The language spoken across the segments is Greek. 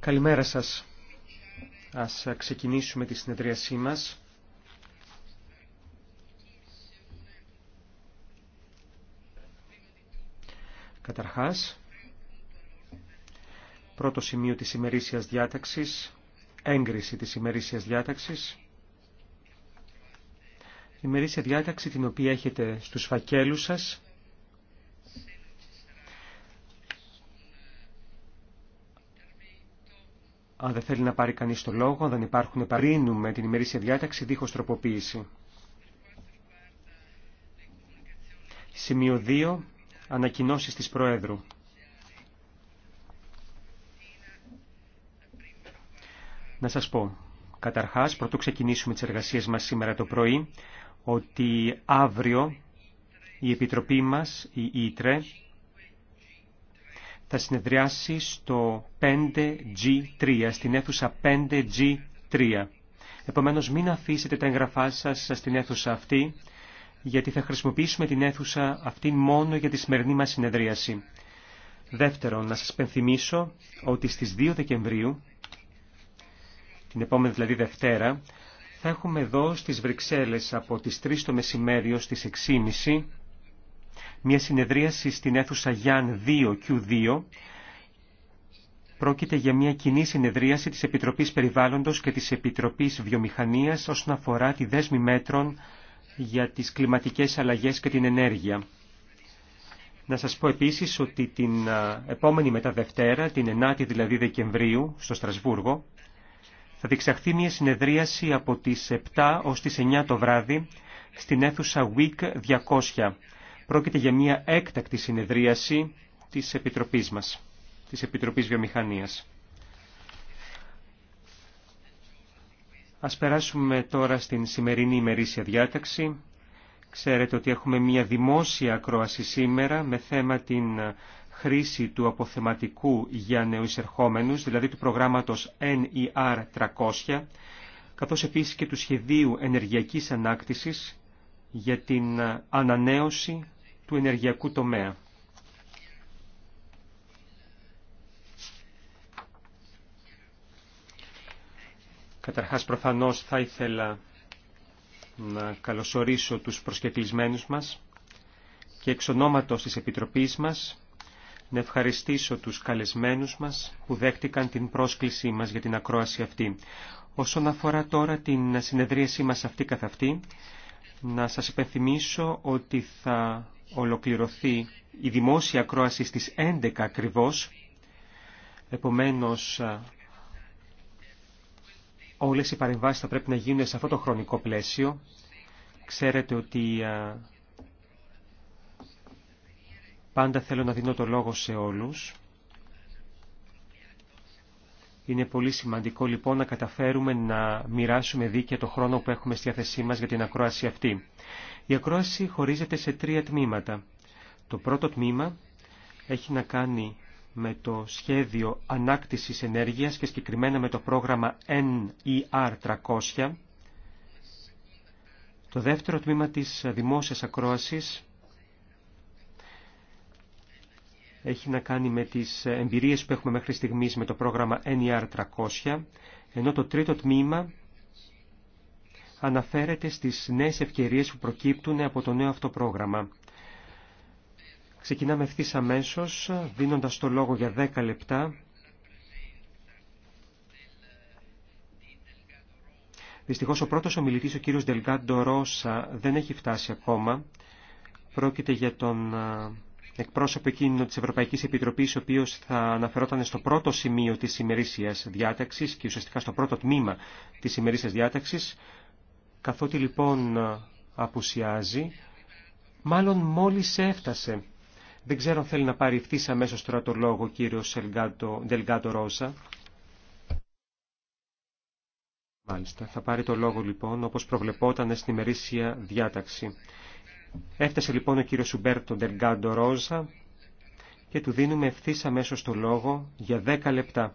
Καλημέρα σας. Ας ξεκινήσουμε τη συνεδρίασή μας. Καταρχάς, πρώτο σημείο της ημερήσιας διάταξης, έγκριση της ημερήσιας διάταξης. Η ημερήσια διάταξη την οποία έχετε στους φακέλους σας. Αν δεν θέλει να πάρει κανείς το λόγο, αν δεν υπάρχουν, παρήνουμε την ημερήσια διάταξη δίχως τροποποίηση. Σημείο 2. Ανακοινώσεις της Προέδρου. Να σας πω, καταρχάς, πρωτού ξεκινήσουμε τις εργασίες μας σήμερα το πρωί, ότι αύριο η Επιτροπή μας, η Ήτρε, θα συνεδριάσει στο 5G3, στην αίθουσα 5G3. Επομένως μην αφήσετε τα εγγραφά σας στην αίθουσα αυτή, γιατί θα χρησιμοποιήσουμε την αίθουσα αυτή μόνο για τη σημερινή μας συνεδρίαση. Δεύτερον, να σας πενθυμίσω ότι στις 2 Δεκεμβρίου, την επόμενη δηλαδή Δευτέρα, θα έχουμε εδώ στις Βρυξέλλες από τις 3 το μεσημέρι στις 6.30 μια συνεδρίαση στην αίθουσα Γιάν 2Q2. Πρόκειται για μια κοινή συνεδρίαση της Επιτροπής Περιβάλλοντος και της Επιτροπής Βιομηχανίας όσον αφορά τη δέσμη μέτρων για τις κλιματικές αλλαγές και την ενέργεια. Να σας πω επίσης ότι την επόμενη μετά Δευτέρα, την 9η δηλαδή Δεκεμβρίου, στο Στρασβούργο, θα διεξαχθεί μια συνεδρίαση από τις 7 ως τις 9 το βράδυ στην αίθουσα WIC 200. Πρόκειται για μια έκτακτη συνεδρίαση της Επιτροπής μας, της Επιτροπής Βιομηχανίας. Ας περάσουμε τώρα στην σημερινή ημερήσια διάταξη. Ξέρετε ότι έχουμε μια δημόσια ακρόαση σήμερα με θέμα την χρήση του αποθεματικού για νεοεισερχόμενους, δηλαδή του προγράμματος NER 300, καθώς επίσης και του σχεδίου ενεργειακής ανάκτησης για την ανανέωση του ενεργειακού τομέα. Καταρχάς προφανώς θα ήθελα να καλωσορίσω τους προσκεκλισμένους μας και εξ ονόματος της Επιτροπής μας να ευχαριστήσω τους καλεσμένους μας που δέχτηκαν την πρόσκλησή μας για την ακρόαση αυτή. Όσον αφορά τώρα την συνεδρίασή μας αυτή καθ' αυτή, να σας υπενθυμίσω ότι θα ολοκληρωθεί η δημόσια ακρόαση στις 11 ακριβώς. Επομένως, όλες οι παρεμβάσεις θα πρέπει να γίνουν σε αυτό το χρονικό πλαίσιο. Ξέρετε ότι Πάντα θέλω να δίνω το λόγο σε όλους. Είναι πολύ σημαντικό λοιπόν να καταφέρουμε να μοιράσουμε δίκαια το χρόνο που έχουμε στη θέση μας για την ακρόαση αυτή. Η ακρόαση χωρίζεται σε τρία τμήματα. Το πρώτο τμήμα έχει να κάνει με το σχέδιο ανάκτησης ενέργειας και συγκεκριμένα με το πρόγραμμα NER300. Το δεύτερο τμήμα της δημόσιας ακρόασης έχει να κάνει με τις εμπειρίες που έχουμε μέχρι στιγμής με το πρόγραμμα NER300, ενώ το τρίτο τμήμα αναφέρεται στις νέες ευκαιρίες που προκύπτουν από το νέο αυτό πρόγραμμα. Ξεκινάμε ευθύ αμέσω, δίνοντας το λόγο για 10 λεπτά. Δυστυχώ ο πρώτος ομιλητής, ο κύριος Δελγκάντο Ρώσα, δεν έχει φτάσει ακόμα. Πρόκειται για τον εκπρόσωπο εκείνο της Ευρωπαϊκής Επιτροπής, ο οποίος θα αναφερόταν στο πρώτο σημείο της ημερήσιας διάταξης και ουσιαστικά στο πρώτο τμήμα της ημερήσιας διάταξης, καθότι λοιπόν απουσιάζει, μάλλον μόλις έφτασε. Δεν ξέρω αν θέλει να πάρει ευθύς αμέσως τώρα το λόγο ο κύριος Δελγκάτο Ρόζα. Μάλιστα, θα πάρει το λόγο λοιπόν όπως προβλεπόταν στην ημερήσια διάταξη. Έφτασε λοιπόν ο κύριος Σουμπέρτον Τελγκάντο Ρόζα και του δίνουμε ευθύ αμέσω το λόγο για 10 λεπτά.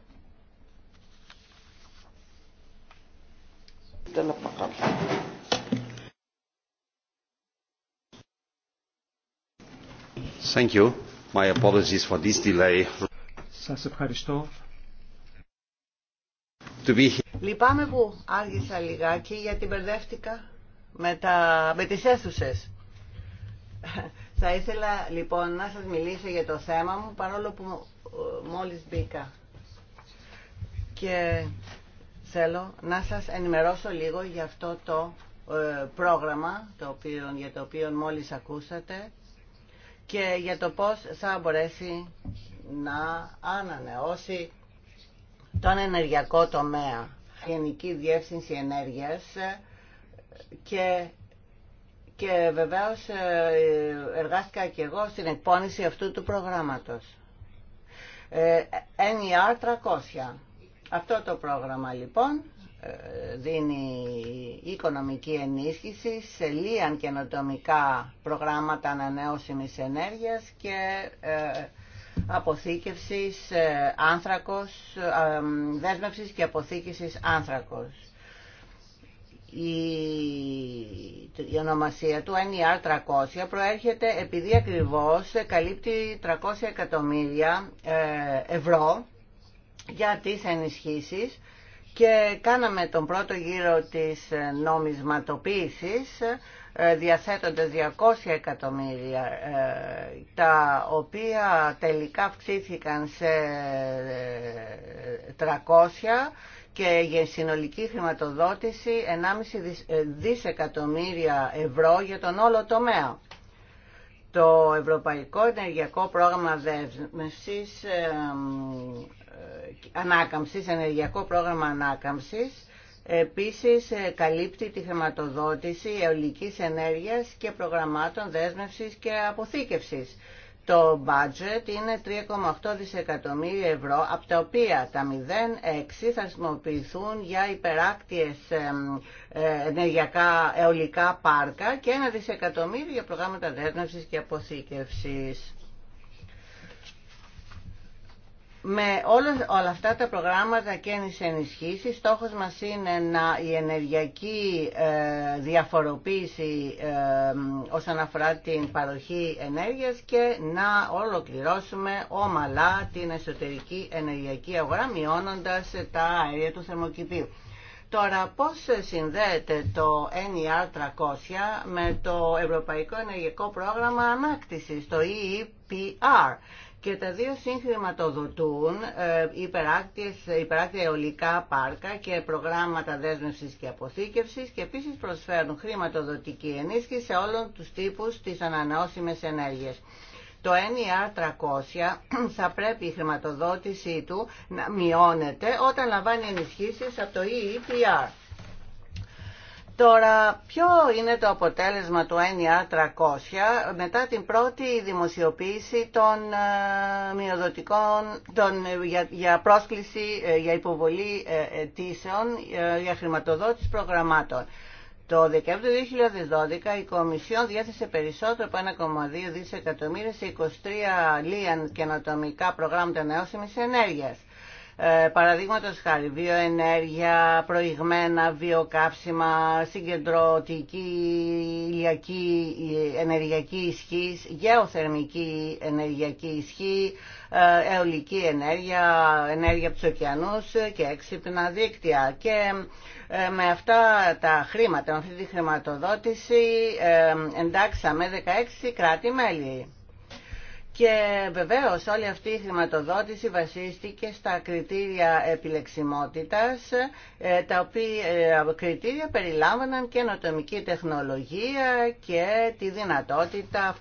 Thank you. My apologies for this delay. Σας ευχαριστώ. Λυπάμαι που άργησα λιγάκι γιατί μπερδεύτηκα με, τα... με τις αίθουσες. Θα ήθελα λοιπόν να σας μιλήσω για το θέμα μου παρόλο που μόλις μπήκα. Και θέλω να σας ενημερώσω λίγο για αυτό το ε, πρόγραμμα το οποίο, για το οποίο μόλις ακούσατε και για το πώς θα μπορέσει να ανανεώσει τον ενεργειακό τομέα. Γενική Διεύθυνση Ενέργειας ε, και και βεβαίως ε, εργάστηκα και εγώ στην εκπόνηση αυτού του προγράμματος. Ε, NER 300. Αυτό το πρόγραμμα λοιπόν ε, δίνει οικονομική ενίσχυση σε λίαν καινοτομικά προγράμματα ανανεώσιμης ενέργειας και αποθήκευσης άνθρακος, δέσμευσης και αποθήκευσης άνθρακος η, ονομασία του NER 300 προέρχεται επειδή ακριβώς καλύπτει 300 εκατομμύρια ε, ευρώ για τις ενισχύσεις και κάναμε τον πρώτο γύρο της νομισματοποίησης ε, διαθέτοντας 200 εκατομμύρια ε, τα οποία τελικά αυξήθηκαν σε 300 και για συνολική χρηματοδότηση 1,5 ε, δισεκατομμύρια ευρώ για τον όλο τομέα. Το Ευρωπαϊκό Ενεργειακό Πρόγραμμα Δέσμευσης, ε, ανάκαμψης, Ενεργειακό Πρόγραμμα Ανάκαμψης, Επίσης ε, καλύπτει τη χρηματοδότηση αιωλικής ενέργειας και προγραμμάτων δέσμευσης και αποθήκευσης. Το budget είναι 3,8 δισεκατομμύρια ευρώ, από τα οποία τα 0,6 θα χρησιμοποιηθούν για υπεράκτιες ε, ενεργειακά αιωλικά πάρκα και 1 δισεκατομμύριο για προγράμματα δέσμευσης και αποθήκευσης. με όλα, αυτά τα προγράμματα και ενισχύσει, στόχος μας είναι να η ενεργειακή ε, διαφοροποίηση ε, όσον αφορά την παροχή ενέργειας και να ολοκληρώσουμε ομαλά την εσωτερική ενεργειακή αγορά μειώνοντας τα αέρια του θερμοκηπίου. Τώρα, πώς συνδέεται το NER300 με το Ευρωπαϊκό Ενεργειακό Πρόγραμμα Ανάκτησης, το EEPR και τα δύο συγχρηματοδοτούν ε, υπεράκτια αεολικά πάρκα και προγράμματα δέσμευσης και αποθήκευσης και επίσης προσφέρουν χρηματοδοτική ενίσχυση σε όλων τους τύπους της ανανεώσιμες ενέργειας. Το NER 300 θα πρέπει η χρηματοδότησή του να μειώνεται όταν λαμβάνει ενισχύσεις από το EEPR. Τώρα, ποιο είναι το αποτέλεσμα του NR300 μετά την πρώτη δημοσιοποίηση των ε, μειοδοτικών ε, για, πρόσκληση, ε, για υποβολή αιτήσεων, για χρηματοδότηση προγραμμάτων. Το Δεκέμβριο 2012 η Κομισιόν διέθεσε περισσότερο από 1,2 δισεκατομμύρια σε 23 λίαν καινοτομικά προγράμματα νεώσιμης ενέργειας. Ε, Παραδείγματο χάρη, βιοενέργεια, προηγμένα βιοκάψιμα, συγκεντρωτική ηλιακή ενεργειακή ισχύ, γεωθερμική ενεργειακή ισχύ, ε, αιωλική ενέργεια, ενέργεια από του ωκεανού και έξυπνα δίκτυα. Και ε, με αυτά τα χρήματα, με αυτή τη χρηματοδότηση εντάξαμε 16 κράτη-μέλη. Και βεβαίως όλη αυτή η χρηματοδότηση βασίστηκε στα κριτήρια επιλεξιμότητας, ε, τα οποία ε, κριτήρια περιλάμβαναν και νοτομική τεχνολογία και τη δυνατότητα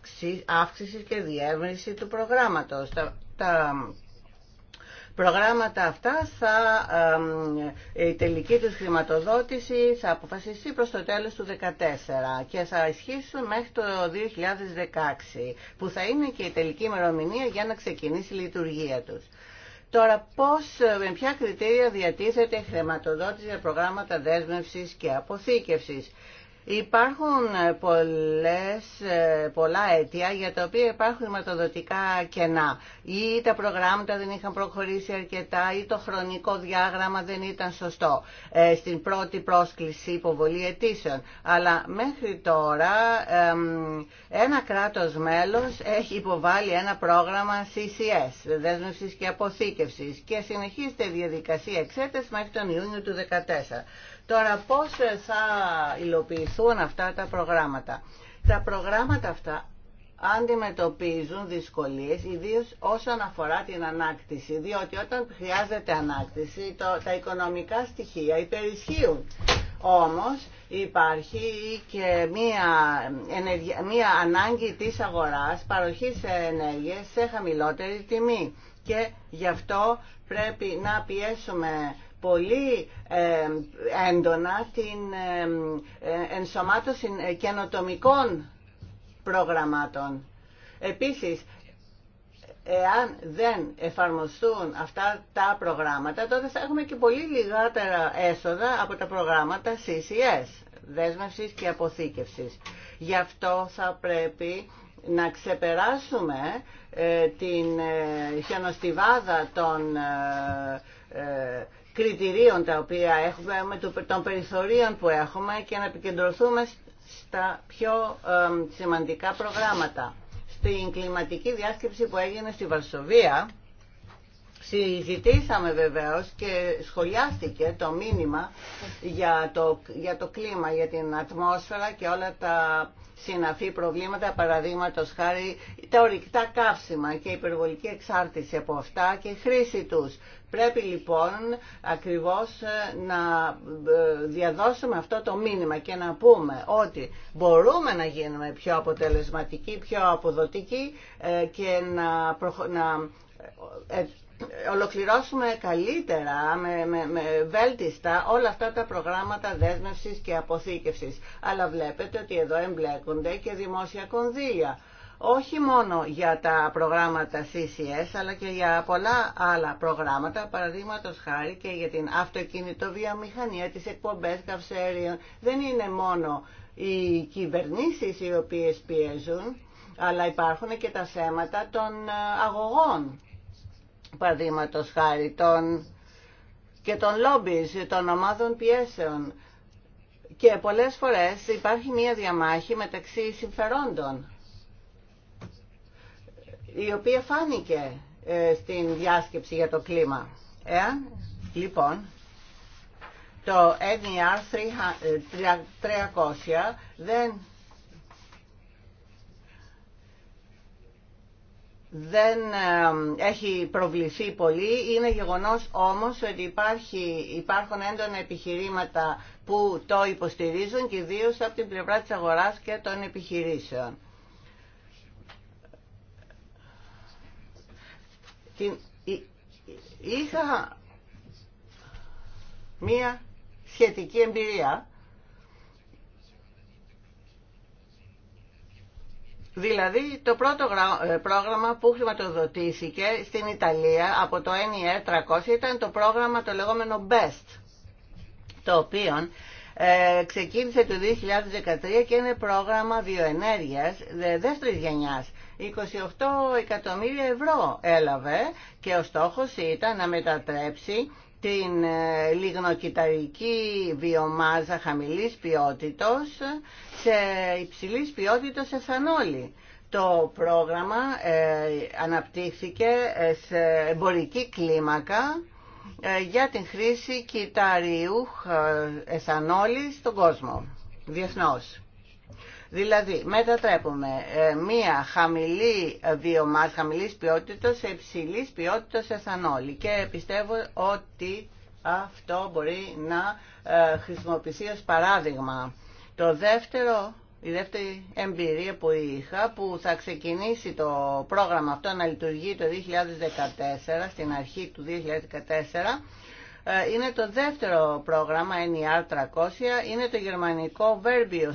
αύξησης και διεύρυνση του προγράμματος προγράμματα αυτά θα, η τελική τους χρηματοδότηση θα αποφασιστεί προς το τέλος του 2014 και θα ισχύσουν μέχρι το 2016 που θα είναι και η τελική ημερομηνία για να ξεκινήσει η λειτουργία τους. Τώρα, πώς, με ποια κριτήρια διατίθεται η χρηματοδότηση για προγράμματα δέσμευσης και αποθήκευσης. Υπάρχουν ε, πολλές, ε, πολλά αίτια για τα οποία υπάρχουν χρηματοδοτικά κενά. Ή τα προγράμματα δεν είχαν προχωρήσει αρκετά ή το χρονικό διάγραμμα δεν ήταν σωστό ε, στην πρώτη πρόσκληση υποβολή αιτήσεων. Αλλά μέχρι τώρα ένα κράτος μέλος έχει υποβάλει ένα πρόγραμμα CCS, δέσμευσης και αποθήκευσης και συνεχίζεται η διαδικασία εξέταση μέχρι τον Ιούνιο του 2014. Τώρα πώς θα υλοποιηθούν αυτά τα προγράμματα. Τα προγράμματα αυτά αντιμετωπίζουν δυσκολίες, ιδίως όσον αφορά την ανάκτηση, διότι όταν χρειάζεται ανάκτηση τα οικονομικά στοιχεία υπερισχύουν. Όμως υπάρχει και μία, μία ανάγκη της αγοράς παροχής ενέργειας σε χαμηλότερη τιμή και γι' αυτό πρέπει να πιέσουμε πολύ ε, έντονα την ε, ε, ενσωμάτωση καινοτομικών προγραμμάτων. Επίσης, εάν δεν εφαρμοστούν αυτά τα προγράμματα, τότε θα έχουμε και πολύ λιγότερα έσοδα από τα προγράμματα CCS, δέσμευσης και αποθήκευσης. Γι' αυτό θα πρέπει να ξεπεράσουμε την χιονοστιβάδα των κριτηρίων τα οποία έχουμε, με των περιθωρίων που έχουμε και να επικεντρωθούμε στα πιο σημαντικά προγράμματα. Στην κλιματική διάσκεψη που έγινε στη Βαρσοβία, συζητήσαμε βεβαίως και σχολιάστηκε το μήνυμα για το, για το κλίμα, για την ατμόσφαιρα και όλα τα συναφή προβλήματα, παραδείγματο χάρη τα ορυκτά καύσιμα και η υπερβολική εξάρτηση από αυτά και η χρήση τους. Πρέπει λοιπόν ακριβώς ε, να ε, διαδώσουμε αυτό το μήνυμα και να πούμε ότι μπορούμε να γίνουμε πιο αποτελεσματικοί, πιο αποδοτικοί ε, και να, να ολοκληρώσουμε καλύτερα, με, με, με βέλτιστα όλα αυτά τα προγράμματα δέσμευσης και αποθήκευσης. Αλλά βλέπετε ότι εδώ εμπλέκονται και δημόσια κονδύλια. Όχι μόνο για τα προγράμματα CCS, αλλά και για πολλά άλλα προγράμματα, παραδείγματο χάρη και για την βιομηχανία τις εκπομπές καυσέριων. Δεν είναι μόνο οι κυβερνήσεις οι οποίες πιέζουν, αλλά υπάρχουν και τα θέματα των ε, αγωγών παραδείγματο χάρη των, και των λόμπις, των ομάδων πιέσεων. Και πολλές φορές υπάρχει μία διαμάχη μεταξύ συμφερόντων, η οποία φάνηκε ε, στην διάσκεψη για το κλίμα. Εάν, λοιπόν, το NER 300 ε, δεν δεν έχει προβληθεί πολύ. Είναι γεγονός όμως ότι υπάρχει, υπάρχουν έντονα επιχειρήματα που το υποστηρίζουν και ιδίω από την πλευρά της αγοράς και των επιχειρήσεων. Είχα μία σχετική εμπειρία Δηλαδή το πρώτο ε, πρόγραμμα που χρηματοδοτήθηκε στην Ιταλία από το NER 300 ήταν το πρόγραμμα το λεγόμενο BEST, το οποίο ε, ξεκίνησε το 2013 και είναι πρόγραμμα βιοενέργειας δεύτερης γενιάς. 28 εκατομμύρια ευρώ έλαβε και ο στόχος ήταν να μετατρέψει την ε, λιγνοκυταρική βιομάζα χαμηλής ποιότητος σε υψηλής ποιότητος εθανόλη. Το πρόγραμμα ε, αναπτύχθηκε ε, σε εμπορική κλίμακα για την χρήση κυταριού εθανόλη στον κόσμο, διεθνώς. Δηλαδή, μετατρέπουμε ε, μία χαμηλή βιομάζα, χαμηλής ποιότητας σε υψηλής ποιότητας εθανόλη και πιστεύω ότι αυτό μπορεί να ε, χρησιμοποιηθεί ως παράδειγμα. Το δεύτερο, η δεύτερη εμπειρία που είχα, που θα ξεκινήσει το πρόγραμμα αυτό να λειτουργεί το 2014, στην αρχή του 2014, ε, είναι το δεύτερο πρόγραμμα NER 300, είναι το γερμανικό Verbio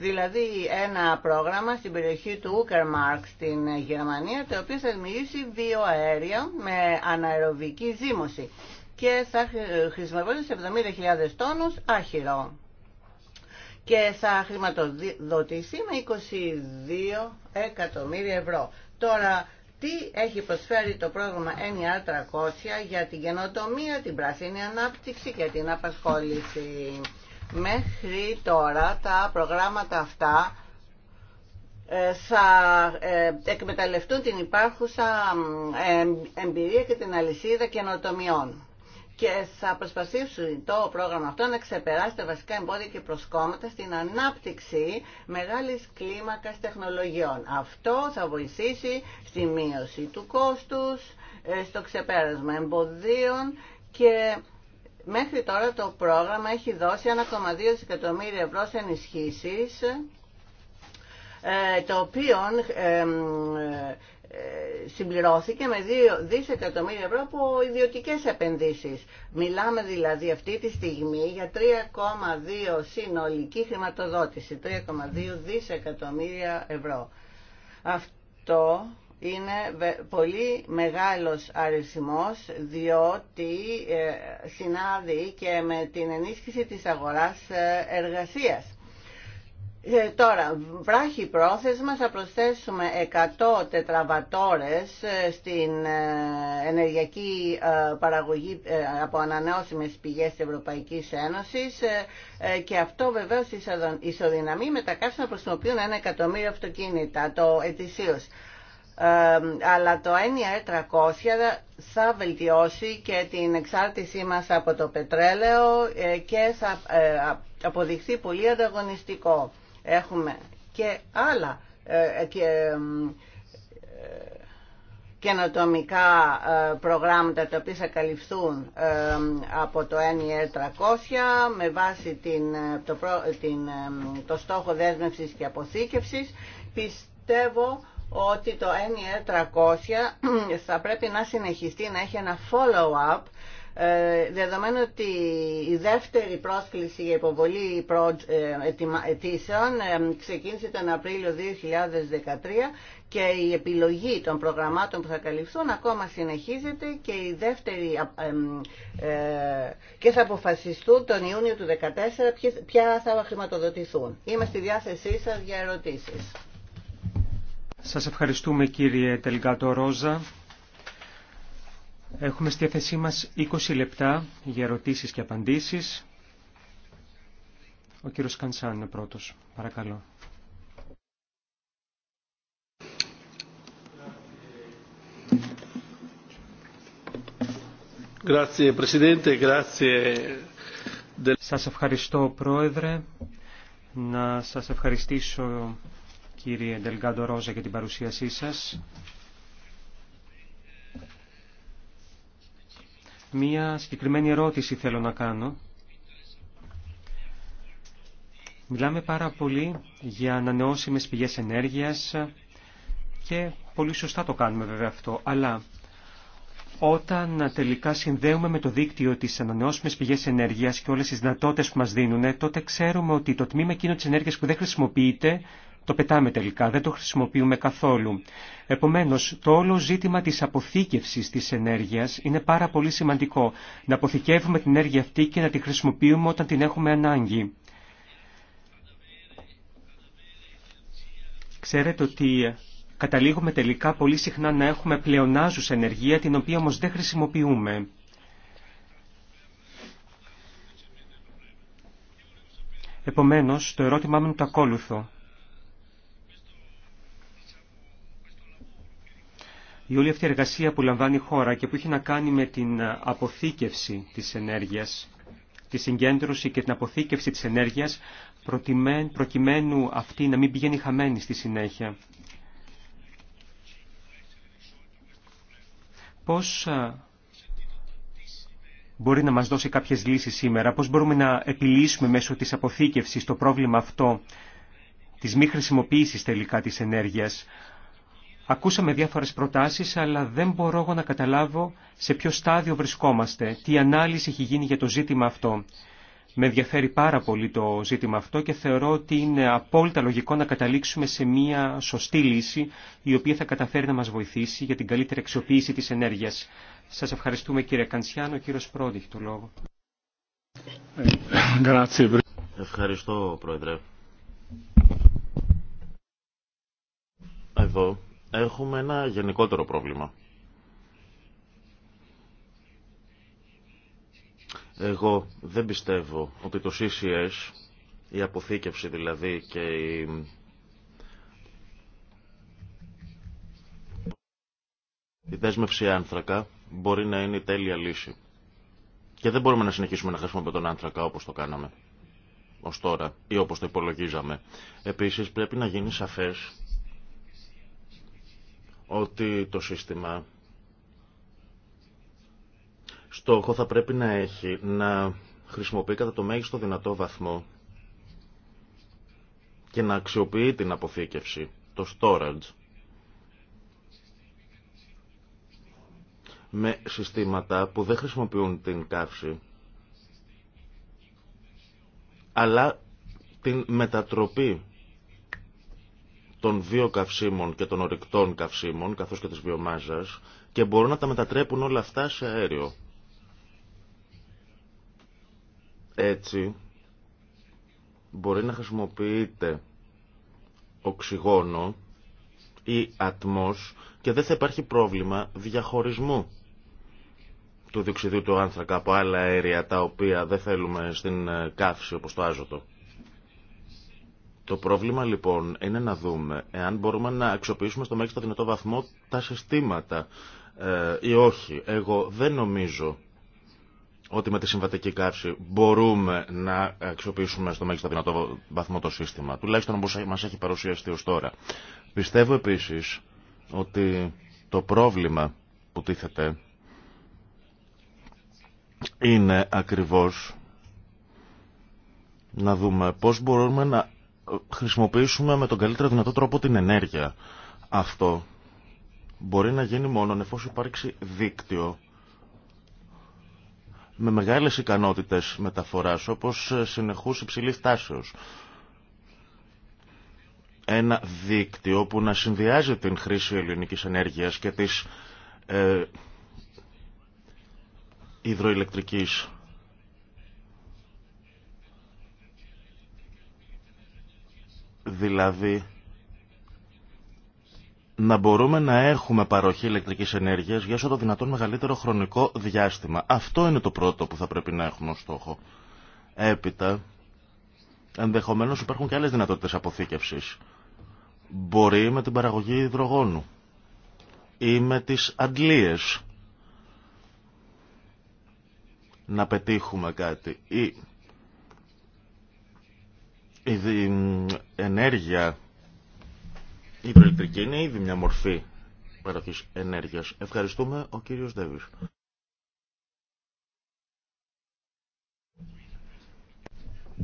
Δηλαδή ένα πρόγραμμα στην περιοχή του Ούκερμαρκ στην Γερμανία το οποίο θα δημιουργήσει αέρια με αναεροβική ζύμωση και θα χρησιμοποιήσει 70.000 τόνους άχυρο και θα χρηματοδοτηθεί με 22 εκατομμύρια ευρώ. Τώρα, τι έχει προσφέρει το πρόγραμμα NR300 e για την καινοτομία, την πράσινη ανάπτυξη και την απασχόληση. Μέχρι τώρα τα προγράμματα αυτά ε, θα ε, εκμεταλλευτούν την υπάρχουσα εμπειρία και την αλυσίδα καινοτομιών και θα προσπαθήσουν το πρόγραμμα αυτό να ξεπεράσει τα βασικά εμπόδια και προσκόμματα στην ανάπτυξη μεγάλης κλίμακας τεχνολογιών. Αυτό θα βοηθήσει στη μείωση του κόστους, ε, στο ξεπέρασμα εμποδίων και Μέχρι τώρα το πρόγραμμα έχει δώσει 1,2 δισεκατομμύρια ευρώ σε ενισχύσει ε, το οποίο ε, συμπληρώθηκε με 2 δισεκατομμύρια ευρώ από ιδιωτικές επενδύσεις. Μιλάμε δηλαδή αυτή τη στιγμή για 3,2 συνολική χρηματοδότηση, 3,2 δισεκατομμύρια ευρώ. Αυτό είναι πολύ μεγάλος αριθμός διότι ε, συνάδει και με την ενίσχυση της αγοράς ε, εργασίας. Ε, τώρα, βράχει πρόθεσμα θα προσθέσουμε 100 τετραβατόρες στην ενεργειακή παραγωγή από ανανεώσιμες πηγές της Ευρωπαϊκής Ένωσης και αυτό βεβαίως ισοδυναμεί με τα κάρτα προς χρησιμοποιούν ένα εκατομμύριο αυτοκίνητα το ετησίως αλλά το 1.300 300 e θα βελτιώσει και την εξάρτησή μας από το πετρέλαιο ε, και θα ε, αποδειχθεί πολύ ανταγωνιστικό. Έχουμε και άλλα ε, και, καινοτομικά προγράμματα τα οποία θα καλυφθούν από το 1.300 300 e με βάση την, το, το στόχο δέσμευσης και αποθήκευσης. Πιστεύω ότι το NER300 θα πρέπει να συνεχιστεί να έχει ένα follow-up ε, δεδομένου ότι η δεύτερη πρόσκληση για υποβολή ε, αιτήσεων ε, ξεκίνησε τον Απρίλιο 2013 και η επιλογή των προγραμμάτων που θα καλυφθούν ακόμα συνεχίζεται και η δεύτερη και θα αποφασιστούν τον Ιούνιο του 2014 ποια θα χρηματοδοτηθούν. Είμαι στη διάθεσή σας για ερωτήσεις. Σας ευχαριστούμε κύριε Τελγκάτο Ρόζα. Έχουμε στη θέση μας 20 λεπτά για ερωτήσεις και απαντήσεις. Ο κύριος Κανσάν είναι πρώτος. Παρακαλώ. Σας ευχαριστώ Πρόεδρε. Να σας ευχαριστήσω κύριε Ντελγκάντο Ρόζα για την παρουσίασή σας. Μία συγκεκριμένη ερώτηση θέλω να κάνω. Μιλάμε πάρα πολύ για ανανεώσιμες πηγές ενέργειας και πολύ σωστά το κάνουμε βέβαια αυτό. Αλλά όταν τελικά συνδέουμε με το δίκτυο τις ανανεώσιμες πηγές ενέργειας και όλες τις δυνατότητες που μας δίνουν, τότε ξέρουμε ότι το τμήμα εκείνο της ενέργειας που δεν χρησιμοποιείται το πετάμε τελικά, δεν το χρησιμοποιούμε καθόλου. Επομένως, το όλο ζήτημα της αποθήκευσης της ενέργειας είναι πάρα πολύ σημαντικό. Να αποθηκεύουμε την ενέργεια αυτή και να τη χρησιμοποιούμε όταν την έχουμε ανάγκη. Ξέρετε ότι καταλήγουμε τελικά πολύ συχνά να έχουμε πλεονάζουσα ενεργεία, την οποία όμως δεν χρησιμοποιούμε. Επομένως, το ερώτημά μου είναι το ακόλουθο. Η όλη αυτή η εργασία που λαμβάνει η χώρα και που έχει να κάνει με την αποθήκευση της ενέργειας, τη συγκέντρωση και την αποθήκευση της ενέργειας, προκειμένου αυτή να μην πηγαίνει χαμένη στη συνέχεια. Πώς μπορεί να μας δώσει κάποιες λύσεις σήμερα, πώς μπορούμε να επιλύσουμε μέσω της αποθήκευσης το πρόβλημα αυτό της μη χρησιμοποίησης τελικά της ενέργειας. Ακούσαμε διάφορες προτάσεις, αλλά δεν μπορώ εγώ να καταλάβω σε ποιο στάδιο βρισκόμαστε, τι ανάλυση έχει γίνει για το ζήτημα αυτό. Με ενδιαφέρει πάρα πολύ το ζήτημα αυτό και θεωρώ ότι είναι απόλυτα λογικό να καταλήξουμε σε μια σωστή λύση η οποία θα καταφέρει να μας βοηθήσει για την καλύτερη αξιοποίηση της ενέργειας. Σας ευχαριστούμε κύριε Κανσιάνο, κύριος Πρόντι, το λόγο. Ευχαριστώ πρόεδρε. Εδώ έχουμε ένα γενικότερο πρόβλημα. Εγώ δεν πιστεύω ότι το CCS, η αποθήκευση δηλαδή και η... η δέσμευση άνθρακα μπορεί να είναι η τέλεια λύση. Και δεν μπορούμε να συνεχίσουμε να χρησιμοποιούμε τον άνθρακα όπως το κάναμε ως τώρα ή όπως το υπολογίζαμε. Επίσης πρέπει να γίνει σαφές ότι το σύστημα στόχο θα πρέπει να έχει να χρησιμοποιεί κατά το μέγιστο δυνατό βαθμό και να αξιοποιεί την αποθήκευση, το storage, με συστήματα που δεν χρησιμοποιούν την καύση, αλλά την μετατροπή των βιοκαυσίμων και των ορυκτών καυσίμων, καθώς και της βιομάζας, και μπορούν να τα μετατρέπουν όλα αυτά σε αέριο. Έτσι, μπορεί να χρησιμοποιείται οξυγόνο ή ατμός και δεν θα υπάρχει πρόβλημα διαχωρισμού του διοξιδίου του άνθρακα από άλλα αέρια τα οποία δεν θέλουμε στην ε, καύση όπως το άζωτο. Το πρόβλημα λοιπόν είναι να δούμε εάν μπορούμε να αξιοποιήσουμε στο μέγιστο δυνατό βαθμό τα συστήματα ε, ή όχι. Εγώ δεν νομίζω ότι με τη συμβατική καύση μπορούμε να αξιοποιήσουμε στο μέγιστο δυνατό βαθμό το σύστημα, τουλάχιστον όπως μας έχει παρουσιαστεί ως τώρα. Πιστεύω επίσης ότι το πρόβλημα που τίθεται είναι ακριβώς να δούμε πώς μπορούμε να χρησιμοποιήσουμε με τον καλύτερο δυνατό τρόπο την ενέργεια. Αυτό μπορεί να γίνει μόνο εφόσον υπάρξει δίκτυο με μεγάλες ικανότητες μεταφοράς, όπως ε, συνεχούς υψηλής τάσεως. Ένα δίκτυο που να συνδυάζει την χρήση ελληνικής ενέργειας και της ε, υδροηλεκτρικής Δηλαδή, να μπορούμε να έχουμε παροχή ηλεκτρικής ενέργειας για όσο το δυνατόν μεγαλύτερο χρονικό διάστημα. Αυτό είναι το πρώτο που θα πρέπει να έχουμε ως στόχο. Έπειτα, ενδεχομένως υπάρχουν και άλλες δυνατότητες αποθήκευσης. Μπορεί με την παραγωγή υδρογόνου ή με τις αντλίες να πετύχουμε κάτι ή η ενέργεια η είναι ήδη μια μορφή παροχής ενέργειας. Ευχαριστούμε ο κύριος Δέβης.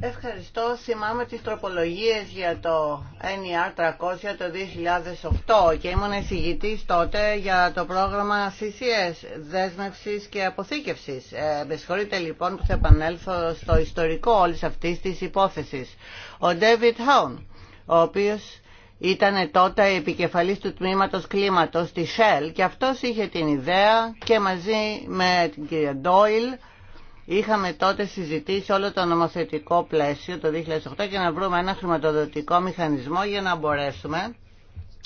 Ευχαριστώ. Σημάμαι τις τροπολογίες για το NER 300 το 2008 και ήμουν εισηγητής τότε για το πρόγραμμα CCS, δέσμευσης και αποθήκευσης. Ε, με συγχωρείτε λοιπόν που θα επανέλθω στο ιστορικό όλης αυτής της υπόθεσης. Ο David Hown, ο οποίος ήταν τότε επικεφαλής του τμήματος κλίματος στη Shell και αυτός είχε την ιδέα και μαζί με την κυρία Doyle Είχαμε τότε συζητήσει όλο το νομοθετικό πλαίσιο το 2008 για να βρούμε ένα χρηματοδοτικό μηχανισμό για να μπορέσουμε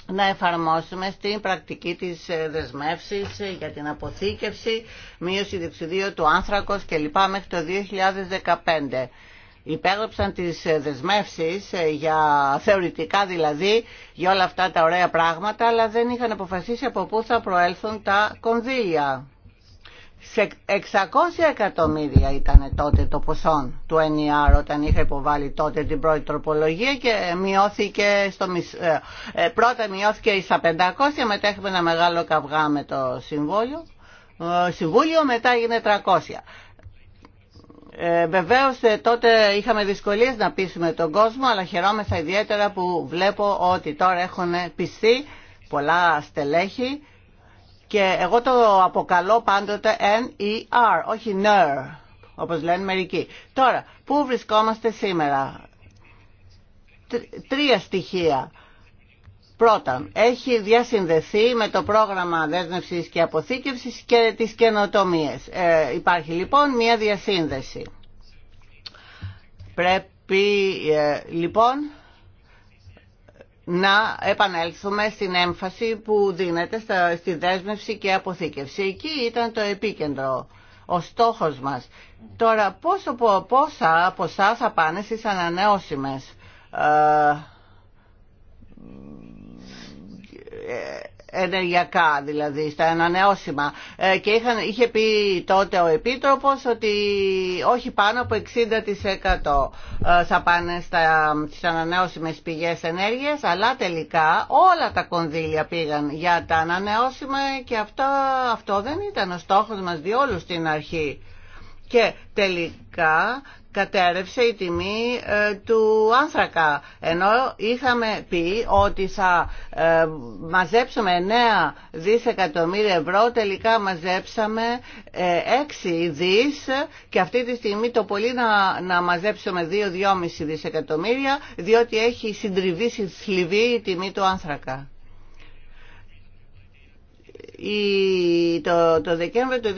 να εφαρμόσουμε στην πρακτική της ε, δεσμεύσης ε, για την αποθήκευση, μείωση διεξιδίου του άνθρακος κλπ. μέχρι το 2015. Υπέγραψαν τις ε, δεσμεύσεις για θεωρητικά δηλαδή για όλα αυτά τα ωραία πράγματα αλλά δεν είχαν αποφασίσει από πού θα προέλθουν τα κονδύλια. Σε 600 εκατομμύρια ήταν τότε το ποσό του NER όταν είχα υποβάλει τότε την πρώτη τροπολογία και μειώθηκε στο ε, ε, πρώτα μειώθηκε στα 500 μετά έχουμε ένα μεγάλο καυγά με το συμβόλιο. Ε, συμβούλιο μετά έγινε 300. Ε, βεβαίως τότε είχαμε δυσκολίες να πείσουμε τον κόσμο αλλά χαιρόμεθα ιδιαίτερα που βλέπω ότι τώρα έχουν πιστεί πολλά στελέχη και εγώ το αποκαλώ πάντοτε n NER, όχι NER, όπως λένε μερικοί. Τώρα, πού βρισκόμαστε σήμερα. Τρία στοιχεία. Πρώτα, έχει διασυνδεθεί με το πρόγραμμα δέσμευσης και αποθήκευσης και τις καινοτομίες. Ε, υπάρχει λοιπόν μία διασύνδεση. Πρέπει ε, λοιπόν να επανέλθουμε στην έμφαση που δίνεται στη δέσμευση και αποθήκευση. Εκεί ήταν το επίκεντρο, ο στόχος μας. Τώρα πόσο, πόσα από εσά θα πάνε στις ανανεώσιμες. Ε, ε, ενεργειακά δηλαδή, στα ανανεώσιμα. Ε, και είχαν, είχε πει τότε ο Επίτροπος ότι όχι πάνω από 60% ε, θα πάνε στα, στις ανανεώσιμες πηγές ενέργειας, αλλά τελικά όλα τα κονδύλια πήγαν για τα ανανεώσιμα και αυτό, αυτό δεν ήταν ο στόχος μας διόλου στην αρχή. Και τελικά κατέρευσε η τιμή ε, του άνθρακα ενώ είχαμε πει ότι θα ε, μαζέψουμε 9 δισεκατομμύρια ευρώ τελικά μαζέψαμε 6 ε, δις και αυτή τη στιγμή το πολύ να, να μαζέψουμε 2-2,5 δισεκατομμύρια διότι έχει συντριβήσει θλιβή η τιμή του άνθρακα η, το, το Δεκέμβριο του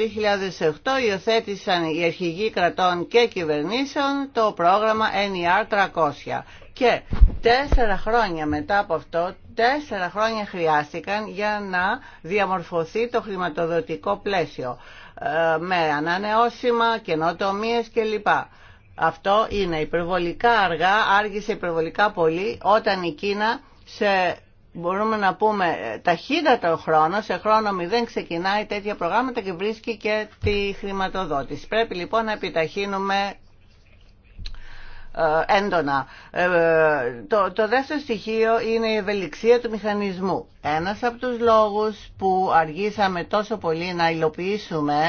2008 υιοθέτησαν οι αρχηγοί κρατών και κυβερνήσεων το πρόγραμμα NER 300. Και τέσσερα χρόνια μετά από αυτό, τέσσερα χρόνια χρειάστηκαν για να διαμορφωθεί το χρηματοδοτικό πλαίσιο ε, με ανανεώσιμα, καινοτομίε κλπ. Αυτό είναι υπερβολικά αργά, άργησε υπερβολικά πολύ όταν η Κίνα σε μπορούμε να πούμε ε, ταχύτατο χρόνο, σε χρόνο μηδέν ξεκινάει τέτοια προγράμματα και βρίσκει και τη χρηματοδότηση. Πρέπει λοιπόν να επιταχύνουμε ε, έντονα. Ε, το, το δεύτερο στοιχείο είναι η ευελιξία του μηχανισμού. Ένας από τους λόγους που αργήσαμε τόσο πολύ να υλοποιήσουμε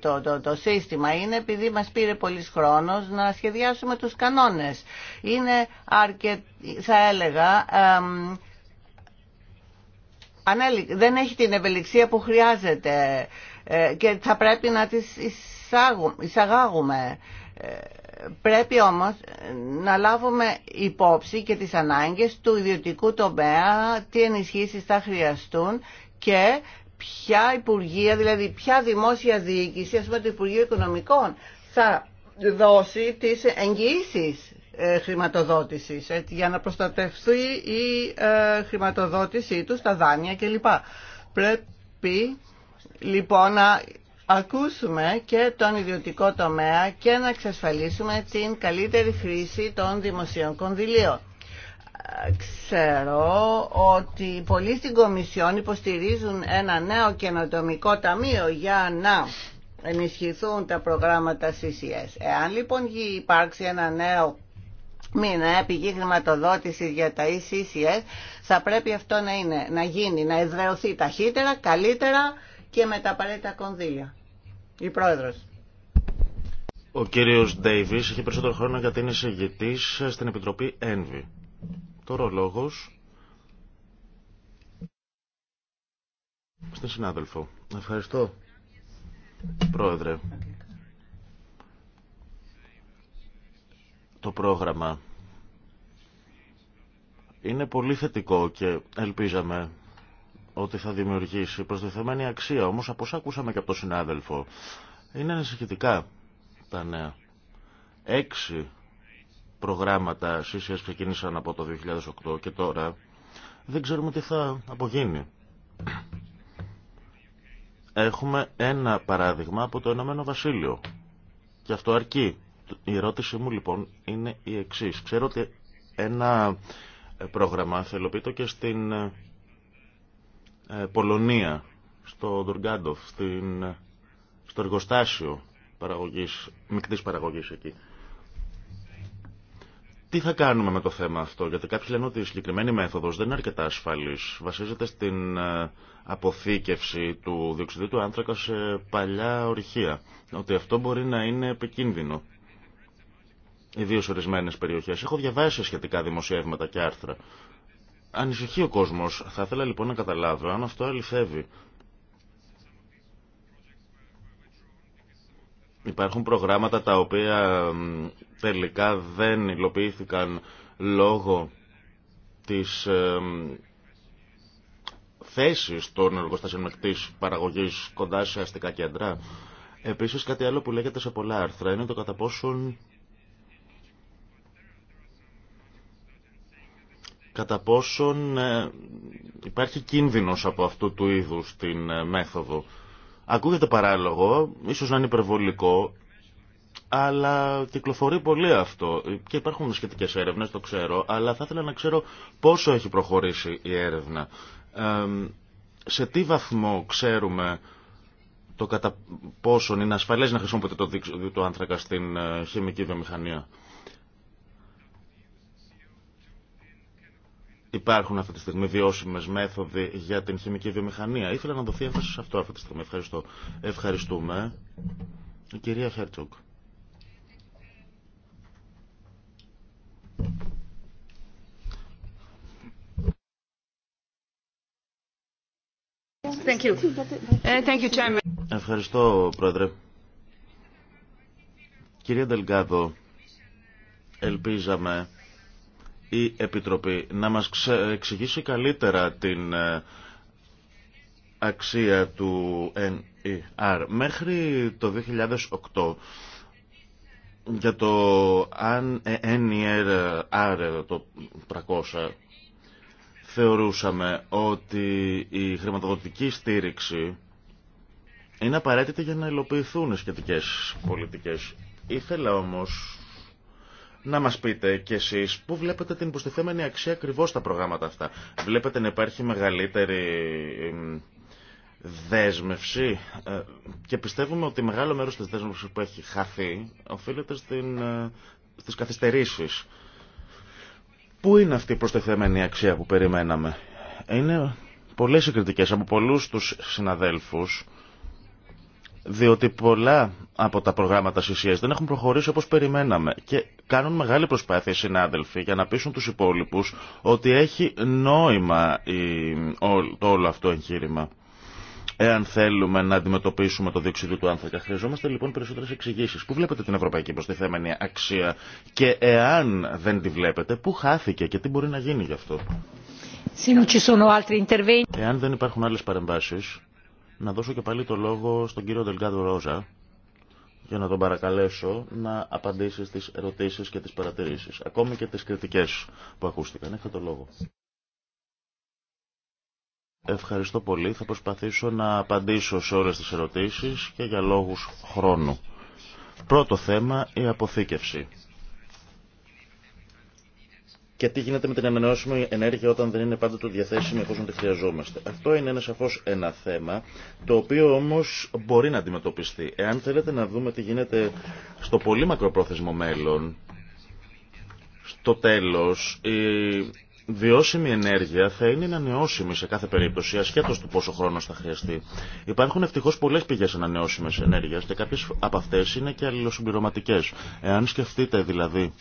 το, το, το σύστημα είναι επειδή μας πήρε πολύ χρόνος να σχεδιάσουμε τους κανόνες. Είναι αρκετ, θα έλεγα, δεν έχει την ευελιξία που χρειάζεται ε, και θα πρέπει να τις εισαγάγουμε. Ε, πρέπει όμως να λάβουμε υπόψη και τις ανάγκες του ιδιωτικού τομέα, τι ενισχύσεις θα χρειαστούν και ποια υπουργεία, δηλαδή ποια δημόσια διοίκηση, ας πούμε το Υπουργείο Οικονομικών, θα δώσει τις εγγυήσεις ε, χρηματοδότησης για να προστατευθεί η ε, χρηματοδότησή τους, τα δάνεια κλπ. Πρέπει λοιπόν να ακούσουμε και τον ιδιωτικό τομέα και να εξασφαλίσουμε την καλύτερη χρήση των δημοσίων κονδυλίων. Ξέρω ότι πολλοί στην Κομισιόν υποστηρίζουν ένα νέο καινοτομικό ταμείο για να ενισχυθούν τα προγράμματα CCS. Εάν λοιπόν υπάρξει ένα νέο μήνα ε, πηγή χρηματοδότηση για τα ECCS θα πρέπει αυτό να, είναι, να γίνει, να εδρεωθεί ταχύτερα, καλύτερα και με τα απαραίτητα κονδύλια. Η Πρόεδρος. Ο κύριος Ντέιβις έχει περισσότερο χρόνο γιατί είναι εισηγητής στην Επιτροπή ΕΝΒΗ. Τώρα ο λόγος στην συνάδελφο. Ευχαριστώ. Πρόεδρε. Okay. το πρόγραμμα. Είναι πολύ θετικό και ελπίζαμε ότι θα δημιουργήσει προσδεθεμένη αξία. Όμως από ακούσαμε και από τον συνάδελφο, είναι ανησυχητικά τα νέα. Έξι προγράμματα CCS ξεκίνησαν από το 2008 και τώρα δεν ξέρουμε τι θα απογίνει. Έχουμε ένα παράδειγμα από το Ενωμένο Βασίλειο. Και αυτό αρκεί. Η ερώτηση μου λοιπόν είναι η εξή. Ξέρω ότι ένα ε, πρόγραμμα θελοποιείται και στην ε, ε, Πολωνία, στο Ντουργκάντοφ, στο εργοστάσιο παραγωγής, μικτής παραγωγής εκεί. Τι θα κάνουμε με το θέμα αυτό, γιατί κάποιοι λένε ότι η συγκεκριμένη μέθοδος δεν είναι αρκετά ασφαλής. Βασίζεται στην αποθήκευση του διοξιδίου του άνθρακα σε παλιά ορυχεία. Ότι αυτό μπορεί να είναι επικίνδυνο ιδίω ορισμένε περιοχέ. Έχω διαβάσει σχετικά δημοσιεύματα και άρθρα. Ανησυχεί ο κόσμο. Θα ήθελα λοιπόν να καταλάβω αν αυτό αληθεύει. Υπάρχουν προγράμματα τα οποία τελικά δεν υλοποιήθηκαν λόγω της ε, θέσης των εργοστασίων παραγωγής κοντά σε αστικά κέντρα. Επίσης κάτι άλλο που λέγεται σε πολλά άρθρα είναι το κατά πόσον κατά πόσον ε, υπάρχει κίνδυνος από αυτού του είδους την ε, μέθοδο. Ακούγεται παράλογο, ίσως να είναι υπερβολικό, αλλά κυκλοφορεί πολύ αυτό και υπάρχουν σχετικές έρευνες, το ξέρω, αλλά θα ήθελα να ξέρω πόσο έχει προχωρήσει η έρευνα. Ε, σε τι βαθμό ξέρουμε το κατά πόσον είναι ασφαλές να χρησιμοποιείται το, το άνθρακα στην χημική βιομηχανία. Υπάρχουν αυτή τη στιγμή βιώσιμε μέθοδοι για την χημική βιομηχανία. Ήθελα να δοθεί έμφαση σε αυτό αυτή τη στιγμή. Ευχαριστώ. Ευχαριστούμε. Η κυρία Χέρτσοκ. Thank you. Uh, thank you, Chairman. Ευχαριστώ, Πρόεδρε. Κυρία Ντελγκάδο, ελπίζαμε η Επιτροπή να μας εξηγήσει καλύτερα την ε, αξία του NER. Μέχρι το 2008 για το ε, NER το 300 θεωρούσαμε ότι η χρηματοδοτική στήριξη είναι απαραίτητη για να υλοποιηθούν σχετικές πολιτικές. Ήθελα όμως να μας πείτε κι εσείς πού βλέπετε την υποστηθέμενη αξία ακριβώ στα προγράμματα αυτά. Βλέπετε να υπάρχει μεγαλύτερη δέσμευση ε, και πιστεύουμε ότι μεγάλο μέρος της δέσμευσης που βλεπετε την υποστηθεμενη αξια ακριβως στα προγραμματα αυτα χαθεί οφείλεται στην, ε, στις καθυστερήσεις. Πού είναι αυτή η προστεθέμενη αξία που περιμέναμε. Είναι πολλές οι κριτικές από πολλούς τους συναδέλφους διότι πολλά από τα προγράμματα CCS δεν έχουν προχωρήσει όπως περιμέναμε και κάνουν μεγάλη προσπάθεια οι συνάδελφοι για να πείσουν τους υπόλοιπους ότι έχει νόημα το όλο αυτό εγχείρημα. Εάν θέλουμε να αντιμετωπίσουμε το διοξείδιο του άνθρακα, χρειαζόμαστε λοιπόν περισσότερες εξηγήσει. Πού βλέπετε την ευρωπαϊκή προστιθέμενη αξία και εάν δεν τη βλέπετε, πού χάθηκε και τι μπορεί να γίνει γι' αυτό. Εάν δεν υπάρχουν άλλε παρεμβάσει, να δώσω και πάλι το λόγο στον κύριο Δελγκάδο Ρόζα για να τον παρακαλέσω να απαντήσει στις ερωτήσεις και τις παρατηρήσεις, ακόμη και τις κριτικές που ακούστηκαν. Έχετε το λόγο. Ευχαριστώ πολύ. Θα προσπαθήσω να απαντήσω σε όλες τις ερωτήσεις και για λόγους χρόνου. Πρώτο θέμα, η αποθήκευση και τι γίνεται με την ανανεώσιμη ενέργεια όταν δεν είναι πάντα του διαθέσιμη εφόσον τη χρειαζόμαστε. Αυτό είναι ένα σαφώ ένα θέμα, το οποίο όμω μπορεί να αντιμετωπιστεί. Εάν θέλετε να δούμε τι γίνεται στο πολύ μακροπρόθεσμο μέλλον, στο τέλο, η βιώσιμη ενέργεια θα είναι ανανεώσιμη σε κάθε περίπτωση, ασχέτω του πόσο χρόνο θα χρειαστεί. Υπάρχουν ευτυχώ πολλέ πηγέ ανανεώσιμη ενέργεια και κάποιε από αυτέ είναι και αλληλοσυμπληρωματικέ. Εάν σκεφτείτε δηλαδή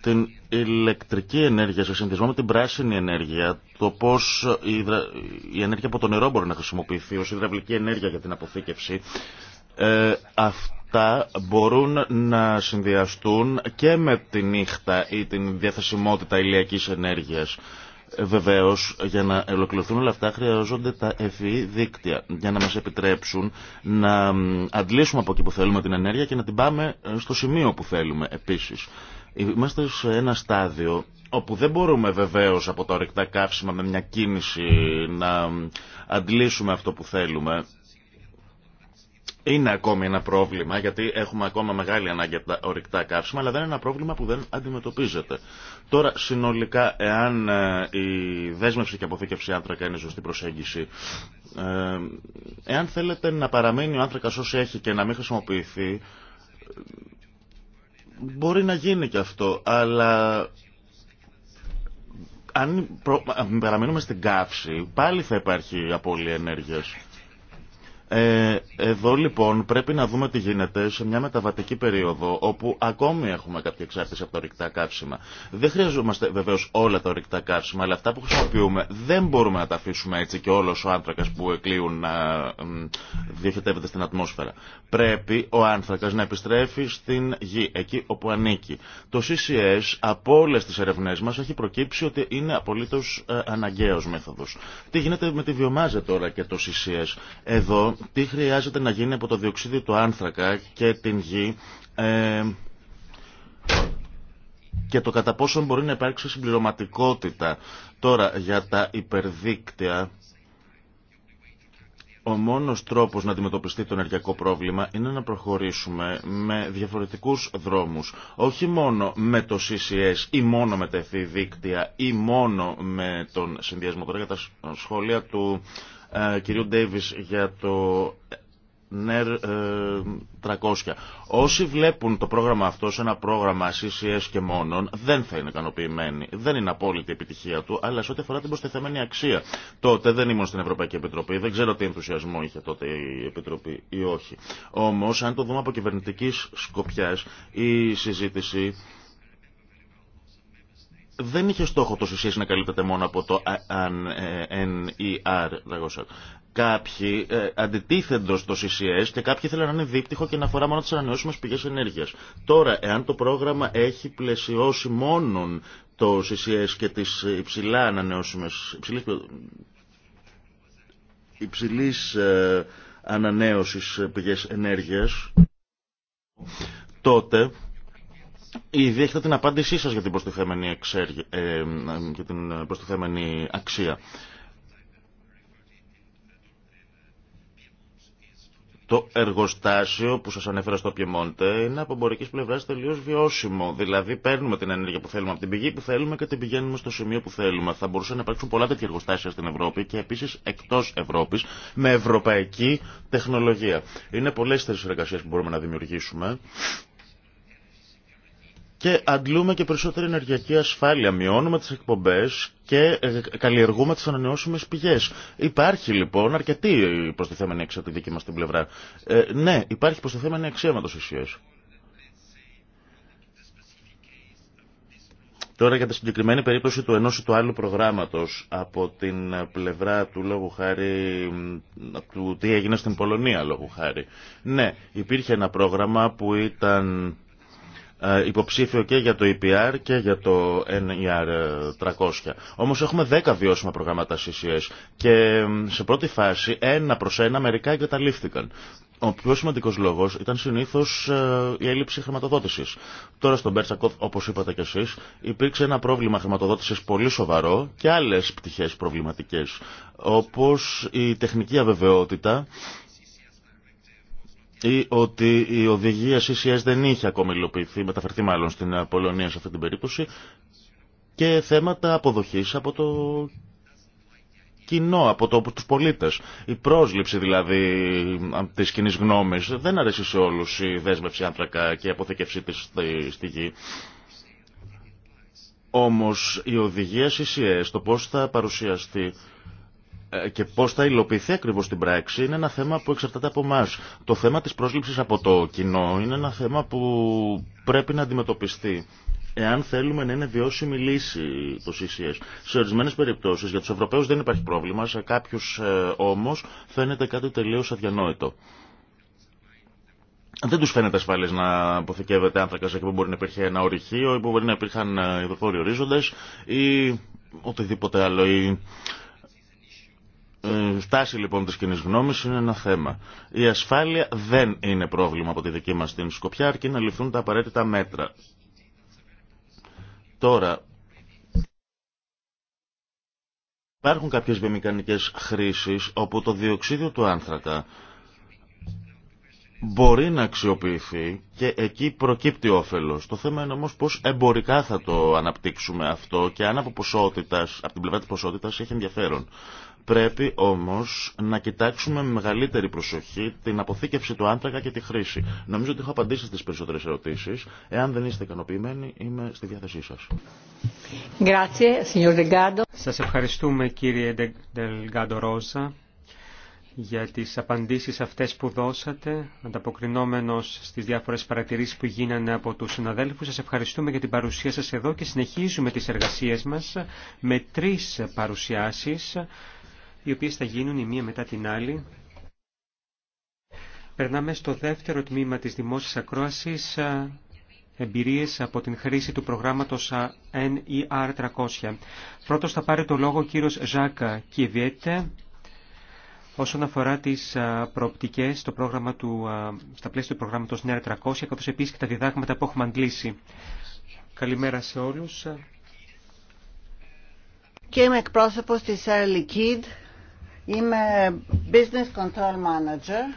την ηλεκτρική ενέργεια σε συνδυασμό με την πράσινη ενέργεια, το πώ η, η ενέργεια από το νερό μπορεί να χρησιμοποιηθεί ω υδραυλική ενέργεια για την αποθήκευση, ε, αυτά μπορούν να συνδυαστούν και με τη νύχτα ή την διαθεσιμότητα ηλιακή ενέργεια Βεβαίω, για να ολοκληρωθούν όλα αυτά χρειαζόνται τα ευφυή δίκτυα για να μας επιτρέψουν να αντλήσουμε από εκεί που θέλουμε την ενέργεια και να την πάμε ε, στο σημείο που θέλουμε επίσης. Είμαστε σε ένα στάδιο όπου δεν μπορούμε βεβαίως από τα ορυκτά καύσιμα με μια κίνηση να αντλήσουμε αυτό που θέλουμε. Είναι ακόμη ένα πρόβλημα, γιατί έχουμε ακόμα μεγάλη ανάγκη από τα ορυκτά καύσιμα, αλλά δεν είναι ένα πρόβλημα που δεν αντιμετωπίζεται. Τώρα, συνολικά, εάν ε, η δέσμευση και αποθήκευση άνθρακα είναι σωστή προσέγγιση, ε, εάν θέλετε να παραμένει ο άνθρακα όσοι έχει και να μην χρησιμοποιηθεί, Μπορεί να γίνει και αυτό, αλλά αν παραμείνουμε στην καύση, πάλι θα υπάρχει απώλεια ενέργειας. Ε, εδώ λοιπόν πρέπει να δούμε τι γίνεται σε μια μεταβατική περίοδο όπου ακόμη έχουμε κάποια εξάρτηση από τα ορυκτά καύσιμα. Δεν χρειαζόμαστε βεβαίω όλα τα ορυκτά καύσιμα, αλλά αυτά που χρησιμοποιούμε δεν μπορούμε να τα αφήσουμε έτσι και όλο ο άνθρακα που εκλείουν να διοχετεύεται στην ατμόσφαιρα. Πρέπει ο άνθρακα να επιστρέφει στην γη, εκεί όπου ανήκει. Το CCS από όλε τι ερευνέ μα έχει προκύψει ότι είναι απολύτω ε, αναγκαίο μέθοδο. Τι γίνεται με τη βιομάζα τώρα και το CCS. Εδώ τι χρειάζεται να γίνει από το διοξίδιο του άνθρακα και την γη ε, και το κατά πόσο μπορεί να υπάρξει συμπληρωματικότητα. Τώρα, για τα υπερδίκτυα, ο μόνος τρόπος να αντιμετωπιστεί το ενεργειακό πρόβλημα είναι να προχωρήσουμε με διαφορετικούς δρόμους. Όχι μόνο με το CCS ή μόνο με τα ευθύ ή μόνο με τον συνδυασμό τώρα για τα σχόλια του ε, κυρίου Ντέιβις για το ΝΕΡ 300. Ε, Όσοι βλέπουν το πρόγραμμα αυτό σε ένα πρόγραμμα CCS και μόνον δεν θα είναι ικανοποιημένοι. Δεν είναι απόλυτη επιτυχία του, αλλά σε ό,τι αφορά την προστιθεμένη αξία. Τότε δεν ήμουν στην Ευρωπαϊκή Επιτροπή, δεν ξέρω τι ενθουσιασμό είχε τότε η Επιτροπή ή όχι. Όμως αν το δούμε από κυβερνητική σκοπιά, η συζήτηση δεν είχε στόχο το CCS να καλύπτεται μόνο από το NER. Ε, κάποιοι ε, αντιτίθεντο στο CCS και κάποιοι θέλαν να είναι δίπτυχο και να αφορά μόνο τι ανανεώσιμε πηγέ ενέργεια. Τώρα, εάν το πρόγραμμα έχει πλαισιώσει μόνο το CCS και τι υψηλά ανανεώσιμε, υψηλή υψηλής, ε, ανανέωση πηγέ ενέργεια, τότε Ήδη έχετε την απάντησή σας για την προστιθέμενη, ε, για την προστιθέμενη αξία. Το εργοστάσιο που σας ανέφερα στο Πιεμόντε είναι από εμπορική πλευρά τελείως βιώσιμο. Δηλαδή παίρνουμε την ενέργεια που θέλουμε από την πηγή που θέλουμε και την πηγαίνουμε στο σημείο που θέλουμε. Θα μπορούσαν να υπάρξουν πολλά τέτοια εργοστάσια στην Ευρώπη και επίσης εκτός Ευρώπης με ευρωπαϊκή τεχνολογία. Είναι πολλές τέτοιες εργασίες που μπορούμε να δημιουργήσουμε και αντλούμε και περισσότερη ενεργειακή ασφάλεια, μειώνουμε τι εκπομπέ και ε, καλλιεργούμε τι ανανεώσιμε πηγέ. Υπάρχει λοιπόν αρκετή προστιθέμενη αξία τη δική μας την πλευρά. Ε, ναι, υπάρχει προστιθέμενη αξία με το CCS. Τώρα για τη συγκεκριμένη περίπτωση του ενός ή του άλλου προγράμματος από την πλευρά του λόγου χάρη, του τι έγινε στην Πολωνία λόγου χάρη. Ναι, υπήρχε ένα πρόγραμμα που ήταν ε, υποψήφιο και για το EPR και για το NER300. Όμως έχουμε 10 βιώσιμα προγράμματα CCS και σε πρώτη φάση ένα προς ένα μερικά εγκαταλείφθηκαν. Ο πιο σημαντικός λόγος ήταν συνήθως ε, η έλλειψη χρηματοδότησης. Τώρα στον Μπέρτσακοφ, όπως είπατε κι εσείς, υπήρξε ένα πρόβλημα χρηματοδότησης πολύ σοβαρό και άλλες πτυχές προβληματικές, όπως η τεχνική αβεβαιότητα ή ότι η οδηγία CCS δεν είχε ακόμη υλοποιηθεί, μεταφερθεί μάλλον στην Πολωνία σε αυτή την περίπτωση και θέματα αποδοχής από το κοινό, από το, τους πολίτες. Η πρόσληψη δηλαδή της κοινή γνώμης δεν αρέσει σε όλους η δέσμευση άνθρακα και η αποθήκευσή της στη, στη γη. Όμως η οδηγία CCS, το πώς θα παρουσιαστεί, ε, και πώ θα υλοποιηθεί ακριβώ στην πράξη είναι ένα θέμα που εξαρτάται από εμά. Το θέμα τη πρόσληψη από το κοινό είναι ένα θέμα που πρέπει να αντιμετωπιστεί. Εάν θέλουμε να είναι βιώσιμη λύση το CCS. Σε ορισμένε περιπτώσει για του Ευρωπαίου δεν υπάρχει πρόβλημα, σε κάποιου ε, όμω φαίνεται κάτι τελείω αδιανόητο. Δεν του φαίνεται ασφαλέ να αποθηκεύεται άνθρακα εκεί που μπορεί να υπήρχε ένα ορυχείο ή που μπορεί να υπήρχαν ε, υδροφόροι ορίζοντε ή οτιδήποτε άλλο. Η ε, στάση λοιπόν της κοινή γνώμη είναι ένα θέμα. Η ασφάλεια δεν είναι πρόβλημα από τη δική μας την Σκοπιά, αρκεί να ληφθούν τα απαραίτητα μέτρα. Τώρα, υπάρχουν κάποιες βιομηχανικές χρήσεις όπου το διοξίδιο του άνθρακα μπορεί να αξιοποιηθεί και εκεί προκύπτει όφελος. Το θέμα είναι όμως πώς εμπορικά θα το αναπτύξουμε αυτό και αν από, ποσότητας, από την πλευρά της ποσότητας έχει ενδιαφέρον. Πρέπει όμως να κοιτάξουμε με μεγαλύτερη προσοχή την αποθήκευση του άνθρακα και τη χρήση. Νομίζω ότι έχω απαντήσει στις περισσότερες ερωτήσεις. Εάν δεν είστε ικανοποιημένοι, είμαι στη διάθεσή σας. Σας ευχαριστούμε κύριε Ντελγκάντο Ρόζα για τις απαντήσεις αυτές που δώσατε, ανταποκρινόμενος στις διάφορες παρατηρήσεις που γίνανε από τους συναδέλφους. Σας ευχαριστούμε για την παρουσία σας εδώ και συνεχίζουμε τις εργασίες μας με τρεις παρουσιάσεις, οι οποίες θα γίνουν η μία μετά την άλλη. Περνάμε στο δεύτερο τμήμα της δημόσιας ακρόασης, εμπειρίες από την χρήση του προγράμματος NER300. Πρώτος θα πάρει το λόγο ο κύριος Ζάκα Κιβιέτε, όσον αφορά τις προοπτικές πρόγραμμα του, στα πλαίσια του προγράμματος Νέα 300, καθώς επίσης και τα διδάγματα που έχουμε αντλήσει. Καλημέρα σε όλους. Και είμαι εκπρόσωπος της Early Kid. Είμαι Business Control Manager.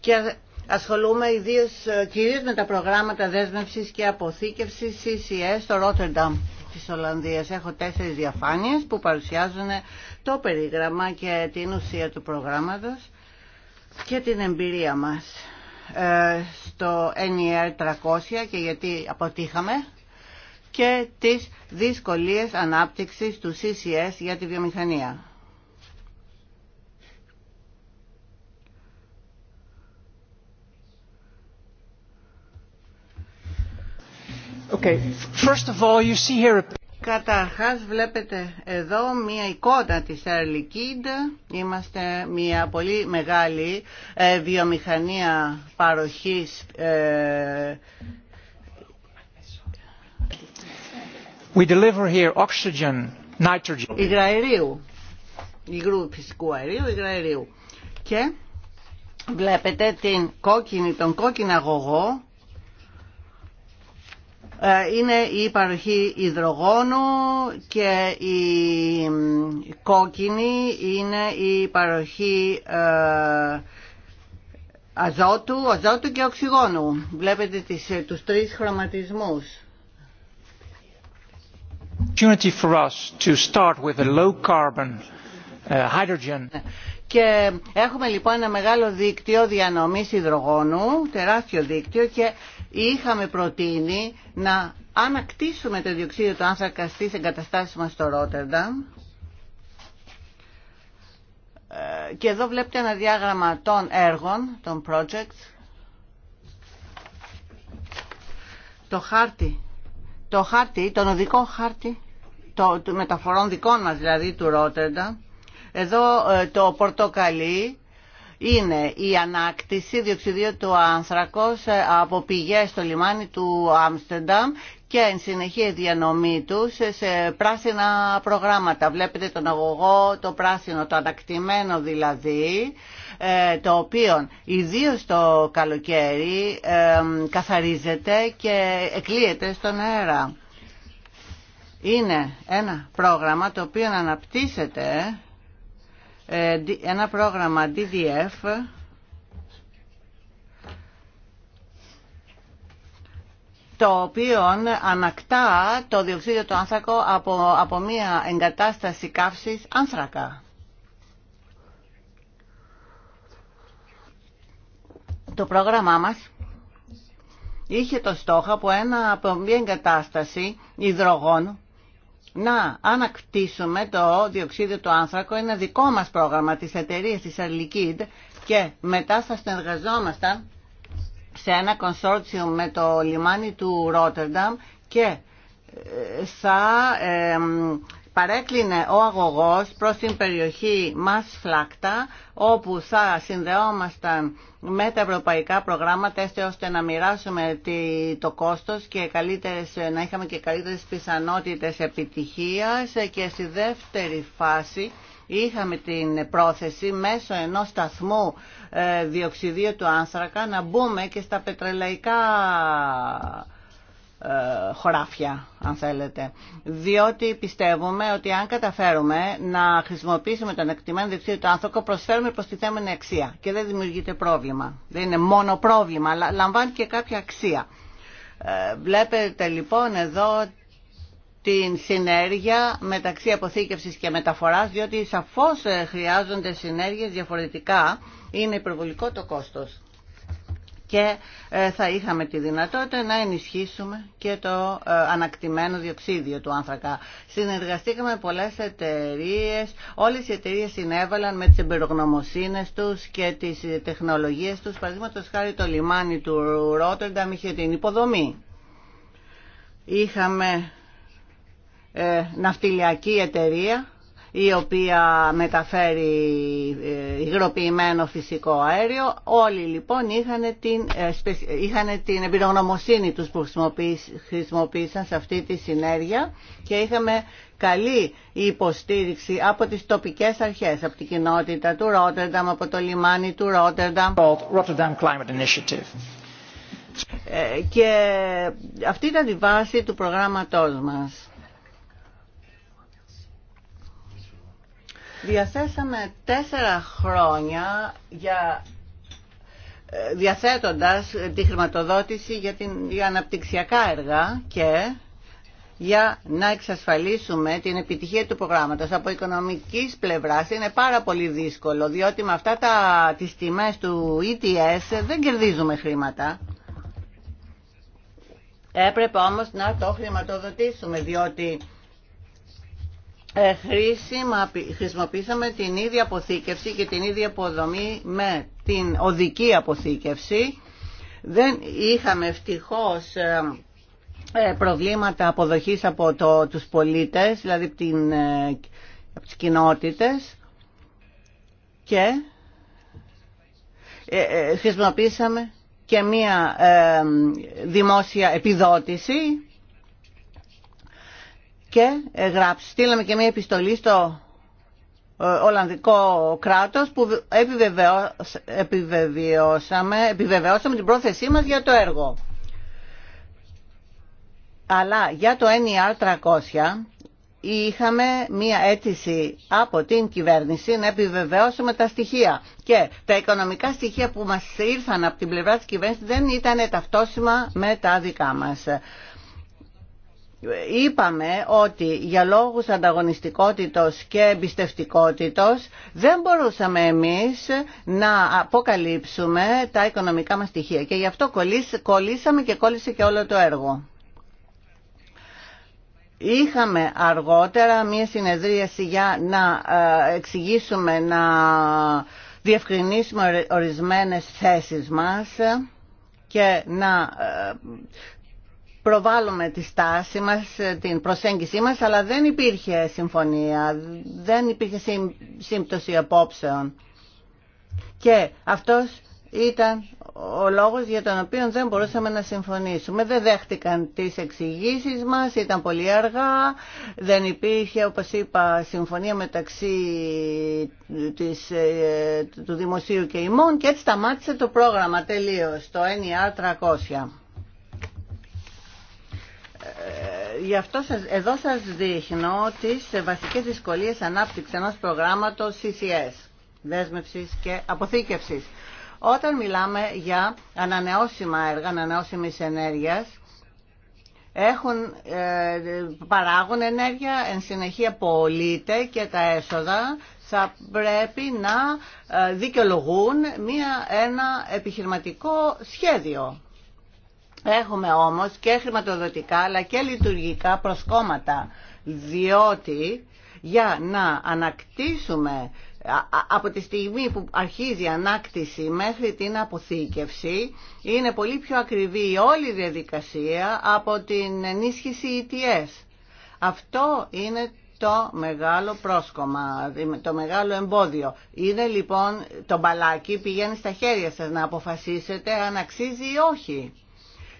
Και ασχολούμαι ιδίως ε, κυρίως με τα προγράμματα δέσμευσης και αποθήκευσης CCS στο Rotterdam της Ολλανδίας. Έχω τέσσερις διαφάνειες που παρουσιάζουν το περίγραμμα και την ουσία του προγράμματος και την εμπειρία μας ε, στο NER 300 και γιατί αποτύχαμε και τις δυσκολίες ανάπτυξης του CCS για τη βιομηχανία. Okay. you see here... Καταρχάς βλέπετε εδώ μία εικόνα της Air Liquide. Είμαστε μία πολύ μεγάλη ε, βιομηχανία παροχής ε, We deliver here oxygen, nitrogen. Υγραερίου. Υγρού φυσικού αερίου, υγραερίου. Και βλέπετε την κόκκινη, τον κόκκινο αγωγό ε, είναι η παροχή υδρογόνου και η κόκκινη είναι η παροχή ε, αζότου, αζότου και οξυγόνου. Βλέπετε τις, ε, τους τρεις χρωματισμούς. Και έχουμε λοιπόν ένα μεγάλο δίκτυο διανομής υδρογόνου, τεράστιο δίκτυο και είχαμε προτείνει να ανακτήσουμε το διοξείδιο του άνθρακα στις εγκαταστάσεις μας στο Ρότερνταμ ε, και εδώ βλέπετε ένα διάγραμμα των έργων, των projects. Το χάρτη, το χάρτη, τον οδικό χάρτη το, μεταφορών δικών μας, δηλαδή του Ρότερντα, εδώ ε, το πορτοκαλί είναι η ανάκτηση διοξιδίου του άνθρακος ε, από πηγές στο λιμάνι του Άμστερνταμ και εν συνεχεία διανομή του σε πράσινα προγράμματα. Βλέπετε τον αγωγό, το πράσινο, το ανακτημένο δηλαδή, ε, το οποίο ιδίω το καλοκαίρι καθαρίζεται και εκλείεται στον αέρα. Είναι ένα πρόγραμμα το οποίο αναπτύσσεται ε, ένα πρόγραμμα DDF το οποίο ανακτά το διοξείδιο του άνθρακο από, από μια εγκατάσταση καύσης άνθρακα. Το πρόγραμμά μας είχε το στόχο από, ένα, από μια εγκατάσταση υδρογόνου να ανακτήσουμε το διοξίδιο του άνθρακο. Είναι δικό μας πρόγραμμα της εταιρείας της Αρλικίδ και μετά θα συνεργαζόμασταν σε ένα κονσόρτσιο με το λιμάνι του Ρότερνταμ και ε, θα ε, παρέκλεινε ο αγωγός προς την περιοχή μας φλάκτα όπου θα συνδεόμασταν με τα ευρωπαϊκά προγράμματα έστε ώστε να μοιράσουμε το κόστος και καλύτερες, να είχαμε και καλύτερες πιθανότητες επιτυχίας και στη δεύτερη φάση είχαμε την πρόθεση μέσω ενός σταθμού ε, διοξιδίου του άνθρακα να μπούμε και στα πετρελαϊκά ε, χωράφια, αν θέλετε. Διότι πιστεύουμε ότι αν καταφέρουμε να χρησιμοποιήσουμε τον εκτιμένο διευθύνιο του άνθρωπο, προσφέρουμε θέμενη αξία και δεν δημιουργείται πρόβλημα. Δεν είναι μόνο πρόβλημα, αλλά λαμβάνει και κάποια αξία. Ε, βλέπετε λοιπόν εδώ την συνέργεια μεταξύ αποθήκευσης και μεταφοράς, διότι σαφώς ε, χρειάζονται συνέργειες διαφορετικά. Είναι υπερβολικό το κόστος και ε, θα είχαμε τη δυνατότητα να ενισχύσουμε και το ε, ανακτημένο διοξίδιο του άνθρακα. Συνεργαστήκαμε με πολλές εταιρείες, όλες οι εταιρείες συνέβαλαν με τις εμπειρογνωμοσύνες τους και τις τεχνολογίες τους. το χάρη το λιμάνι του Ρότερνταμ είχε την υποδομή. Είχαμε ε, ναυτιλιακή εταιρεία η οποία μεταφέρει ε, υγροποιημένο φυσικό αέριο. Όλοι λοιπόν είχαν την, ε, είχαν την εμπειρογνωμοσύνη τους που χρησιμοποίησαν σε αυτή τη συνέργεια και είχαμε καλή υποστήριξη από τις τοπικές αρχές, από την κοινότητα του Ρότερνταμ, από το λιμάνι του Ρότερνταμ. Ε, και αυτή ήταν η βάση του προγράμματός μας. διαθέσαμε τέσσερα χρόνια για ε, διαθέτοντας τη χρηματοδότηση για, την, για αναπτυξιακά έργα και για να εξασφαλίσουμε την επιτυχία του προγράμματος. Από οικονομικής πλευράς είναι πάρα πολύ δύσκολο, διότι με αυτά τα, τις τιμές του ETS δεν κερδίζουμε χρήματα. Έπρεπε όμως να το χρηματοδοτήσουμε, διότι ε, χρησιμοποίησαμε την ίδια αποθήκευση και την ίδια αποδομή με την οδική αποθήκευση. Δεν είχαμε ευτυχώς ε, ε, προβλήματα αποδοχής από το, τους πολίτες, δηλαδή την, από τις κοινότητες και χρησιμοποίησαμε και μία δημόσια επιδότηση και ε, στείλαμε και μια επιστολή στο ε, Ολλανδικό κράτος που επιβεβαιώσαμε, επιβεβαιώσαμε την πρόθεσή μας για το έργο. Αλλά για το NER 300 είχαμε μία αίτηση από την κυβέρνηση να επιβεβαιώσουμε τα στοιχεία. Και τα οικονομικά στοιχεία που μας ήρθαν από την πλευρά της κυβέρνησης δεν ήταν ταυτόσιμα με τα δικά μας είπαμε ότι για λόγους ανταγωνιστικότητος και εμπιστευτικότητος δεν μπορούσαμε εμείς να αποκαλύψουμε τα οικονομικά μας στοιχεία και γι' αυτό κολλήσαμε και κόλλησε και όλο το έργο. Είχαμε αργότερα μία συνεδρίαση για να ε, εξηγήσουμε, να διευκρινίσουμε ορισμένες θέσεις μας και να ε, προβάλλουμε τη στάση μας, ε, την προσέγγιση μας, αλλά δεν υπήρχε συμφωνία, δεν υπήρχε σύμπτωση απόψεων. Και αυτός ήταν ο λόγος για τον οποίο δεν μπορούσαμε να συμφωνήσουμε. Δεν δέχτηκαν τις εξηγήσει μας, ήταν πολύ αργά, δεν υπήρχε, όπως είπα, συμφωνία μεταξύ ε, του Δημοσίου και ημών και έτσι σταμάτησε το πρόγραμμα τελείως, το NER 300 γι' αυτό σας, εδώ σας δείχνω τις βασικές δυσκολίες ανάπτυξης ενός προγράμματος CCS, δέσμευσης και αποθήκευσης. Όταν μιλάμε για ανανεώσιμα έργα, ανανεώσιμης ενέργειας, έχουν, ε, παράγουν ενέργεια, εν συνεχεία πωλείται και τα έσοδα θα πρέπει να ε, δικαιολογούν μια, ένα επιχειρηματικό σχέδιο Έχουμε όμως και χρηματοδοτικά αλλά και λειτουργικά προσκόμματα, διότι για να ανακτήσουμε από τη στιγμή που αρχίζει η ανάκτηση μέχρι την αποθήκευση είναι πολύ πιο ακριβή η όλη διαδικασία από την ενίσχυση ETS. Αυτό είναι το μεγάλο πρόσκομα, το μεγάλο εμπόδιο. Είναι λοιπόν το μπαλάκι πηγαίνει στα χέρια σας να αποφασίσετε αν αξίζει ή όχι.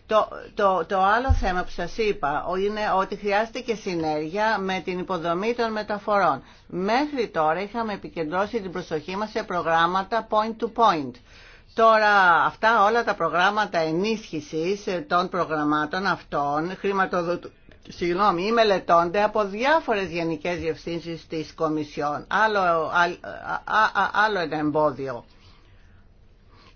Το, το, το άλλο θέμα που σας είπα είναι ότι χρειάζεται και συνέργεια με την υποδομή των μεταφορών. Μέχρι τώρα είχαμε επικεντρώσει την προσοχή μας σε προγράμματα point-to-point. -point. Τώρα τωρα όλα τα προγράμματα ενίσχυσης των προγραμμάτων αυτών χρηματοδοτούν συγγνώμη, ή μελετώνται από διάφορες γενικές διευθύνσεις της Κομισιόν. άλλο ένα εμπόδιο.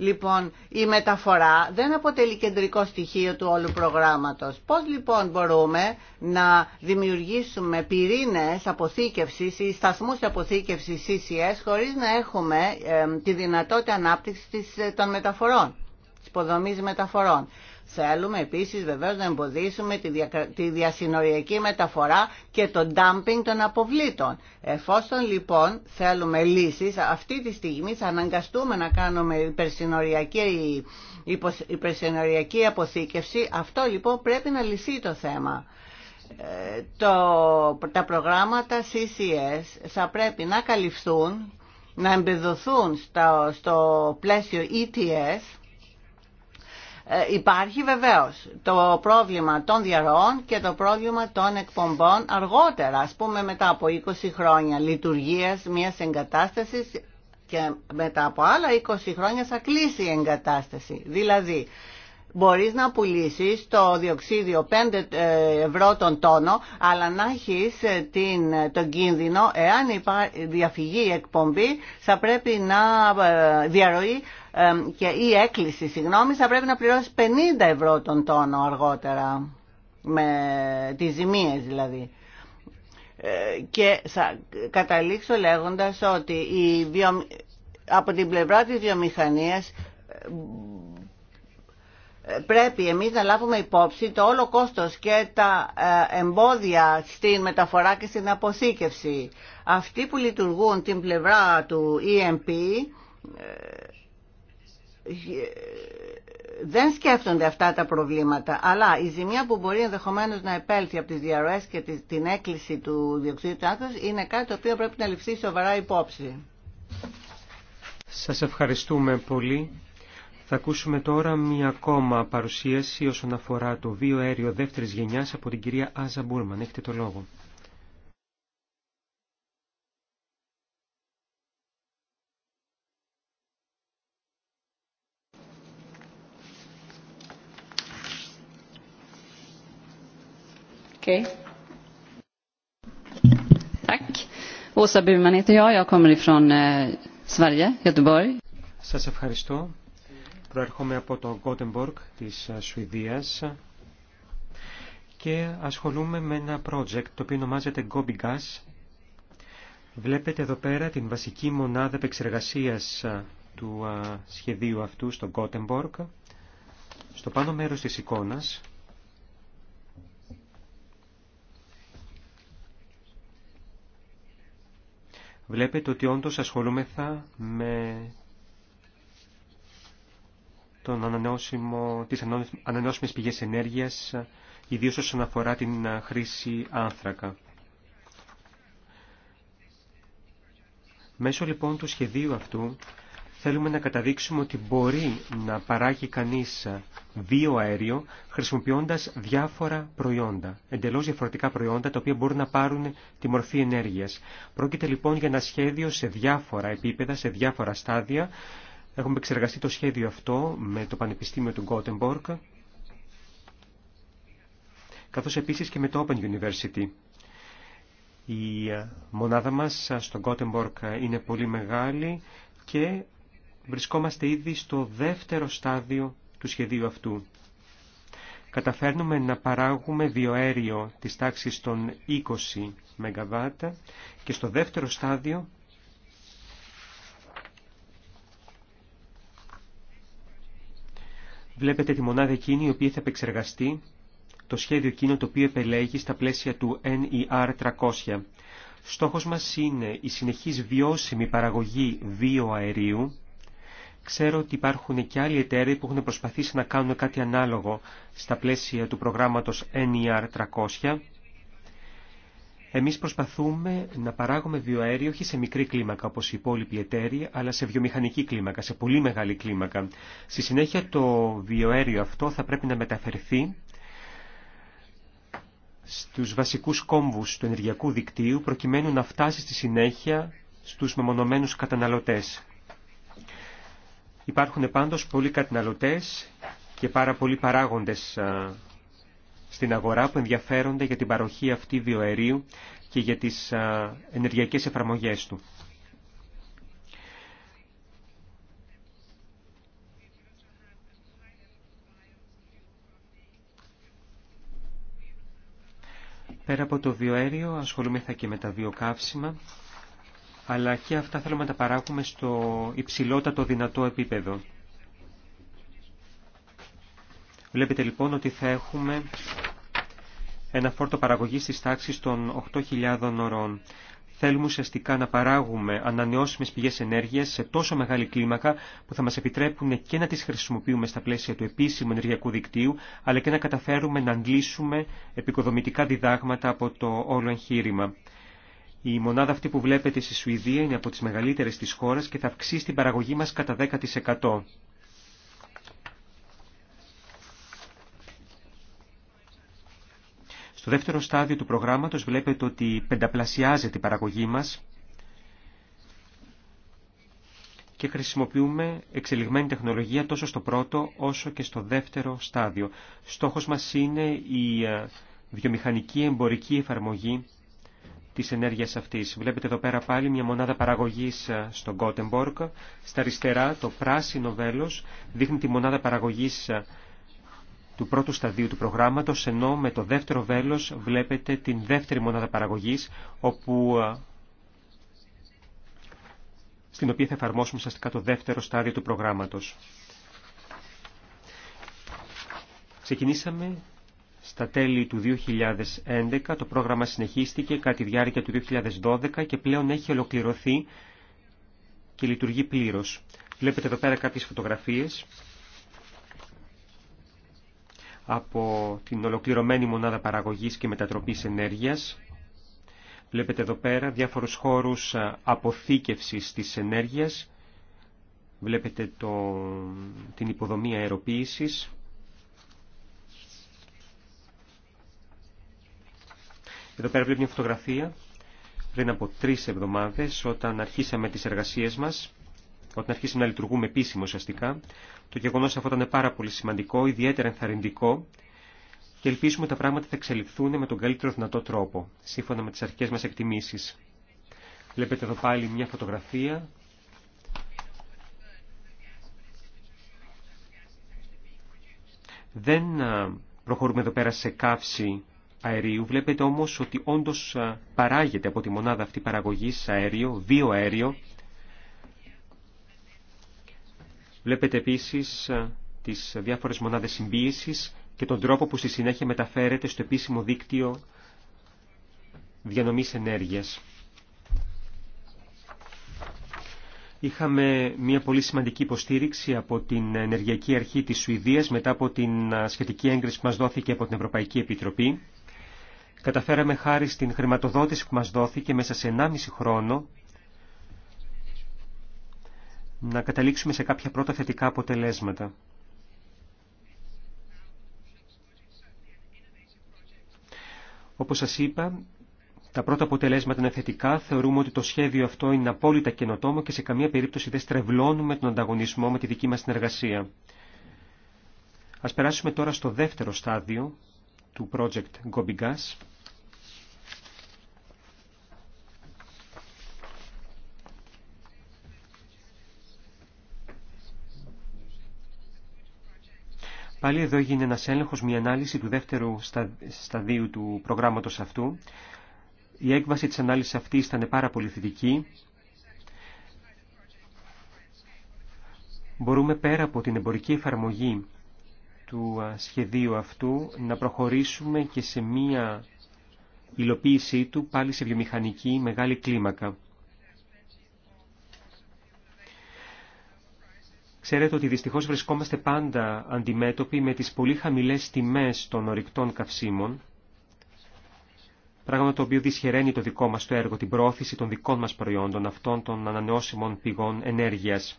Λοιπόν, η μεταφορά δεν αποτελεί κεντρικό στοιχείο του όλου προγράμματος. Πώς λοιπόν μπορούμε να δημιουργήσουμε πυρήνες αποθήκευσης ή σταθμούς αποθήκευσης CCS χωρίς να έχουμε τη δυνατότητα ανάπτυξης ε, των μεταφορών, της υποδομής μεταφορών. Θέλουμε επίσης βεβαίως να εμποδίσουμε τη διασυνοριακή μεταφορά και το dumping των αποβλήτων. Εφόσον λοιπόν θέλουμε λύσεις, αυτή τη στιγμή θα αναγκαστούμε να κάνουμε υπερσυνοριακή, υπερσυνοριακή αποθήκευση. Αυτό λοιπόν πρέπει να λυθεί το θέμα. Ε, τα προγράμματα CCS θα πρέπει να καλυφθούν, να εμπεδοθούν στο, στο πλαίσιο ETS ε, υπάρχει βεβαίως το πρόβλημα των διαρροών και το πρόβλημα των εκπομπών αργότερα, ας πούμε μετά από 20 χρόνια λειτουργίας μιας εγκατάστασης και μετά από άλλα 20 χρόνια θα κλείσει η εγκατάσταση. Δηλαδή, μπορείς να πουλήσεις το διοξίδιο 5 ε, ευρώ τον τόνο, αλλά να έχεις ε, την, τον κίνδυνο, εάν υπά, διαφυγεί η εκπομπή, θα πρέπει να διαρροεί και η έκκληση, συγγνώμη, θα πρέπει να πληρώσει 50 ευρώ τον τόνο αργότερα, με τις ζημίες δηλαδή. Ε, και θα καταλήξω λέγοντας ότι η από την πλευρά της βιομηχανίας πρέπει εμείς να λάβουμε υπόψη το όλο κόστος και τα ε, εμπόδια στην μεταφορά και στην αποθήκευση. Αυτοί που λειτουργούν την πλευρά του EMP ε, δεν σκέφτονται αυτά τα προβλήματα, αλλά η ζημιά που μπορεί ενδεχομένω να επέλθει από τι διαρροέ και την έκκληση του διοξιδίου του είναι κάτι το οποίο πρέπει να ληφθεί σοβαρά υπόψη. Σας ευχαριστούμε πολύ. Θα ακούσουμε τώρα μία ακόμα παρουσίαση όσον αφορά το βίο αέριο δεύτερης γενιάς από την κυρία Άζα Μπούρμαν. Έχετε το λόγο. Σα eh, Σας ευχαριστώ. Προερχόμαι από το Gothenburg της ε, Σουηδίας και ασχολούμαι με ένα project το οποίο ονομάζεται Gobi Gas. Βλέπετε εδώ πέρα την βασική μονάδα επεξεργασίας ε, του ε, σχεδίου αυτού στο Gothenburg. Στο πάνω μέρος της εικόνας βλέπετε ότι όντως ασχολούμεθα με τον ανανεώσιμο, τις ανανεώσιμες πηγές ενέργειας, ιδίως όσον αφορά την χρήση άνθρακα. Μέσω λοιπόν του σχεδίου αυτού Θέλουμε να καταδείξουμε ότι μπορεί να παράγει κανείς βιοαέριο χρησιμοποιώντας διάφορα προϊόντα, εντελώς διαφορετικά προϊόντα τα οποία μπορούν να πάρουν τη μορφή ενέργειας. Πρόκειται λοιπόν για ένα σχέδιο σε διάφορα επίπεδα, σε διάφορα στάδια. Έχουμε εξεργαστεί το σχέδιο αυτό με το Πανεπιστήμιο του Γκότεμπορκ, καθώς επίσης και με το Open University. Η μονάδα μας στο Gothenburg είναι πολύ μεγάλη και βρισκόμαστε ήδη στο δεύτερο στάδιο του σχεδίου αυτού. Καταφέρνουμε να παράγουμε βιοαέριο της τάξης των 20 ΜΒ και στο δεύτερο στάδιο βλέπετε τη μονάδα εκείνη η οποία θα επεξεργαστεί το σχέδιο εκείνο το οποίο επελέγει στα πλαίσια του NER 300. Στόχος μας είναι η συνεχής βιώσιμη παραγωγή βιοαερίου Ξέρω ότι υπάρχουν και άλλοι εταίροι που έχουν προσπαθήσει να κάνουν κάτι ανάλογο στα πλαίσια του προγράμματος NER 300. Εμείς προσπαθούμε να παράγουμε βιοαέριο όχι σε μικρή κλίμακα όπως οι υπόλοιποι εταίροι, αλλά σε βιομηχανική κλίμακα, σε πολύ μεγάλη κλίμακα. Στη συνέχεια το βιοαέριο αυτό θα πρέπει να μεταφερθεί στους βασικούς κόμβους του ενεργειακού δικτύου προκειμένου να φτάσει στη συνέχεια στους μεμονωμένους καταναλωτές. Υπάρχουν πάντως πολλοί καταναλωτές και πάρα πολλοί παράγοντες στην αγορά που ενδιαφέρονται για την παροχή αυτή βιοαερίου και για τις ενεργειακές εφαρμογές του. Πέρα από το βιοαέριο ασχολούμεθα και με τα βιοκαύσιμα αλλά και αυτά θέλουμε να τα παράγουμε στο υψηλότατο δυνατό επίπεδο. Βλέπετε λοιπόν ότι θα έχουμε ένα φόρτο παραγωγής της τάξης των 8.000 ωρών. Θέλουμε ουσιαστικά να παράγουμε ανανεώσιμες πηγές ενέργειας σε τόσο μεγάλη κλίμακα που θα μας επιτρέπουν και να τις χρησιμοποιούμε στα πλαίσια του επίσημου ενεργειακού δικτύου, αλλά και να καταφέρουμε να αντλήσουμε επικοδομητικά διδάγματα από το όλο εγχείρημα. Η μονάδα αυτή που βλέπετε στη Σουηδία είναι από τις μεγαλύτερες της χώρας και θα αυξήσει την παραγωγή μας κατά 10%. Στο δεύτερο στάδιο του προγράμματος βλέπετε ότι πενταπλασιάζεται η παραγωγή μας και χρησιμοποιούμε εξελιγμένη τεχνολογία τόσο στο πρώτο όσο και στο δεύτερο στάδιο. Στόχος μας είναι η ε, βιομηχανική εμπορική εφαρμογή της ενέργειας αυτής. Βλέπετε εδώ πέρα πάλι μια μονάδα παραγωγής ε, στο Gothenburg. Στα αριστερά το πράσινο βέλος δείχνει τη μονάδα παραγωγής ε, του πρώτου σταδίου του προγράμματος, ενώ με το δεύτερο βέλος βλέπετε την δεύτερη μονάδα παραγωγής, όπου, ε, στην οποία θα εφαρμόσουμε ουσιαστικά το δεύτερο στάδιο του προγράμματος. Ξεκινήσαμε στα τέλη του 2011 το πρόγραμμα συνεχίστηκε κατά τη διάρκεια του 2012 και πλέον έχει ολοκληρωθεί και λειτουργεί πλήρως. Βλέπετε εδώ πέρα κάποιες φωτογραφίες από την ολοκληρωμένη μονάδα παραγωγής και μετατροπής ενέργειας. Βλέπετε εδώ πέρα διάφορους χώρους αποθήκευσης της ενέργειας. Βλέπετε το, την υποδομή αεροποίησης. Εδώ πέρα βλέπει μια φωτογραφία πριν από τρει εβδομάδες όταν αρχίσαμε τις εργασίες μας, όταν αρχίσαμε να λειτουργούμε επίσημα ουσιαστικά. Το γεγονός αυτό ήταν πάρα πολύ σημαντικό, ιδιαίτερα ενθαρρυντικό και ελπίζουμε τα πράγματα θα εξελιχθούν με τον καλύτερο δυνατό τρόπο, σύμφωνα με τις αρχικές μα εκτιμήσει. Βλέπετε εδώ πάλι μια φωτογραφία. Δεν προχωρούμε εδώ πέρα σε καύση αερίου. Βλέπετε όμως ότι όντως παράγεται από τη μονάδα αυτή παραγωγής αέριο, αέριο. Βλέπετε επίσης τις διάφορες μονάδες συμπίεσης και τον τρόπο που στη συνέχεια μεταφέρεται στο επίσημο δίκτυο διανομής ενέργειας. Είχαμε μια πολύ σημαντική υποστήριξη από την Ενεργειακή Αρχή της Σουηδίας μετά από την σχετική έγκριση που μας δόθηκε από την Ευρωπαϊκή Επιτροπή καταφέραμε χάρη στην χρηματοδότηση που μας δόθηκε μέσα σε 1,5 χρόνο να καταλήξουμε σε κάποια πρώτα θετικά αποτελέσματα. Όπως σας είπα, τα πρώτα αποτελέσματα είναι θετικά. Θεωρούμε ότι το σχέδιο αυτό είναι απόλυτα καινοτόμο και σε καμία περίπτωση δεν στρεβλώνουμε τον ανταγωνισμό με τη δική μας συνεργασία. Ας περάσουμε τώρα στο δεύτερο στάδιο του project Gobigas. Πάλι εδώ έγινε ένα έλεγχο μια ανάλυση του δεύτερου σταδίου του προγράμματος αυτού. Η έκβαση της ανάλυσης αυτής ήταν πάρα πολύ θετική. Μπορούμε πέρα από την εμπορική εφαρμογή του σχεδίου αυτού να προχωρήσουμε και σε μία υλοποίησή του πάλι σε βιομηχανική μεγάλη κλίμακα. Ξέρετε ότι δυστυχώς βρισκόμαστε πάντα αντιμέτωποι με τις πολύ χαμηλές τιμές των ορυκτών καυσίμων, πράγμα το οποίο δυσχεραίνει το δικό μας το έργο, την πρόωθηση των δικών μας προϊόντων, αυτών των ανανεώσιμων πηγών ενέργειας.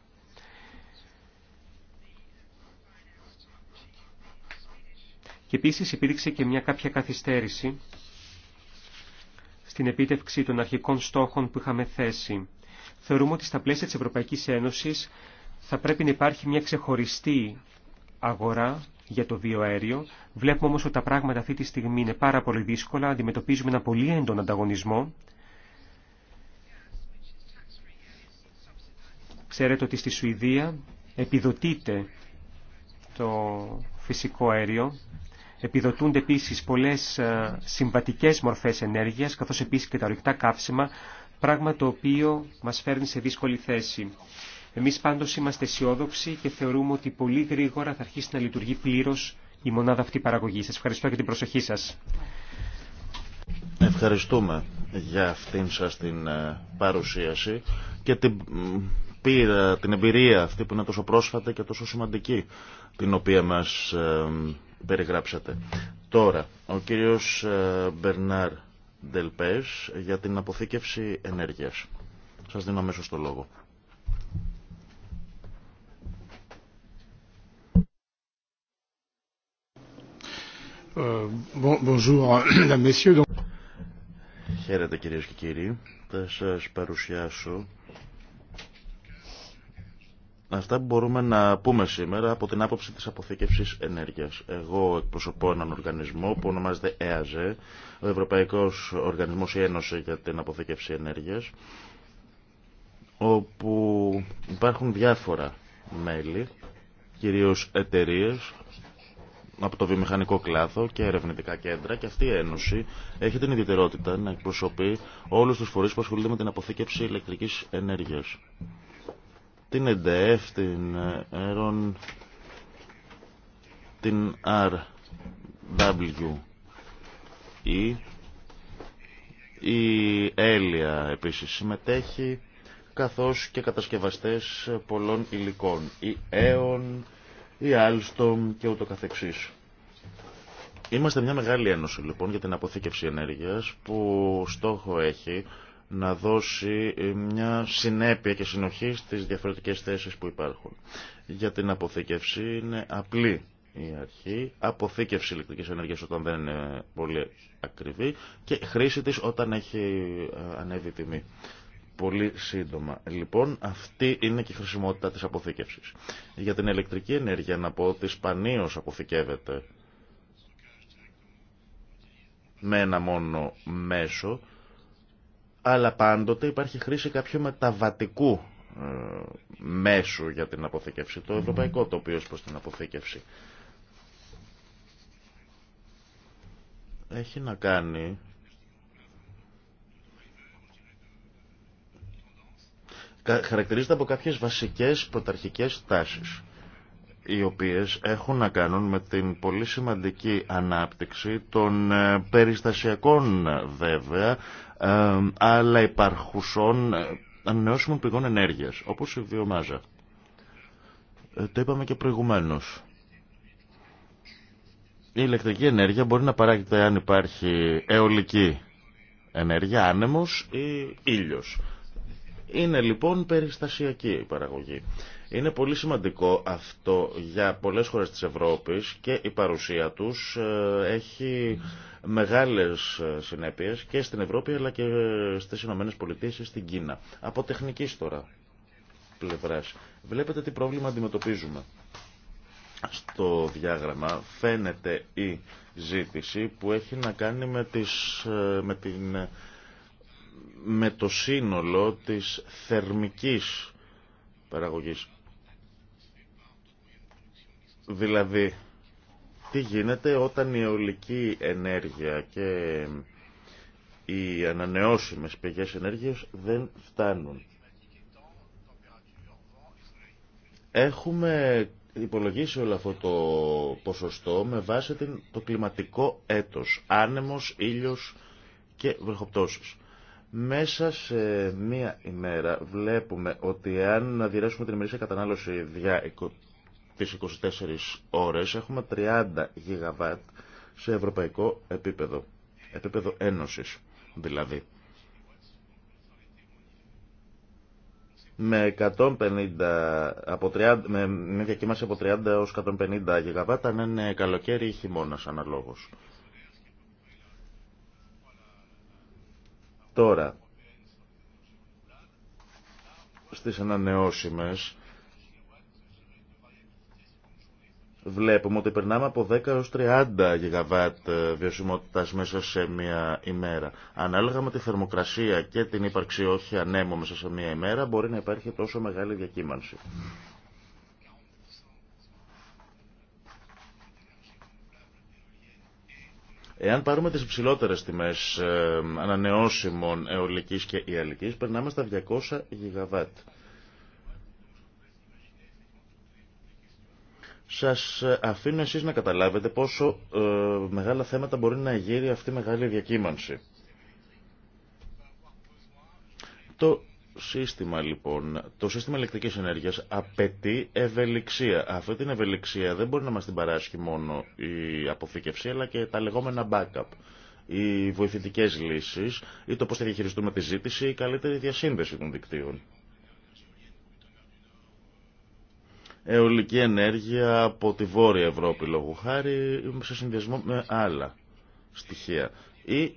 Και επίσης υπήρξε και μια κάποια καθυστέρηση στην επίτευξη των αρχικών στόχων που είχαμε θέσει. Θεωρούμε ότι στα πλαίσια της Ευρωπαϊκής Ένωσης θα πρέπει να υπάρχει μια ξεχωριστή αγορά για το βιοαέριο. Βλέπουμε όμως ότι τα πράγματα αυτή τη στιγμή είναι πάρα πολύ δύσκολα. Αντιμετωπίζουμε ένα πολύ έντονο ανταγωνισμό. Ξέρετε ότι στη Σουηδία επιδοτείται το φυσικό αέριο. Επιδοτούνται επίσης πολλές ε, συμβατικές μορφές ενέργειας, καθώς επίσης και τα ορυκτά καύσιμα, πράγμα το οποίο μας φέρνει σε δύσκολη θέση. Εμείς πάντως είμαστε αισιόδοξοι και θεωρούμε ότι πολύ γρήγορα θα αρχίσει να λειτουργεί πλήρως η μονάδα αυτή παραγωγή. Σας ευχαριστώ για την προσοχή σας. Ευχαριστούμε για αυτήν σας την ε, παρουσίαση και την την εμπειρία αυτή που είναι τόσο πρόσφατη και τόσο σημαντική την οποία μας ε, περιγράψατε. Τώρα, ο κύριος ε, Μπερνάρ Ντελπές για την αποθήκευση ενέργειας. Σας δίνω αμέσως το λόγο. Euh, bonjour, messieurs. Χαίρετε κυρίες και κύριοι. Θα σας παρουσιάσω αυτά που μπορούμε να πούμε σήμερα από την άποψη της αποθήκευσης ενέργειας. Εγώ εκπροσωπώ έναν οργανισμό που ονομάζεται ΕΑΖΕ, ο Ευρωπαϊκός Οργανισμός Ένωση για την Αποθήκευση Ενέργειας, όπου υπάρχουν διάφορα μέλη, κυρίως εταιρείες, από το βιομηχανικό κλάθο και ερευνητικά κέντρα και αυτή η Ένωση έχει την ιδιαιτερότητα να εκπροσωπεί όλους τους φορείς που ασχολούνται με την αποθήκευση ηλεκτρικής ενέργειας. Την ΕΝΤΕΕΦ, την ΕΡΟΝ, την RWE, η Έλια επίσης συμμετέχει καθώς και κατασκευαστές πολλών υλικών. Η ΕΟΝ, η Alstom και ούτω καθεξής. Είμαστε μια μεγάλη ένωση λοιπόν για την αποθήκευση ενέργειας που στόχο έχει να δώσει μια συνέπεια και συνοχή στις διαφορετικές θέσεις που υπάρχουν. Για την αποθήκευση είναι απλή η αρχή, αποθήκευση ηλεκτρικής ενέργειας όταν δεν είναι πολύ ακριβή και χρήση της όταν έχει ε, ανέβει τιμή πολύ σύντομα. Λοιπόν, αυτή είναι και η χρησιμότητα της αποθήκευσης. Για την ηλεκτρική ενέργεια, να πω ότι σπανίως αποθηκεύεται με ένα μόνο μέσο, αλλά πάντοτε υπάρχει χρήση κάποιου μεταβατικού ε, μέσου για την αποθήκευση, το ευρωπαϊκό τοπίο προς την αποθήκευση. Έχει να κάνει χαρακτηρίζεται από κάποιες βασικές πρωταρχικές τάσεις οι οποίες έχουν να κάνουν με την πολύ σημαντική ανάπτυξη των ε, περιστασιακών ε, βέβαια ε, αλλά υπαρχουσών ανανεώσιμων πηγών ενέργειας όπως η βιομάζα. Το είπαμε και προηγουμένως. Η ηλεκτρική ενέργεια μπορεί να παράγεται αν υπάρχει αιωλική ενέργεια, άνεμος ή ήλιος. Είναι λοιπόν περιστασιακή η παραγωγή. Είναι πολύ σημαντικό αυτό για πολλές χώρες της Ευρώπης και η παρουσία τους ε, έχει μεγάλες ε, συνέπειες και στην Ευρώπη αλλά και στις Ηνωμένες Πολιτείες και στην Κίνα. Από τεχνικής τώρα πλευράς. Βλέπετε τι πρόβλημα αντιμετωπίζουμε. Στο διάγραμμα φαίνεται η ζήτηση που έχει να κάνει με, τις, ε, με την με το σύνολο της θερμικής παραγωγής. Δηλαδή, τι γίνεται όταν η αιωλική ενέργεια και οι ανανεώσιμες πηγές ενέργειας δεν φτάνουν. Έχουμε υπολογίσει όλο αυτό το ποσοστό με βάση το κλιματικό έτος, άνεμος, ήλιος και βροχοπτώσεις. Μέσα σε μία ημέρα βλέπουμε ότι αν διαιρέσουμε την ημερήσια κατανάλωση δια τις 24 ώρες έχουμε 30 γιγαβάτ σε ευρωπαϊκό επίπεδο. Επίπεδο ένωσης δηλαδή. Με, 150, από 30, με, διακύμαση από 30 έως 150 γιγαβάτ αν είναι καλοκαίρι ή χειμώνας αναλόγως. Τώρα, στις ανανεώσιμες βλέπουμε ότι περνάμε από 10 έως 30 γιγαβάτ ε, βιωσιμότητας μέσα σε μία ημέρα. Ανάλογα με τη θερμοκρασία και την ύπαρξη όχι ανέμου μέσα σε μία ημέρα μπορεί να υπάρχει τόσο μεγάλη διακύμανση. Εάν πάρουμε τις υψηλότερες τιμές ε, ανανεώσιμων αιωλικής και ιαλικής, περνάμε στα 200 γιγαβάτ. Σας αφήνω εσείς να καταλάβετε πόσο ε, μεγάλα θέματα μπορεί να γύρει αυτή η μεγάλη διακύμανση. Το σύστημα λοιπόν, το σύστημα ηλεκτρικής ενέργειας απαιτεί ευελιξία. Αυτή την ευελιξία δεν μπορεί να μας την παράσχει μόνο η αποθήκευση, αλλά και τα λεγόμενα backup. Οι βοηθητικές λύσεις, ή το πώς θα διαχειριστούμε τη ζήτηση, η καλύτερη διασύνδεση των δικτύων. Αιωλική ενέργεια από τη Βόρεια Ευρώπη, λόγου ευρωπη λογω χαρη σε συνδυασμό με άλλα στοιχεία. Ή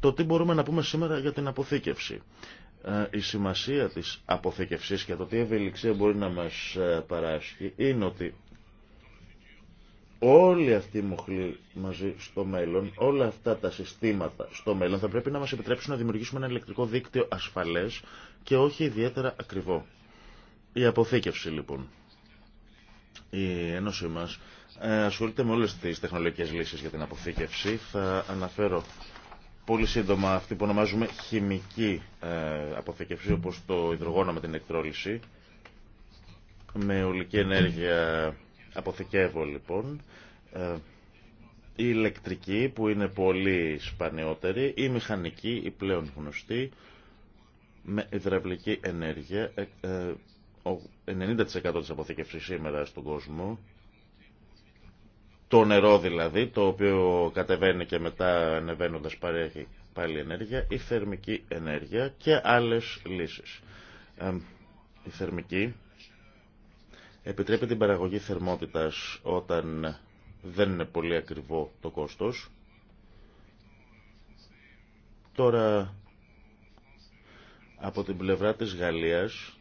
το τι μπορούμε να πούμε σήμερα για την αποθήκευση. Ε, η σημασία της αποθηκευσής και το τι ευελιξία μπορεί να μας ε, παράσχει είναι ότι όλη αυτή η μοχλή μαζί στο μέλλον, όλα αυτά τα συστήματα στο μέλλον θα πρέπει να μας επιτρέψουν να δημιουργήσουμε ένα ηλεκτρικό δίκτυο ασφαλές και όχι ιδιαίτερα ακριβό. Η αποθήκευση λοιπόν. Η Ένωση μας ε, ασχολείται με όλες τις τεχνολογικές λύσεις για την αποθήκευση. Θα αναφέρω πολύ σύντομα αυτή που ονομάζουμε χημική ε, αποθηκευσή όπως το υδρογόνο με την εκτρόληση με ολική ενέργεια αποθηκεύω λοιπόν ε, η ηλεκτρική που είναι πολύ σπανιότερη η μηχανική, η πλέον γνωστή με υδραυλική ενέργεια 90% ε, της αποθηκευσής σήμερα στον κόσμο το νερό δηλαδή, το οποίο κατεβαίνει και μετά ανεβαίνοντας παρέχει πάλι ενέργεια, η θερμική ενέργεια και άλλες λύσεις. η θερμική επιτρέπει την παραγωγή θερμότητας όταν δεν είναι πολύ ακριβό το κόστος. Τώρα, από την πλευρά της Γαλλίας,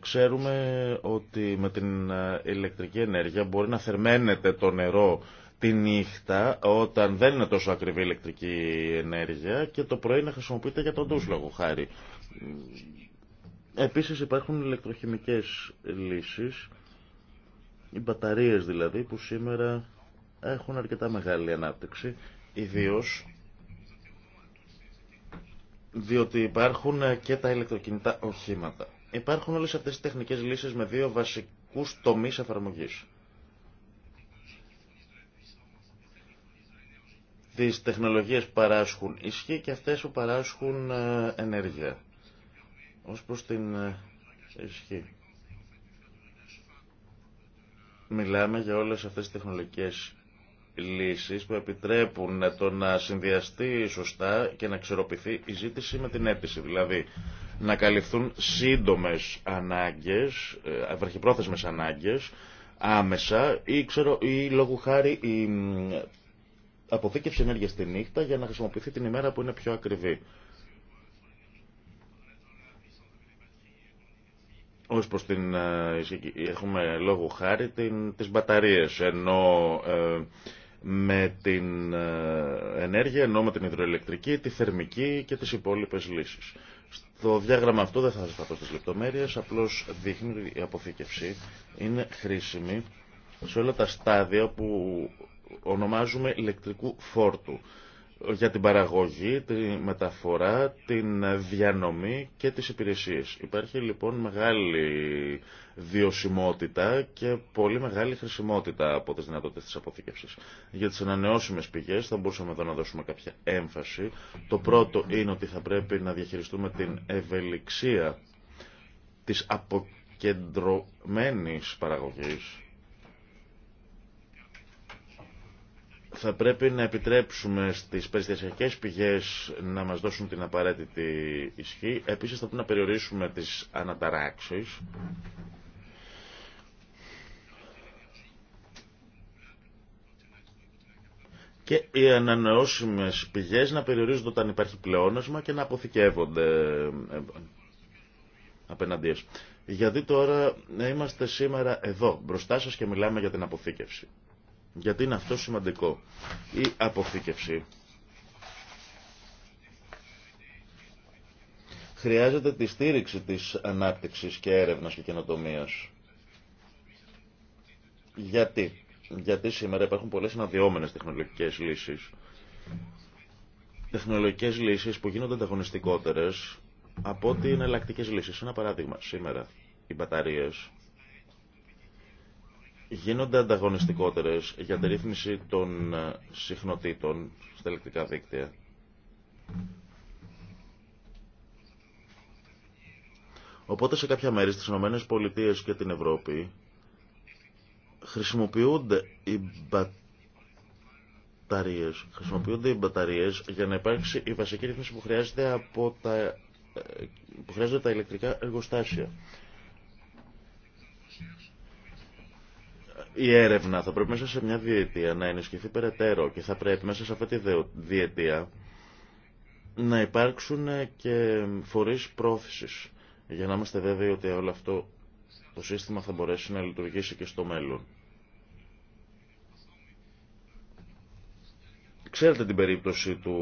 Ξέρουμε ότι με την ε, ηλεκτρική ενέργεια μπορεί να θερμαίνεται το νερό τη νύχτα όταν δεν είναι τόσο ακριβή ηλεκτρική ενέργεια και το πρωί να χρησιμοποιείται για τον ντους λόγω χάρη. Επίσης υπάρχουν ηλεκτροχημικές λύσεις, οι μπαταρίες δηλαδή που σήμερα έχουν αρκετά μεγάλη ανάπτυξη, ιδίως διότι υπάρχουν και τα ηλεκτροκινητά οχήματα. Υπάρχουν όλες αυτές οι τεχνικές λύσεις με δύο βασικούς τομείς εφαρμογής. Τις τεχνολογίες που παράσχουν ισχύ και αυτές που παράσχουν ε, ενέργεια. Ως προς την ε, ισχύ. Μιλάμε για όλες αυτές τις τεχνολογικές λύσεις που επιτρέπουν ε, το να συνδυαστεί σωστά και να ξεροποιηθεί η ζήτηση με την αίτηση. Δηλαδή, να καλυφθούν σύντομες ανάγκες, ε, βραχυπρόθεσμες ανάγκες, άμεσα ή, ξέρω, ή λόγου χάρη η αποθήκευση ενέργεια τη νύχτα για να χρησιμοποιηθεί την ημέρα που είναι πιο ακριβή. Ως προς την, ε, έχουμε λόγου χάρη την, τις μπαταρίες, ενώ ε, με την ενέργεια, ενώ με την υδροελεκτρική, τη θερμική και τις υπόλοιπες λύσεις. Το διάγραμμα αυτό δεν θα σας πω στις λεπτομέρειες, απλώς δείχνει ότι η αποθήκευση είναι χρήσιμη σε όλα τα στάδια που ονομάζουμε ηλεκτρικού φόρτου για την παραγωγή, τη μεταφορά, την διανομή και τις υπηρεσίες. Υπάρχει λοιπόν μεγάλη βιωσιμότητα και πολύ μεγάλη χρησιμότητα από τις δυνατότητες της αποθήκευσης. Για τις ανανεώσιμες πηγές θα μπορούσαμε εδώ να δώσουμε κάποια έμφαση. Το πρώτο είναι ότι θα πρέπει να διαχειριστούμε την ευελιξία της αποκεντρωμένης παραγωγής θα πρέπει να επιτρέψουμε στις περιστασιακές πηγές να μας δώσουν την απαραίτητη ισχύ. Επίσης θα πρέπει να περιορίσουμε τις αναταράξεις. Και οι ανανεώσιμες πηγές να περιορίζονται όταν υπάρχει πλεόνασμα και να αποθηκεύονται ε, απέναντι. Γιατί τώρα είμαστε σήμερα εδώ μπροστά σας και μιλάμε για την αποθήκευση γιατί είναι αυτό σημαντικό. Η αποθήκευση χρειάζεται τη στήριξη της ανάπτυξης και έρευνας και καινοτομίας. Γιατί, γιατί σήμερα υπάρχουν πολλές αναδυόμενες τεχνολογικές λύσεις. Τεχνολογικές λύσεις που γίνονται ανταγωνιστικότερες από ότι είναι ελακτικές λύσεις. Ένα παράδειγμα, σήμερα οι μπαταρίες γίνονται ανταγωνιστικότερες για τη ρύθμιση των ε, συχνοτήτων στα ηλεκτρικά δίκτυα. Οπότε σε κάποια μέρη στις ΗΠΑ και την Ευρώπη χρησιμοποιούνται οι μπαταρίες, χρησιμοποιούνται οι μπαταρίες για να υπάρξει η βασική ρύθμιση που χρειάζεται από τα ε, που χρειάζονται τα ηλεκτρικά εργοστάσια. Η έρευνα θα πρέπει μέσα σε μια διετία να ενισχυθεί περαιτέρω και θα πρέπει μέσα σε αυτή τη διετία να υπάρξουν και φορείς πρόθεσης για να είμαστε βέβαιοι ότι όλο αυτό το σύστημα θα μπορέσει να λειτουργήσει και στο μέλλον. Ξέρετε την περίπτωση του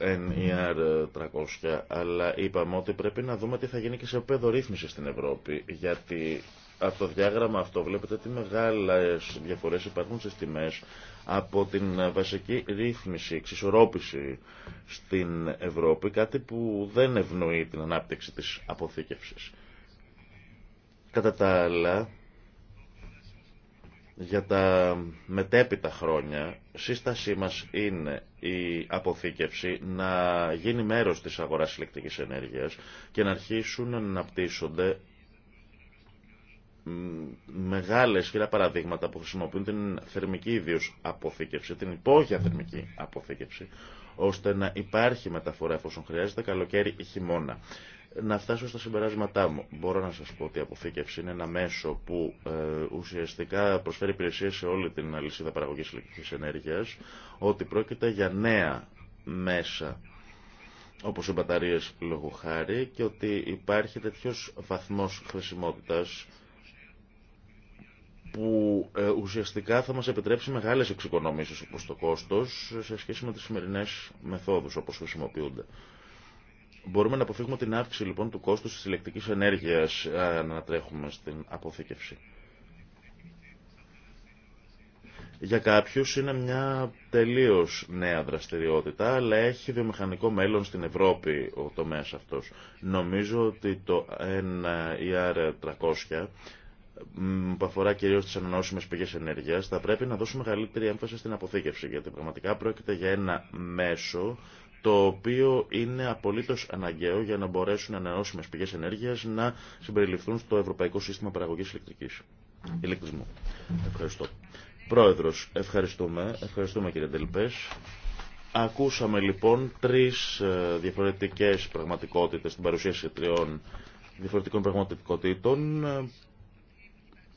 NER 300, αλλά είπαμε ότι πρέπει να δούμε τι θα γίνει και σε επίπεδο ρύθμιση στην Ευρώπη, γιατί από το διάγραμμα αυτό βλέπετε τι μεγάλες διαφορές υπάρχουν στις τιμές από την βασική ρύθμιση, εξισορρόπηση στην Ευρώπη, κάτι που δεν ευνοεί την ανάπτυξη της αποθήκευσης. Κατά τα άλλα, για τα μετέπειτα χρόνια, σύστασή μας είναι η αποθήκευση να γίνει μέρος της αγοράς ηλεκτρικής ενέργειας και να αρχίσουν να αναπτύσσονται Μεγάλε χειρά παραδείγματα που χρησιμοποιούν την θερμική ιδίω αποθήκευση, την υπόγεια θερμική αποθήκευση, ώστε να υπάρχει μεταφορά εφόσον χρειάζεται καλοκαίρι ή χειμώνα. Να φτάσω στα συμπεράσματά μου. Μπορώ να σα πω ότι η αποθήκευση είναι ένα μέσο που ε, ουσιαστικά προσφέρει υπηρεσία σε όλη την αλυσίδα παραγωγή ηλεκτρική ενέργεια, ότι πρόκειται για νέα μέσα όπω οι μπαταρίε λόγω χάρη και ότι υπάρχει τέτοιο βαθμό χρησιμότητα που ε, ουσιαστικά θα μας επιτρέψει μεγάλες εξοικονομήσεις όπως το κόστος σε σχέση με τις σημερινές μεθόδους όπως χρησιμοποιούνται. Μπορούμε να αποφύγουμε την αύξηση λοιπόν του κόστους της ηλεκτρικής ενέργειας ε, να τρέχουμε στην αποθήκευση. Για κάποιους είναι μια τελείως νέα δραστηριότητα, αλλά έχει βιομηχανικό μέλλον στην Ευρώπη ο τομέας αυτός. Νομίζω ότι το NER300 που αφορά κυρίω τι ανανεώσιμε πηγέ ενέργεια, θα πρέπει να δώσουμε μεγαλύτερη έμφαση στην αποθήκευση, γιατί πραγματικά πρόκειται για ένα μέσο το οποίο είναι απολύτω αναγκαίο για να μπορέσουν οι ανανεώσιμε πηγέ ενέργεια να συμπεριληφθούν στο Ευρωπαϊκό Σύστημα Παραγωγή Ηλεκτρισμού. Ευχαριστώ. Πρόεδρο, ευχαριστούμε. Ευχαριστούμε κύριε Ντελπέ. Ακούσαμε λοιπόν τρει ε, διαφορετικέ πραγματικότητε στην παρουσίαση τριών διαφορετικών πραγματικότητων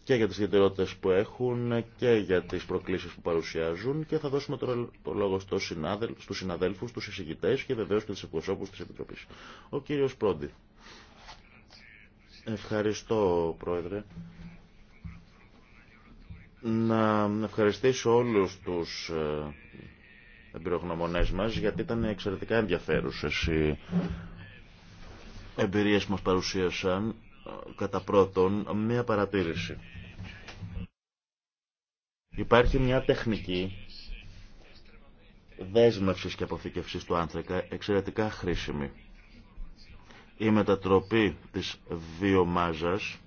και για τις ιδιαιτερότητες που έχουν και για τις προκλήσεις που παρουσιάζουν και θα δώσουμε τώρα το λόγο στο συνάδελ, στους συναδέλφους, στους εισηγητές και βεβαίως και τους εκπροσώπους της Επιτροπής. Ο κύριος Πρόντι. Ευχαριστώ, Πρόεδρε. Να ευχαριστήσω όλους τους ε, εμπειρογνωμονές μας γιατί ήταν εξαιρετικά ενδιαφέρουσες οι εμπειρίες που μας παρουσίασαν ε, κατά πρώτον μία παρατήρηση. Υπάρχει μια τεχνική δέσμευσης και αποθήκευσης του άνθρακα εξαιρετικά χρήσιμη. Η μετατροπή της βιομάζας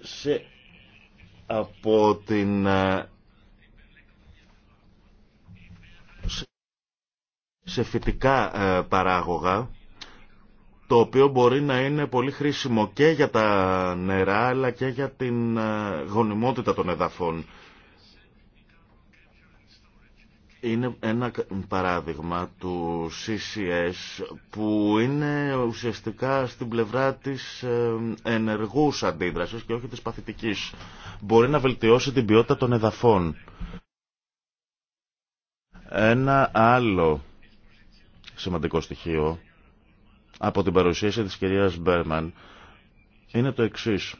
σε, από την ε, σε φυτικά ε, παράγωγα το οποίο μπορεί να είναι πολύ χρήσιμο και για τα νερά αλλά και για την ε, γονιμότητα των εδαφών. Είναι ένα παράδειγμα του CCS που είναι ουσιαστικά στην πλευρά της ε, ενεργούς αντίδρασης και όχι της παθητικής. Μπορεί να βελτιώσει την ποιότητα των εδαφών. Ένα άλλο σημαντικό στοιχείο από την παρουσίαση της κυρίας Μπέρμαν είναι το εξής.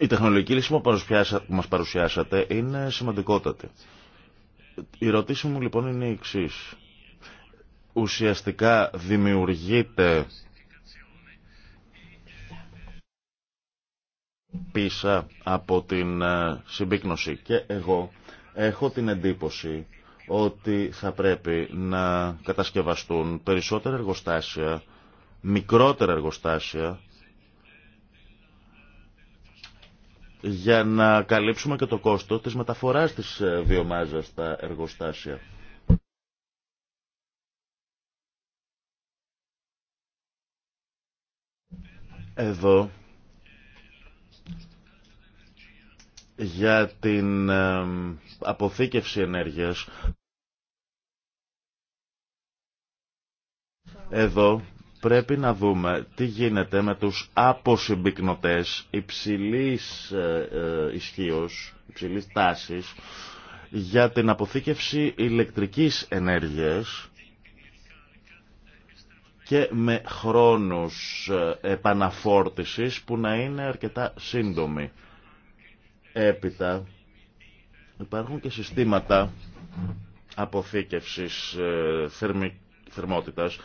Η τεχνολογική λύση που μας παρουσιάσατε είναι σημαντικότατη. Η ερωτήση μου λοιπόν είναι η εξή. Ουσιαστικά δημιουργείται πίσω από την ε, συμπίκνωση και εγώ έχω την εντύπωση ότι θα πρέπει να κατασκευαστούν περισσότερα εργοστάσια, μικρότερα εργοστάσια, για να καλύψουμε και το κόστος της μεταφοράς της ε, βιομάζας στα εργοστάσια. Εδώ για την αποθήκευση ενέργειας. Εδώ πρέπει να δούμε τι γίνεται με τους αποσυμπυκνωτές υψηλής ε, ε, ισχύω, υψηλής τάσης, για την αποθήκευση ηλεκτρικής ενέργειας και με χρόνους ε, επαναφόρτισης που να είναι αρκετά σύντομοι. Έπειτα υπάρχουν και συστήματα αποθήκευσης ε, θερμότητας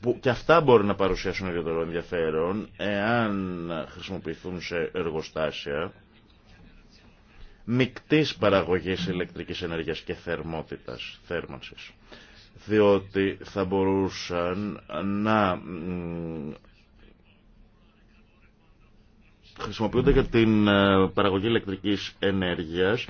που και αυτά μπορούν να παρουσιάσουν ιδιαίτερο ενδιαφέρον εάν χρησιμοποιηθούν σε εργοστάσια μικτής παραγωγής ηλεκτρικής ενέργειας και θερμότητας, θέρμανσης διότι θα μπορούσαν να χρησιμοποιούνται για την ε, παραγωγή ηλεκτρικής ενέργειας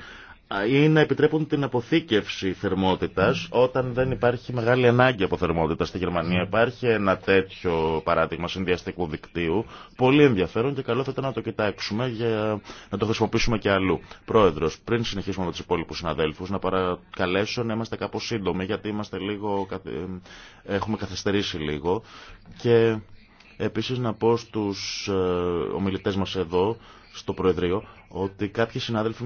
ή να επιτρέπουν την αποθήκευση θερμότητας όταν δεν υπάρχει μεγάλη ανάγκη από θερμότητα στη Γερμανία. Υπάρχει ένα τέτοιο παράδειγμα συνδυαστικού δικτύου, πολύ ενδιαφέρον και καλό θα ήταν να το κοιτάξουμε για να το χρησιμοποιήσουμε και αλλού. Πρόεδρος, πριν συνεχίσουμε με τους υπόλοιπους συναδέλφους, να παρακαλέσω να είμαστε κάπως σύντομοι γιατί είμαστε λίγο... Ε, έχουμε καθυστερήσει λίγο και Επίσης να πω στους ε, ομιλητές μας εδώ, στο Προεδρείο, ότι κάποιοι συνάδελφοι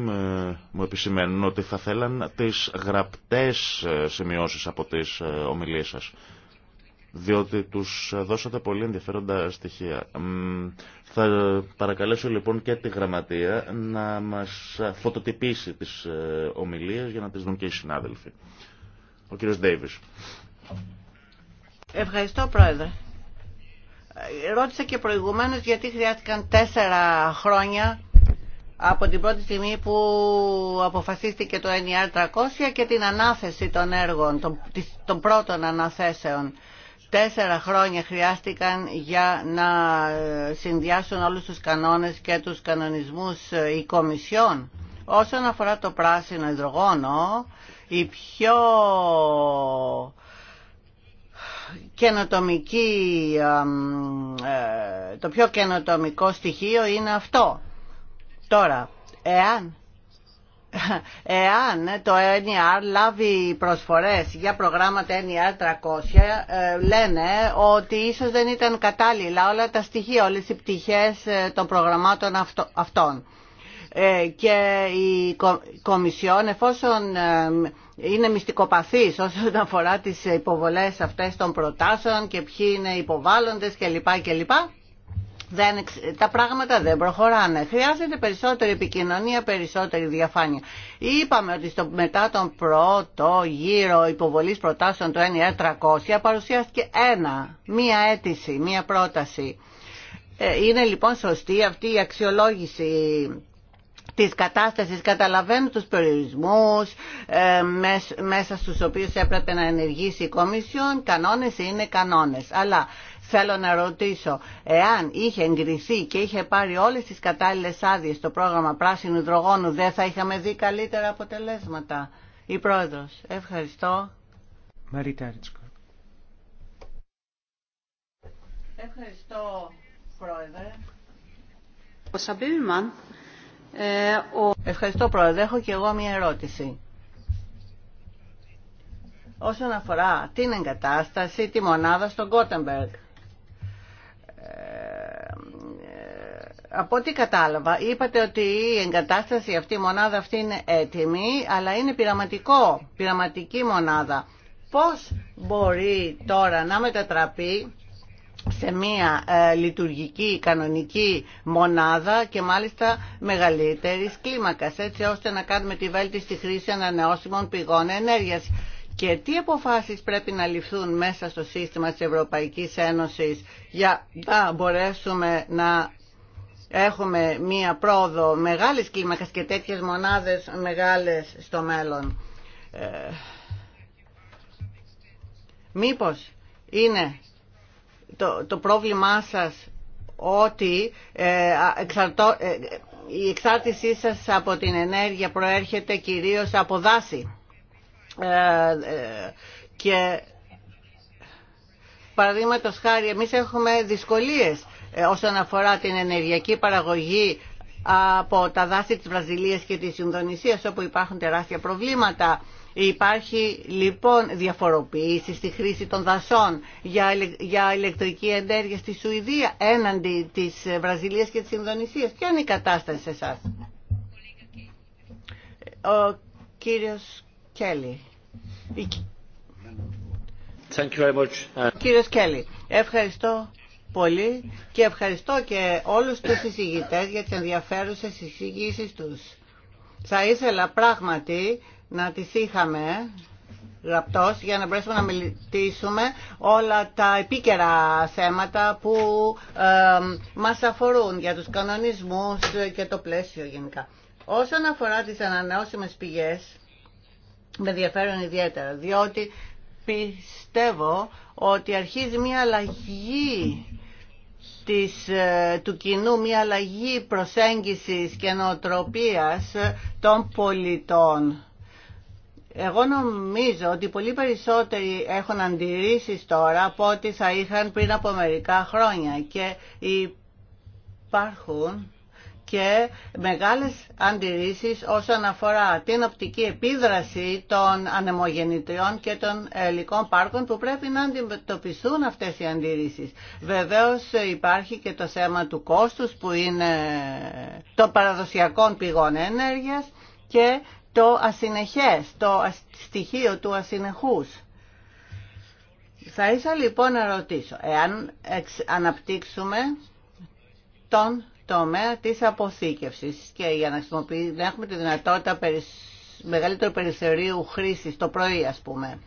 μου επισημαίνουν ότι θα θέλαν τις γραπτές ε, σημειώσεις από τις ε, ομιλίες σας διότι τους δώσατε πολύ ενδιαφέροντα στοιχεία. Θα παρακαλέσω λοιπόν και τη γραμματεία να μας φωτοτυπήσει τις ομιλίες για να τις δουν και οι συνάδελφοι. Ο κύριος Ντέιβις. Ευχαριστώ πρόεδρε. Ρώτησα και προηγουμένως γιατί χρειάστηκαν τέσσερα χρόνια από την πρώτη στιγμή που αποφασίστηκε το NER 300 και την ανάθεση των έργων, των, των πρώτων αναθέσεων. Τέσσερα χρόνια χρειάστηκαν για να ε, συνδυάσουν όλους τους κανόνες και τους κανονισμούς οι ε, κομισιόν. Όσον αφορά το πράσινο υδρογόνο, η πιο καινοτομική, ε, το πιο καινοτομικό στοιχείο είναι αυτό. Τώρα, εάν Εάν το NER λάβει προσφορές για προγράμματα NER 300, ε, λένε ότι ίσως δεν ήταν κατάλληλα όλα τα στοιχεία, όλες οι πτυχές ε, των προγραμμάτων αυτών. Ε, και η Κομισιόν εφόσον ε, είναι μυστικοπαθής όσον αφορά τις υποβολές αυτές των προτάσεων και ποιοι είναι υποβάλλοντες κλπ. κλπ. Δεν, τα πράγματα δεν προχωράνε. Χρειάζεται περισσότερη επικοινωνία, περισσότερη διαφάνεια. Είπαμε ότι στο, μετά τον πρώτο γύρο υποβολής προτάσεων του NER300 παρουσιάστηκε ένα, μία αίτηση, μία πρόταση. Ε, είναι λοιπόν σωστή αυτή η αξιολόγηση της κατάστασης, καταλαβαίνουν τους περιορισμούς ε, μέσα στους οποίους έπρεπε να ενεργήσει η Κομισιόν, κανόνες είναι κανόνες. Αλλά θέλω να ρωτήσω, εάν είχε εγκριθεί και είχε πάρει όλες τις κατάλληλες άδειες το πρόγραμμα πράσινου υδρογόνου, δεν θα είχαμε δει καλύτερα αποτελέσματα. Η Πρόεδρος, ευχαριστώ. Μαρίτα Ευχαριστώ, Πρόεδρε. Ε, Ευχαριστώ Πρόεδρε. Έχω και εγώ μια ερώτηση. Όσον αφορά την εγκατάσταση, τη μονάδα στο Γκότεμπεργκ. Ε, από ό,τι κατάλαβα, είπατε ότι η εγκατάσταση αυτή, η μονάδα αυτή είναι έτοιμη, αλλά είναι πειραματικό, πειραματική μονάδα. Πώς μπορεί τώρα να μετατραπεί σε μία ε, λειτουργική κανονική μονάδα και μάλιστα μεγαλύτερης κλίμακας έτσι ώστε να κάνουμε τη βέλτιστη χρήση ανανεώσιμων πηγών ενέργειας. Και τι αποφάσεις πρέπει να ληφθούν μέσα στο σύστημα της Ευρωπαϊκής Ένωσης για να μπορέσουμε να έχουμε μία πρόοδο μεγάλης κλίμακας και τέτοιες μονάδες μεγάλες στο μέλλον. Ε, μήπως είναι το, πρόβλημά σας ότι ε, ε, η εξάρτησή σας από την ενέργεια προέρχεται κυρίως από δάση. Ε, ε και παραδείγματο χάρη εμείς έχουμε δυσκολίες όσον αφορά την ενεργειακή παραγωγή από τα δάση της Βραζιλίας και της Ινδονησίας όπου υπάρχουν τεράστια προβλήματα Υπάρχει λοιπόν διαφοροποίηση στη χρήση των δασών για ηλεκτρική ενέργεια στη Σουηδία έναντι της Βραζιλίας και της Ινδονησίας. Ποια είναι η κατάσταση σε εσάς. Ο κύριος Κέλλη. Thank you very uh, Κύριος Κέλλη, ευχαριστώ πολύ και ευχαριστώ και όλους τους συζητητές για τις ενδιαφέρουσες εισηγήσεις τους. Θα ήθελα πράγματι να τις είχαμε γραπτός για να μπορέσουμε να μιλήσουμε όλα τα επίκαιρα θέματα που ε, μας αφορούν για τους κανονισμούς και το πλαίσιο γενικά. Όσον αφορά τις ανανεώσιμες πηγές, με ενδιαφέρον ιδιαίτερα, διότι πιστεύω ότι αρχίζει μια αλλαγή της, ε, του κοινού, μια αλλαγή προσέγγισης και νοοτροπίας των πολιτών εγώ νομίζω ότι πολύ περισσότεροι έχουν αντιρρήσεις τώρα από ό,τι θα είχαν πριν από μερικά χρόνια και υπάρχουν και μεγάλες αντιρρήσεις όσον αφορά την οπτική επίδραση των ανεμογεννητριών και των ελικών πάρκων που πρέπει να αντιμετωπιστούν αυτές οι αντιρρήσεις. Βεβαίως υπάρχει και το θέμα του κόστους που είναι των παραδοσιακών πηγών ενέργειας το ασυνεχές, το στοιχείο του ασυνεχούς. Θα ήθελα λοιπόν να ρωτήσω, εάν αναπτύξουμε τον τομέα της αποθήκευσης και για να, να έχουμε τη δυνατότητα μεγαλύτερου περιθωρίου χρήσης το πρωί ας πούμε,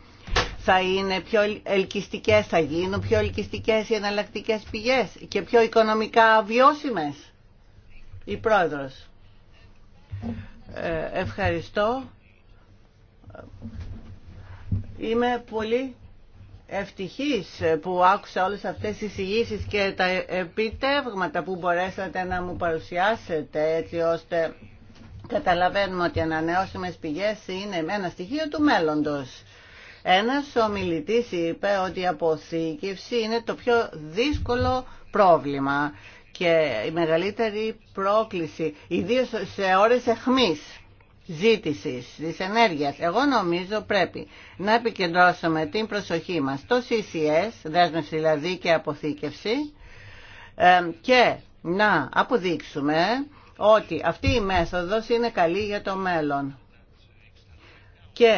θα είναι πιο ελκυστικές, θα γίνουν πιο ελκυστικές οι εναλλακτικέ πηγές και πιο οικονομικά βιώσιμες. Η πρόεδρος. Ε, ευχαριστώ. Είμαι πολύ ευτυχής που άκουσα όλες αυτές τις εισηγήσεις και τα επιτεύγματα που μπορέσατε να μου παρουσιάσετε έτσι ώστε καταλαβαίνουμε ότι ανανεώσιμες πηγές είναι ένα στοιχείο του μέλλοντος. Ένας ομιλητής είπε ότι η αποθήκευση είναι το πιο δύσκολο πρόβλημα και η μεγαλύτερη πρόκληση, ιδίως σε ώρες εχμής ζήτησης της ενέργειας. Εγώ νομίζω πρέπει να επικεντρώσουμε την προσοχή μας στο CCS, δέσμευση δηλαδή και αποθήκευση, και να αποδείξουμε ότι αυτή η μέθοδος είναι καλή για το μέλλον. Και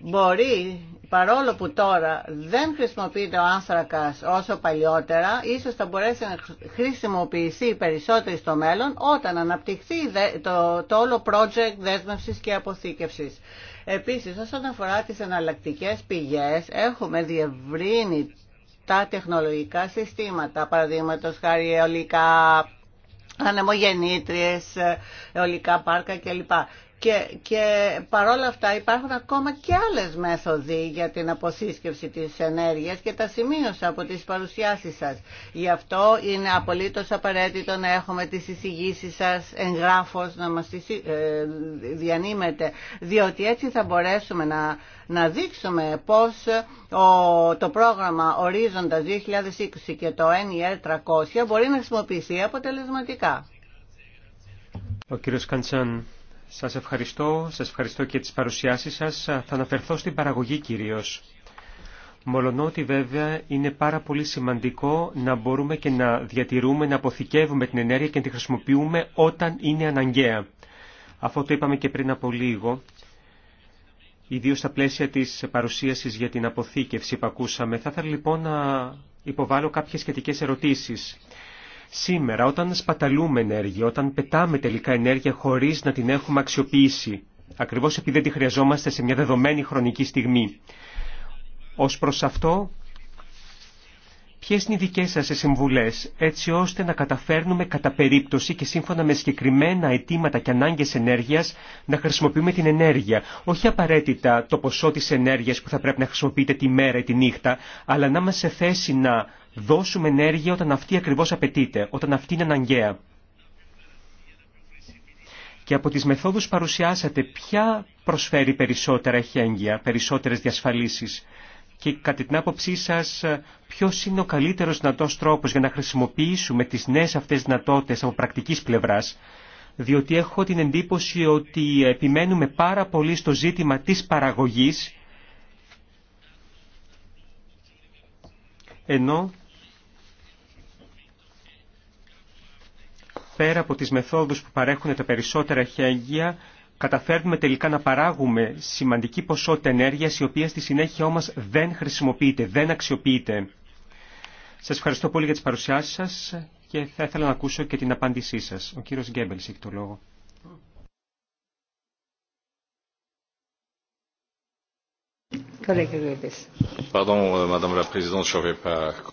μπορεί παρόλο που τώρα δεν χρησιμοποιείται ο άνθρακας όσο παλιότερα, ίσως θα μπορέσει να χρησιμοποιηθεί περισσότερο στο μέλλον όταν αναπτυχθεί το, το όλο project δέσμευσης και αποθήκευσης. Επίσης, όσον αφορά τις εναλλακτικέ πηγές, έχουμε διευρύνει τα τεχνολογικά συστήματα, παραδείγματο, χάρη αιωλικά ανεμογεννήτριες, αιωλικά πάρκα κλπ. Και, παρόλα αυτά υπάρχουν ακόμα και άλλες μέθοδοι για την αποσύσκευση της ενέργειας και τα σημείωσα από τις παρουσιάσεις σας. Γι' αυτό είναι απολύτως απαραίτητο να έχουμε τις εισηγήσεις σας εγγράφως να μας τις ε, διανύμετε, διότι έτσι θα μπορέσουμε να, δείξουμε πώς το πρόγραμμα Ορίζοντα 2020 και το NER 300 μπορεί να χρησιμοποιηθεί αποτελεσματικά. Ο κύριος Καντσάν. Σας ευχαριστώ. Σας ευχαριστώ και τις παρουσιάσεις σας. Θα αναφερθώ στην παραγωγή κυρίως. Μολονότι βέβαια είναι πάρα πολύ σημαντικό να μπορούμε και να διατηρούμε, να αποθηκεύουμε την ενέργεια και να τη χρησιμοποιούμε όταν είναι αναγκαία. Αυτό το είπαμε και πριν από λίγο, ιδίως στα πλαίσια της παρουσίασης για την αποθήκευση που ακούσαμε. Θα ήθελα λοιπόν να υποβάλω κάποιες σχετικές ερωτήσεις. Σήμερα όταν σπαταλούμε ενέργεια, όταν πετάμε τελικά ενέργεια χωρίς να την έχουμε αξιοποιήσει, ακριβώς επειδή δεν τη χρειαζόμαστε σε μια δεδομένη χρονική στιγμή. Ως προς αυτό, ποιες είναι οι δικές σας συμβουλές, έτσι ώστε να καταφέρνουμε κατά περίπτωση και σύμφωνα με συγκεκριμένα αιτήματα και ανάγκες ενέργειας να χρησιμοποιούμε την ενέργεια. Όχι απαραίτητα το ποσό της ενέργειας που θα πρέπει να χρησιμοποιείτε τη μέρα ή τη νύχτα, αλλά να είμαστε σε θέση να δώσουμε ενέργεια όταν αυτή ακριβώς απαιτείται, όταν αυτή είναι αναγκαία. Και από τις μεθόδους παρουσιάσατε ποια προσφέρει περισσότερα εχέγγυα, περισσότερες διασφαλίσεις και κατά την άποψή σας ποιος είναι ο καλύτερος δυνατός τρόπος για να χρησιμοποιήσουμε τις νέες αυτές δυνατότητες από πρακτικής πλευράς διότι έχω την εντύπωση ότι επιμένουμε πάρα πολύ στο ζήτημα της παραγωγής ενώ πέρα από τις μεθόδους που παρέχουν τα περισσότερα χέγγια, καταφέρνουμε τελικά να παράγουμε σημαντική ποσότητα ενέργειας, η οποία στη συνέχεια όμως δεν χρησιμοποιείται, δεν αξιοποιείται. Σας ευχαριστώ πολύ για τις παρουσιάσεις σας και θα ήθελα να ακούσω και την απάντησή σας. Ο κύριος Γκέμπελς έχει το λόγο. Euh,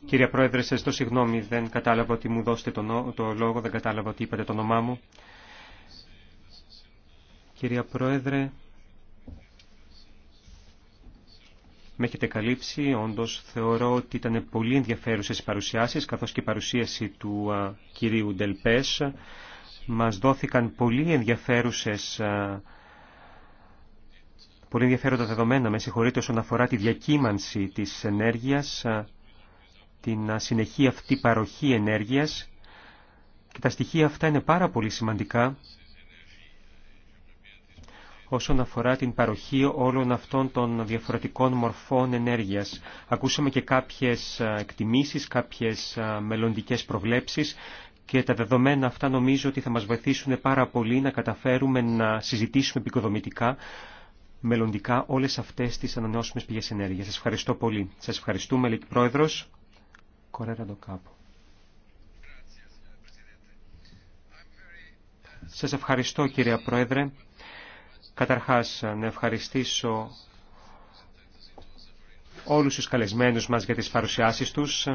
Κύριε Πρόεδρε, σας το συγγνώμη, δεν κατάλαβα ότι μου δώσετε το, το λόγο, δεν κατάλαβα ότι είπατε το όνομά μου. Κυρία Πρόεδρε, με έχετε καλύψει. Όντως θεωρώ ότι ήταν πολύ ενδιαφέρουσες οι παρουσιάσεις, καθώς και η παρουσίαση του κυρίου Ντελπές. Μας δόθηκαν πολύ ενδιαφέρουσες Πολύ ενδιαφέροντα δεδομένα, με συγχωρείτε, όσον αφορά τη διακύμανση της ενέργειας, την συνεχή αυτή παροχή ενέργειας. Και τα στοιχεία αυτά είναι πάρα πολύ σημαντικά όσον αφορά την παροχή όλων αυτών των διαφορετικών μορφών ενέργειας. Ακούσαμε και κάποιες εκτιμήσεις, κάποιες μελλοντικές προβλέψεις και τα δεδομένα αυτά νομίζω ότι θα μας βοηθήσουν πάρα πολύ να καταφέρουμε να συζητήσουμε επικοδομητικά μελλοντικά όλες αυτές τις ανανεώσιμες πηγές ενέργειας. Σας ευχαριστώ πολύ. Σας ευχαριστούμε, Λίκη Πρόεδρος. Κορέρα κάπου. Σας ευχαριστώ, κύριε Πρόεδρε. Καταρχάς, να ευχαριστήσω όλους τους καλεσμένους μας για τις παρουσιάσεις τους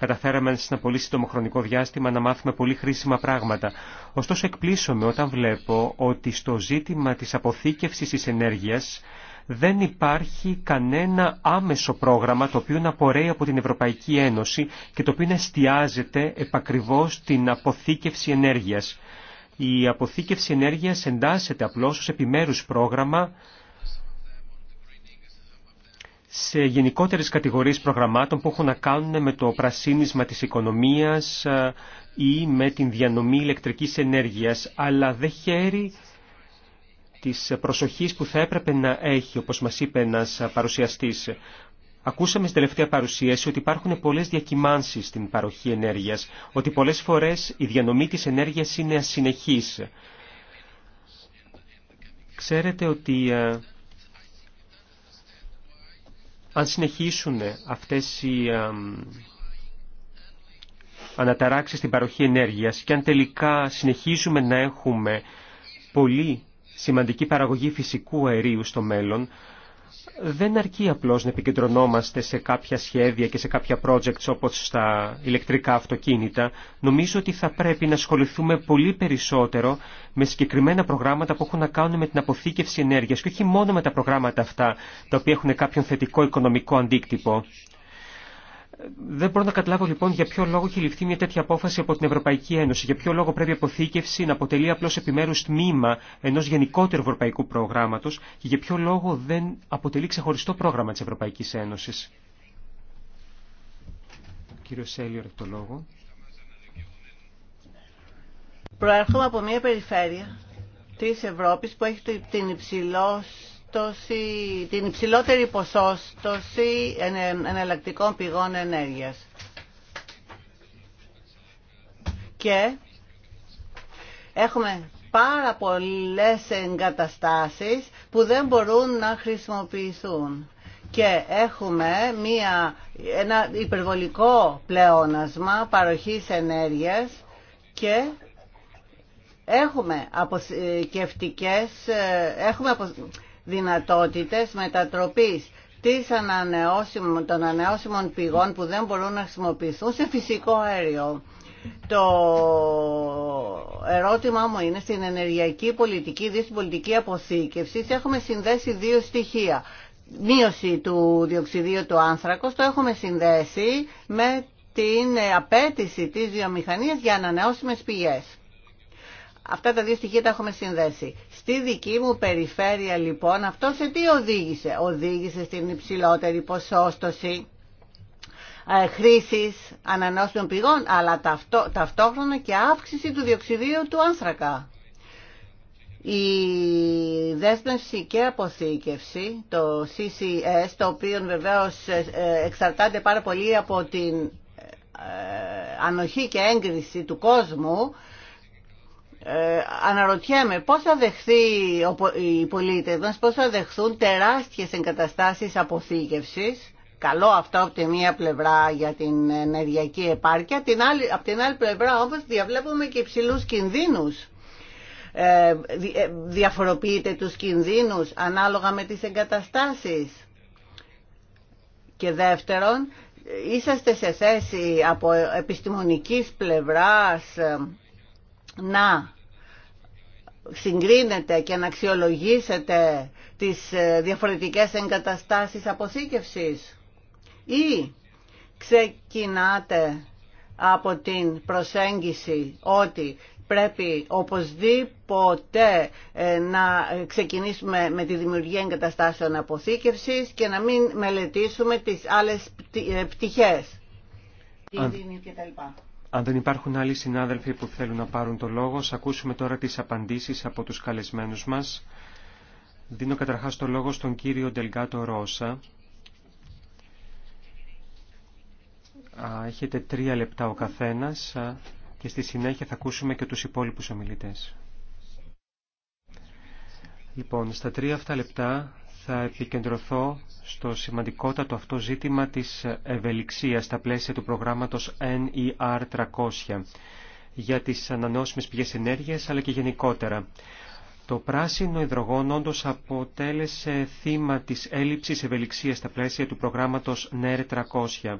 καταφέραμε σε ένα πολύ σύντομο χρονικό διάστημα να μάθουμε πολύ χρήσιμα πράγματα. Ωστόσο εκπλήσωμαι όταν βλέπω ότι στο ζήτημα της αποθήκευσης της ενέργειας δεν υπάρχει κανένα άμεσο πρόγραμμα το οποίο να πορεί από την Ευρωπαϊκή Ένωση και το οποίο να εστιάζεται επακριβώς την αποθήκευση ενέργειας. Η αποθήκευση ενέργειας εντάσσεται απλώς ως επιμέρους πρόγραμμα σε γενικότερες κατηγορίες προγραμμάτων που έχουν να κάνουν με το πρασίνισμα της οικονομίας ε, ή με την διανομή ηλεκτρικής ενέργειας, αλλά δεν χαίρει της προσοχής που θα έπρεπε να έχει, όπως μας είπε ένας παρουσιαστής. Ακούσαμε στην τελευταία παρουσίαση ότι υπάρχουν πολλές διακυμάνσεις στην παροχή ενέργειας, ότι πολλές φορές η διανομή της ενέργειας είναι ασυνεχής. Ξέρετε ότι ε, αν συνεχίσουν αυτές οι αναταράξεις στην παροχή ενέργειας και αν τελικά συνεχίζουμε να έχουμε πολύ σημαντική παραγωγή φυσικού αερίου στο μέλλον, δεν αρκεί απλώς να επικεντρωνόμαστε σε κάποια σχέδια και σε κάποια projects όπως στα ηλεκτρικά αυτοκίνητα. Νομίζω ότι θα πρέπει να ασχοληθούμε πολύ περισσότερο με συγκεκριμένα προγράμματα που έχουν να κάνουν με την αποθήκευση ενέργειας και όχι μόνο με τα προγράμματα αυτά τα οποία έχουν κάποιον θετικό οικονομικό αντίκτυπο. Δεν μπορώ να καταλάβω λοιπόν για ποιο λόγο έχει ληφθεί μια τέτοια απόφαση από την Ευρωπαϊκή Ένωση. Για ποιο λόγο πρέπει η αποθήκευση να αποτελεί απλώ επιμέρου τμήμα ενό γενικότερου ευρωπαϊκού προγράμματο και για ποιο λόγο δεν αποτελεί ξεχωριστό πρόγραμμα τη Ευρωπαϊκή Ένωση. Κύριο το λόγο. Προέρχομαι από μια περιφέρεια της Ευρώπης που έχει την υψηλό ποσόστοση, την υψηλότερη ποσόστοση εναλλακτικών πηγών ενέργειας. Και έχουμε πάρα πολλές εγκαταστάσεις που δεν μπορούν να χρησιμοποιηθούν. Και έχουμε μία, ένα υπερβολικό πλεόνασμα παροχής ενέργειας και έχουμε αποθηκευτικές, ε, ε, έχουμε δυνατότητες μετατροπής της ανανεώσιμων, των ανανεώσιμων πηγών που δεν μπορούν να χρησιμοποιηθούν σε φυσικό αέριο. Το ερώτημά μου είναι στην ενεργειακή πολιτική, στην πολιτική αποθήκευση, έχουμε συνδέσει δύο στοιχεία. Μείωση του διοξιδίου του άνθρακος το έχουμε συνδέσει με την απέτηση της βιομηχανίας για ανανεώσιμες πηγές. Αυτά τα δύο στοιχεία τα έχουμε συνδέσει. Στη δική μου περιφέρεια λοιπόν αυτό σε τι οδήγησε. Οδήγησε στην υψηλότερη ποσόστοση ε, χρήσης ανανόσιμων πηγών, αλλά ταυτό, ταυτόχρονα και αύξηση του διοξιδίου του άνθρακα. Η δέσμευση και αποθήκευση, το CCS, το οποίο βεβαίως ε, ε, εξαρτάται πάρα πολύ από την ανοχή και έγκριση του κόσμου, ε, αναρωτιέμαι πώς θα δεχθεί οι πολίτες μας, πώς θα δεχθούν τεράστιες εγκαταστάσεις αποθήκευσης. Καλό αυτό από τη μία πλευρά για την ενεργειακή επάρκεια, την από την άλλη πλευρά όμως διαβλέπουμε και υψηλούς κινδύνους. Ε, ε, διαφοροποιείται τους κινδύνους ανάλογα με τις εγκαταστάσεις. Και δεύτερον, είσαστε σε θέση από επιστημονικής πλευράς να συγκρίνετε και να αξιολογήσετε τις ε, διαφορετικές εγκαταστάσεις αποθήκευσης ή ξεκινάτε από την προσέγγιση ότι πρέπει οπωσδήποτε ε, να ξεκινήσουμε με τη δημιουργία εγκαταστάσεων αποθήκευσης και να μην μελετήσουμε τις άλλες ε, πτυχές. Αν δεν υπάρχουν άλλοι συνάδελφοι που θέλουν να πάρουν το λόγο, ας ακούσουμε τώρα τις απαντήσεις από τους καλεσμένους μας. Δίνω καταρχάς το λόγο στον κύριο Ντελγκάτο Ρώσα. Έχετε τρία λεπτά ο καθένας και στη συνέχεια θα ακούσουμε και τους υπόλοιπους ομιλητές. Λοιπόν, στα τρία αυτά λεπτά θα επικεντρωθώ στο σημαντικότατο αυτό ζήτημα της ευελιξίας στα πλαίσια του προγράμματος NER300 για τις ανανεώσιμες πηγές ενέργειας αλλά και γενικότερα. Το πράσινο υδρογόνο όντω αποτέλεσε θύμα της έλλειψης ευελιξίας στα πλαίσια του προγράμματος NER300.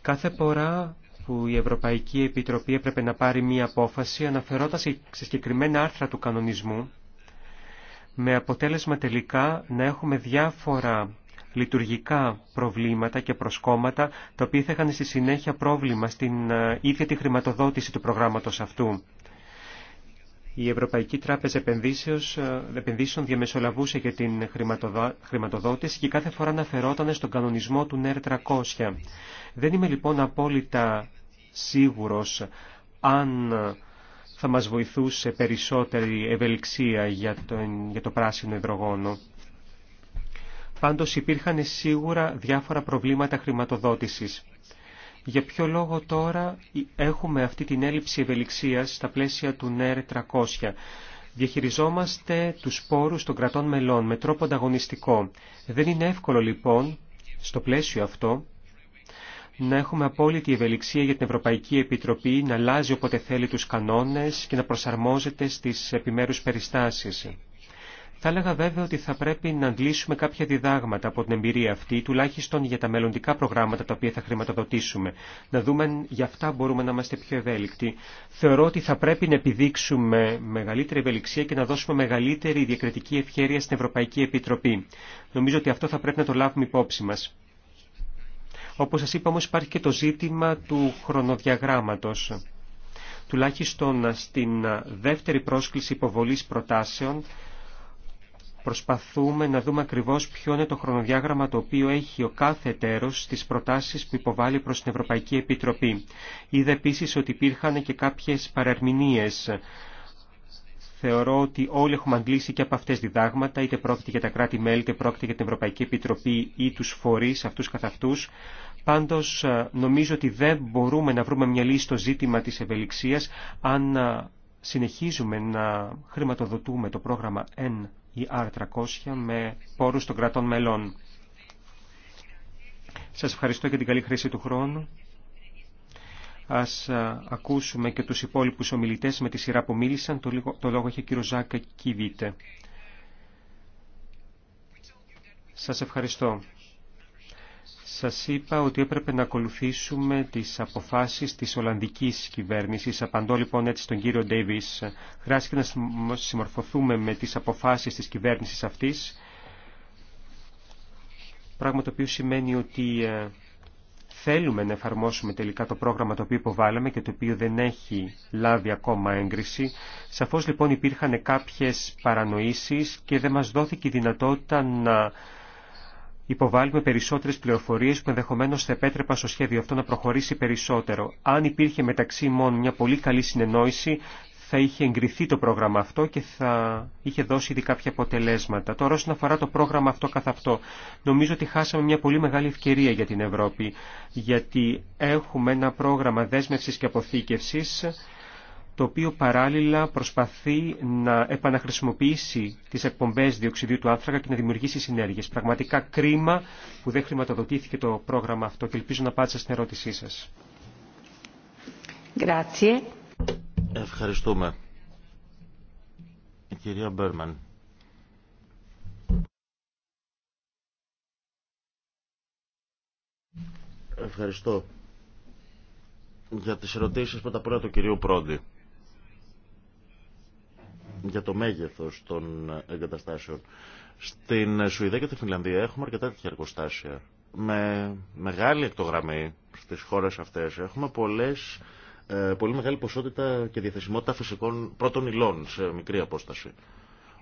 Κάθε φορά που η Ευρωπαϊκή Επιτροπή έπρεπε να πάρει μία απόφαση αναφερόταν σε συγκεκριμένα άρθρα του κανονισμού με αποτέλεσμα τελικά να έχουμε διάφορα λειτουργικά προβλήματα και προσκόμματα, τα οποία θα είχαν στη συνέχεια πρόβλημα στην ε, ίδια τη χρηματοδότηση του προγράμματος αυτού. Η Ευρωπαϊκή Τράπεζα ε, Επενδύσεων διαμεσολαβούσε για την χρηματοδότηση και κάθε φορά αναφερόταν στον κανονισμό του ΝΕΡ 300. Δεν είμαι λοιπόν απόλυτα σίγουρος αν θα μας βοηθούσε περισσότερη ευελιξία για, τον, για το πράσινο υδρογόνο. Πάντως υπήρχαν σίγουρα διάφορα προβλήματα χρηματοδότησης. Για ποιο λόγο τώρα έχουμε αυτή την έλλειψη ευελιξίας στα πλαίσια του ΝΕΡ 300. Διαχειριζόμαστε τους πόρους των κρατών μελών με τρόπο ανταγωνιστικό. Δεν είναι εύκολο λοιπόν, στο πλαίσιο αυτό, να έχουμε απόλυτη ευελιξία για την Ευρωπαϊκή Επιτροπή να αλλάζει όποτε θέλει τους κανόνες και να προσαρμόζεται στις επιμέρους περιστάσεις. Θα έλεγα βέβαια ότι θα πρέπει να αντλήσουμε κάποια διδάγματα από την εμπειρία αυτή, τουλάχιστον για τα μελλοντικά προγράμματα τα οποία θα χρηματοδοτήσουμε. Να δούμε για αυτά μπορούμε να είμαστε πιο ευέλικτοι. Θεωρώ ότι θα πρέπει να επιδείξουμε μεγαλύτερη ευελιξία και να δώσουμε μεγαλύτερη διακριτική ευχέρεια στην Ευρωπαϊκή Επιτροπή. Νομίζω ότι αυτό θα πρέπει να το λάβουμε υπόψη μας. Όπως σας είπα όμως υπάρχει και το ζήτημα του χρονοδιαγράμματος. Τουλάχιστον στην δεύτερη πρόσκληση υποβολής προτάσεων προσπαθούμε να δούμε ακριβώς ποιο είναι το χρονοδιάγραμμα το οποίο έχει ο κάθε εταίρος στις προτάσεις που υποβάλλει προς την Ευρωπαϊκή Επιτροπή. Είδα επίσης ότι υπήρχαν και κάποιες παρερμηνίες θεωρώ ότι όλοι έχουμε αντλήσει και από αυτές διδάγματα, είτε πρόκειται για τα κράτη-μέλη, είτε πρόκειται για την Ευρωπαϊκή Επιτροπή ή τους φορείς αυτούς καθ' αυτούς. Πάντως ε, νομίζω ότι δεν μπορούμε να βρούμε μια λύση στο ζήτημα της ευελιξίας αν ε, συνεχίζουμε να χρηματοδοτούμε το πρόγραμμα ner R300 με πόρους των κρατών μελών. Σας ευχαριστώ για την καλή χρήση του χρόνου. Ας ε, ακούσουμε και τους υπόλοιπους ομιλητές με τη σειρά που μίλησαν. Το, λόγο έχει ο κύριος Ζάκα Κιβίτε. Σας ευχαριστώ. Σας είπα ότι έπρεπε να ακολουθήσουμε τις αποφάσεις της Ολλανδικής κυβέρνησης. Απαντώ λοιπόν έτσι τον κύριο Ντέιβις. Χρειάστηκε να συμμορφωθούμε με τις αποφάσεις της κυβέρνησης αυτής. Πράγμα το οποίο σημαίνει ότι ε, θέλουμε να εφαρμόσουμε τελικά το πρόγραμμα το οποίο υποβάλαμε και το οποίο δεν έχει λάβει ακόμα έγκριση. Σαφώς λοιπόν υπήρχαν κάποιες παρανοήσεις και δεν μας δόθηκε η δυνατότητα να υποβάλουμε περισσότερες πληροφορίες που ενδεχομένως θα επέτρεπα στο σχέδιο αυτό να προχωρήσει περισσότερο. Αν υπήρχε μεταξύ μόνο μια πολύ καλή συνεννόηση, θα είχε εγκριθεί το πρόγραμμα αυτό και θα είχε δώσει ήδη κάποια αποτελέσματα. Τώρα όσον αφορά το πρόγραμμα αυτό καθ' αυτό, νομίζω ότι χάσαμε μια πολύ μεγάλη ευκαιρία για την Ευρώπη, γιατί έχουμε ένα πρόγραμμα δέσμευσης και αποθήκευσης, το οποίο παράλληλα προσπαθεί να επαναχρησιμοποιήσει τις εκπομπές διοξιδίου του άνθρακα και να δημιουργήσει συνέργειες. Πραγματικά κρίμα που δεν χρηματοδοτήθηκε το πρόγραμμα αυτό και ελπίζω να πάτησα στην ερώτησή σας. Grazie. Ευχαριστούμε. Η κυρία Μπέρμαν. Ευχαριστώ για τις ερωτήσεις πρώτα τα όλα του κυρίου Πρόντι για το μέγεθος των εγκαταστάσεων. Στην Σουηδία και τη Φινλανδία έχουμε αρκετά τέτοια εργοστάσια. Με μεγάλη εκτογραμμή στις χώρες αυτές έχουμε πολλές ε, πολύ μεγάλη ποσότητα και διαθεσιμότητα φυσικών πρώτων υλών σε μικρή απόσταση.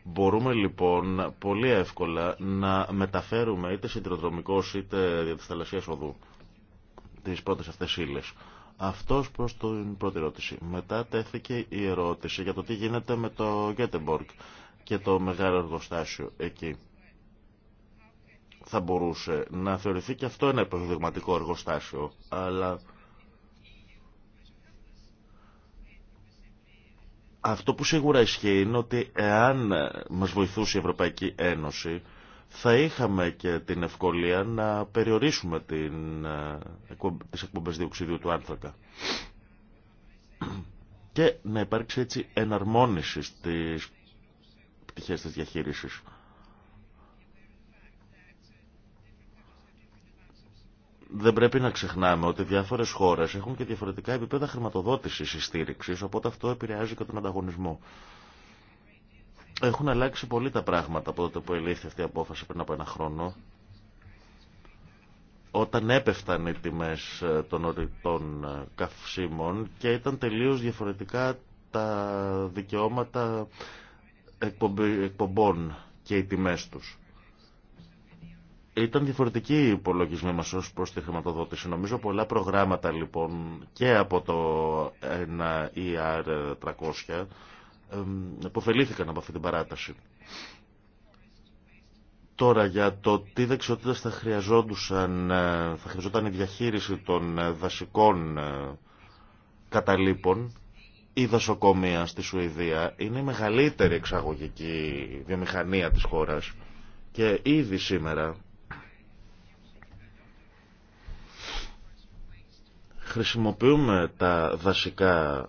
Μπορούμε λοιπόν πολύ εύκολα να μεταφέρουμε είτε συντηροδρομικός είτε δια της θαλασσίας οδού τις πρώτες αυτές ύλες. Αυτός προς την πρώτη ερώτηση. Μετά τέθηκε η ερώτηση για το τι γίνεται με το Γκέτεμπορκ και το μεγάλο εργοστάσιο εκεί. Θα μπορούσε να θεωρηθεί και αυτό ένα υποδειγματικό εργοστάσιο, αλλά Αυτό που σίγουρα ισχύει είναι ότι εάν μας βοηθούσε η Ευρωπαϊκή Ένωση θα είχαμε και την ευκολία να περιορίσουμε την, ε, τις εκπομπές διοξιδίου του άνθρακα και να υπάρξει έτσι εναρμόνιση στις πτυχές της διαχείρισης. δεν πρέπει να ξεχνάμε ότι διάφορε χώρε έχουν και διαφορετικά επίπεδα χρηματοδότησης ή στήριξη, οπότε αυτό επηρεάζει και τον ανταγωνισμό. Έχουν αλλάξει πολύ τα πράγματα από τότε που ελήφθη αυτή η απόφαση πριν από ένα χρόνο. Όταν έπεφταν οι τιμέ ε, των ορειτών ε, καυσίμων και ήταν τελείως διαφορετικά τα δικαιώματα εκπομπών και οι τιμέ τους. Ήταν διαφορετική η υπολογισμή μας ως προς τη χρηματοδότηση. Νομίζω πολλά προγράμματα λοιπόν και από το 1 er ER300 υποφελήθηκαν από αυτή την παράταση. Τώρα για το τι δεξιότητες θα, χρειαζόντουσαν, ε, θα χρειαζόταν η διαχείριση των ε, δασικών ε, καταλήπων η δασοκομεία στη Σουηδία είναι η μεγαλύτερη εξαγωγική βιομηχανία της χώρας και ήδη σήμερα χρησιμοποιούμε τα δασικά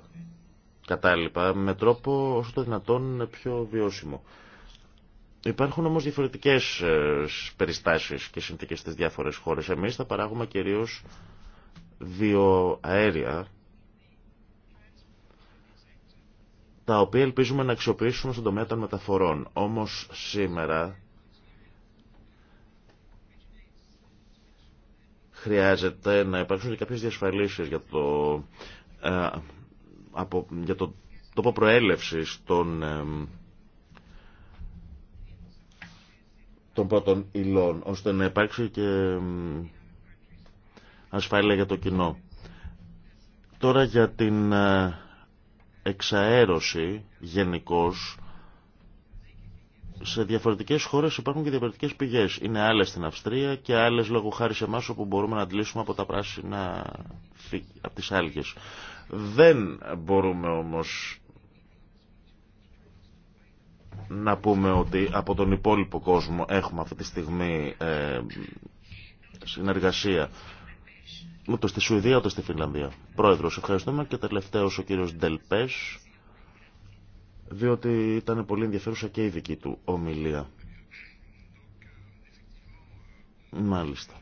κατάλοιπα με τρόπο όσο το δυνατόν πιο βιώσιμο. Υπάρχουν όμως διαφορετικές ε, περιστάσεις και συνθήκες στις διάφορες χώρες. Εμείς θα παράγουμε κυρίως βιοαέρια, τα οποία ελπίζουμε να αξιοποιήσουμε στον τομέα των μεταφορών. Όμως σήμερα Χρειάζεται να υπάρξουν και κάποιες διασφαλίσεις για το, ε, από, για το τόπο προέλευσης των, ε, των πρώτων υλών, ώστε να υπάρξει και ε, ασφάλεια για το κοινό. Τώρα για την εξαέρωση γενικώς σε διαφορετικές χώρες υπάρχουν και διαφορετικέ πηγές. Είναι άλλε στην Αυστρία και άλλε λόγω χάρη σε εμά όπου μπορούμε να αντλήσουμε από τα πράσινα, από τις άλγες. Δεν μπορούμε όμως να πούμε ότι από τον υπόλοιπο κόσμο έχουμε αυτή τη στιγμή ε, συνεργασία ούτε στη Σουηδία ούτε στη Φιλανδία Πρόεδρο, ευχαριστούμε και τελευταίο ο κύριο Ντελπέ διότι ήταν πολύ ενδιαφέρουσα και η δική του ομιλία. Μάλιστα.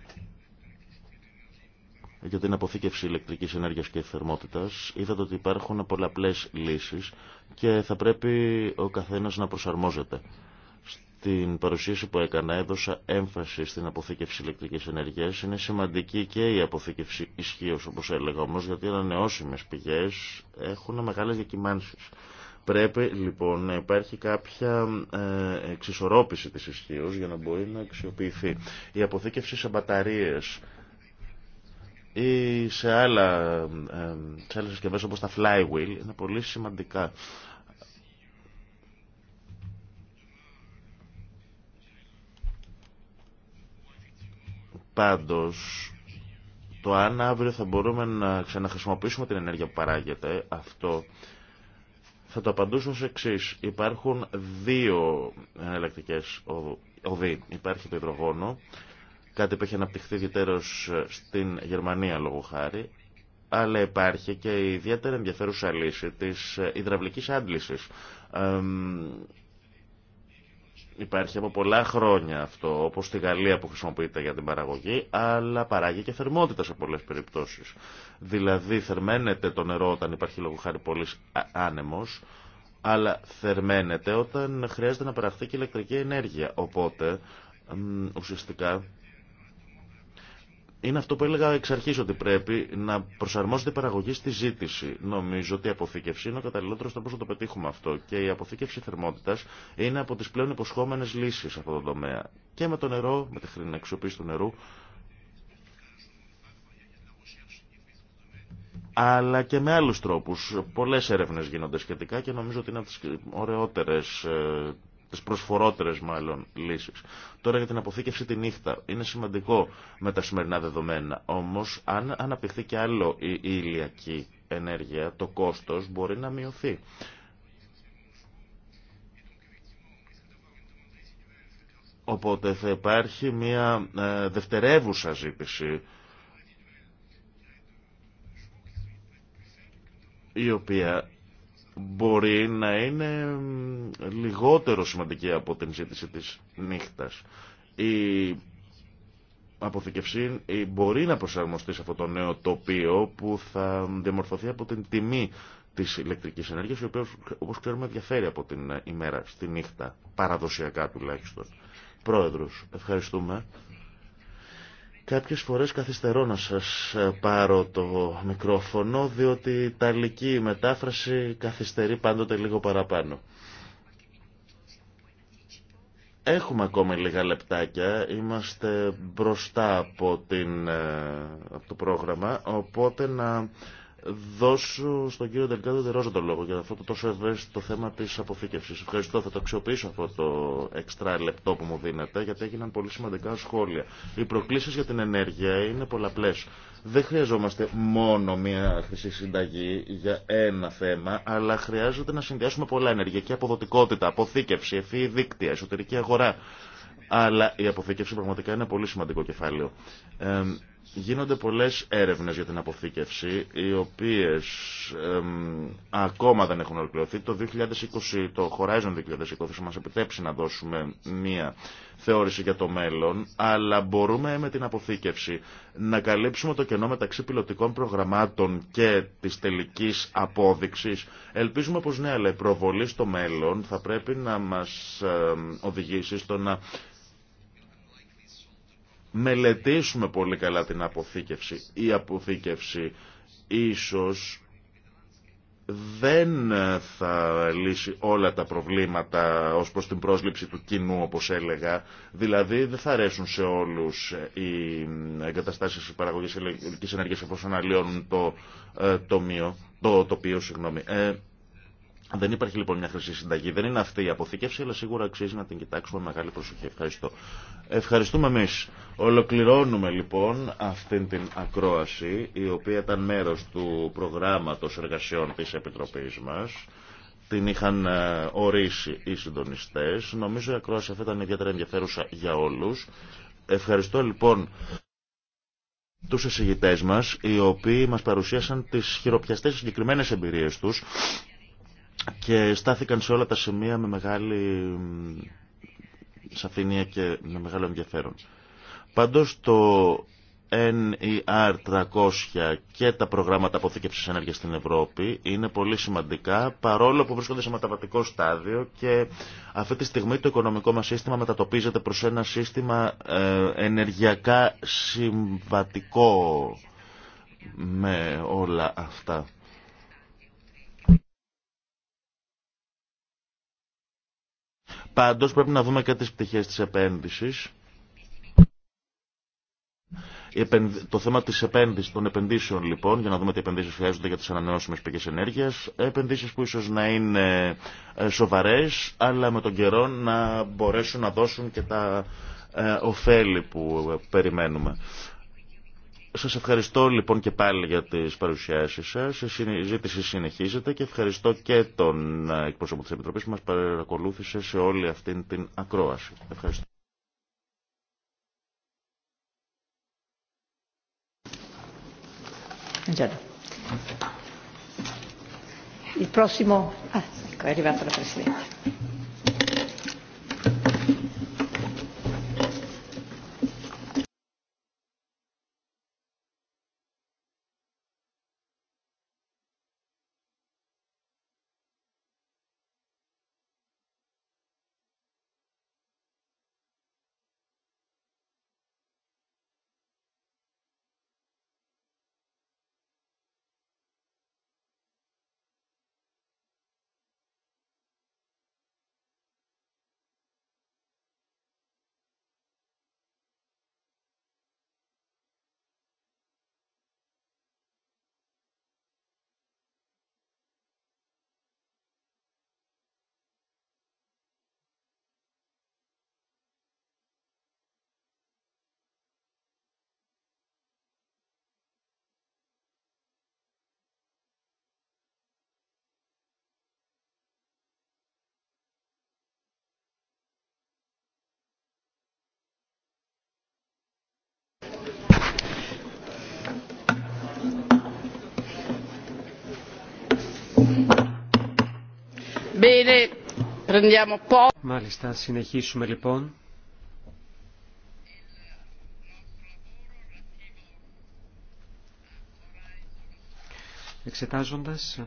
Για την αποθήκευση ηλεκτρικής ενέργειας και θερμότητας είδατε ότι υπάρχουν πολλαπλές λύσεις και θα πρέπει ο καθένας να προσαρμόζεται. Στην παρουσίαση που έκανα έδωσα έμφαση στην αποθήκευση ηλεκτρικής ενέργειας. Είναι σημαντική και η αποθήκευση ισχύω, όπως έλεγα όμως, γιατί οι ανανεώσιμες πηγές έχουν μεγάλες διακυμάνσεις. Πρέπει λοιπόν να υπάρχει κάποια ε, εξισορρόπηση της ισχύω για να μπορεί να αξιοποιηθεί. Η αποθήκευση σε μπαταρίες ή σε, άλλα, ε, σε άλλες συσκευές όπως τα flywheel είναι πολύ σημαντικά. Πάντως, το αν αύριο θα μπορούμε να ξαναχρησιμοποιήσουμε την ενέργεια που παράγεται, αυτό θα το απαντούσω ως εξή. Υπάρχουν δύο εναλλακτικέ οδοί. Υπάρχει το υδρογόνο, κάτι που έχει αναπτυχθεί ιδιαίτερως ε, στην Γερμανία λόγω χάρη, αλλά υπάρχει και η ιδιαίτερα ενδιαφέρουσα λύση της ε, υδραυλικής άντλησης. Υπάρχει από πολλά χρόνια αυτό, όπως στη Γαλλία που χρησιμοποιείται για την παραγωγή, αλλά παράγει και θερμότητα σε πολλές περιπτώσεις. Δηλαδή θερμαίνεται το νερό όταν υπάρχει λόγω χάρη πολλής άνεμος, αλλά θερμαίνεται όταν χρειάζεται να παραχθεί και ηλεκτρική ενέργεια. Οπότε, ουσιαστικά, είναι αυτό που έλεγα εξ αρχή ότι πρέπει να προσαρμόζεται η παραγωγή στη ζήτηση. Νομίζω ότι η αποθήκευση είναι ο καταλληλότερο τρόπο να το πετύχουμε αυτό και η αποθήκευση θερμότητας είναι από τις πλέον υποσχόμενες λύσεις σε αυτό το τομέα. Και με το νερό, με τη χρήνη αξιοποίηση του νερού, αλλά και με άλλου τρόπου. Πολλέ έρευνε γίνονται σχετικά και νομίζω ότι είναι από τις ωραιότερε ε, τις προσφορότερες μάλλον λύσεις. Τώρα για την αποθήκευση τη νύχτα είναι σημαντικό με τα σημερινά δεδομένα. Όμως αν αναπτυχθεί και άλλο η ηλιακή ενέργεια, το κόστος μπορεί να μειωθεί. Οπότε θα υπάρχει μια ε, δευτερεύουσα ζήτηση η οποία μπορεί να είναι λιγότερο σημαντική από την ζήτηση της νύχτας. Η αποθηκευσή μπορεί να προσαρμοστεί σε αυτό το νέο τοπίο που θα διαμορφωθεί από την τιμή της ηλεκτρικής ενέργειας, η οποία όπως ξέρουμε διαφέρει από την ημέρα στη νύχτα, παραδοσιακά τουλάχιστον. Πρόεδρος, ευχαριστούμε. Κάποιες φορές καθυστερώ να σας ε, πάρω το μικρόφωνο, διότι η ταλική μετάφραση καθυστερεί πάντοτε λίγο παραπάνω. Έχουμε ακόμα λίγα λεπτάκια, είμαστε μπροστά από, την, ε, από το πρόγραμμα, οπότε να δώσω στον κύριο δεν Ντερόζα τον λόγο για αυτό το τόσο ευαίσθητο θέμα τη αποθήκευση. Ευχαριστώ, θα το αξιοποιήσω αυτό το εξτρά λεπτό που μου δίνετε, γιατί έγιναν πολύ σημαντικά σχόλια. Οι προκλήσει για την ενέργεια είναι πολλαπλέ. Δεν χρειαζόμαστε μόνο μία χρυσή συνταγή για ένα θέμα, αλλά χρειάζεται να συνδυάσουμε πολλά ενεργειακή αποδοτικότητα, αποθήκευση, ευφύη δίκτυα, εσωτερική αγορά. Αλλά η αποθήκευση πραγματικά είναι πολύ σημαντικό κεφάλαιο. Γίνονται πολλές έρευνες για την αποθήκευση, οι οποίες ακόμα δεν έχουν ολοκληρωθεί. Το 2020, το Horizon 2020 θα μας επιτρέψει να δώσουμε μία θεώρηση για το μέλλον, αλλά μπορούμε με την αποθήκευση να καλύψουμε το κενό μεταξύ πιλωτικών προγραμμάτων και της τελικής απόδειξης. Ελπίζουμε πως ναι, αλλά η προβολή στο μέλλον θα πρέπει να μας οδηγήσει στο να μελετήσουμε πολύ καλά την αποθήκευση. Η αποθήκευση ίσως δεν θα λύσει όλα τα προβλήματα ως προς την πρόσληψη του κοινού όπως έλεγα. Δηλαδή δεν θα αρέσουν σε όλους ε, οι εγκαταστάσεις παραγωγής ηλεκτρικής ενέργειας εφόσον αλλοιώνουν το, ε, το, τοπίο. Συγγνώμη. Ε, δεν υπάρχει λοιπόν μια χρυσή συνταγή, δεν είναι αυτή η αποθήκευση, αλλά σίγουρα αξίζει να την κοιτάξουμε με μεγάλη προσοχή. Ευχαριστώ. Ευχαριστούμε εμεί. Ολοκληρώνουμε λοιπόν αυτήν την ακρόαση, η οποία ήταν μέρο του προγράμματο εργασιών τη Επιτροπή μα. Την είχαν ε, ορίσει οι συντονιστέ. Νομίζω η ακρόαση αυτή ήταν ιδιαίτερα ενδιαφέρουσα για όλου. Ευχαριστώ λοιπόν του εισηγητέ μα, οι οποίοι μα παρουσίασαν τι χειροπιαστέ, συγκεκριμένε εμπειρίε του και στάθηκαν σε όλα τα σημεία με μεγάλη σαφήνεια και με μεγάλο ενδιαφέρον. Πάντως το NER 300 και τα προγράμματα αποθήκευσης ενέργειας στην Ευρώπη είναι πολύ σημαντικά παρόλο που βρίσκονται σε μεταβατικό στάδιο και αυτή τη στιγμή το οικονομικό μας σύστημα μετατοπίζεται προς ένα σύστημα ε, ενεργειακά συμβατικό με όλα αυτά. Πάντως πρέπει να δούμε και τις πτυχές της επένδυσης. Το θέμα της επένδυσης, των επενδύσεων λοιπόν, για να δούμε τι επενδύσεις χρειάζονται για τις ανανεώσιμες πηγές ενέργειας, επενδύσεις που ίσως να είναι ε, σοβαρές, αλλά με τον καιρό να μπορέσουν να δώσουν και τα ε, ωφέλη που ε, περιμένουμε. Σας ευχαριστώ λοιπόν και πάλι για τις παρουσιάσεις σας. Η συζήτηση συνεχίζεται και ευχαριστώ και τον εκπρόσωπο της Επιτροπής που μας παρακολούθησε σε όλη αυτή την ακρόαση. Ευχαριστώ. Il Μάλιστα, συνεχίσουμε λοιπόν. Εξετάζοντας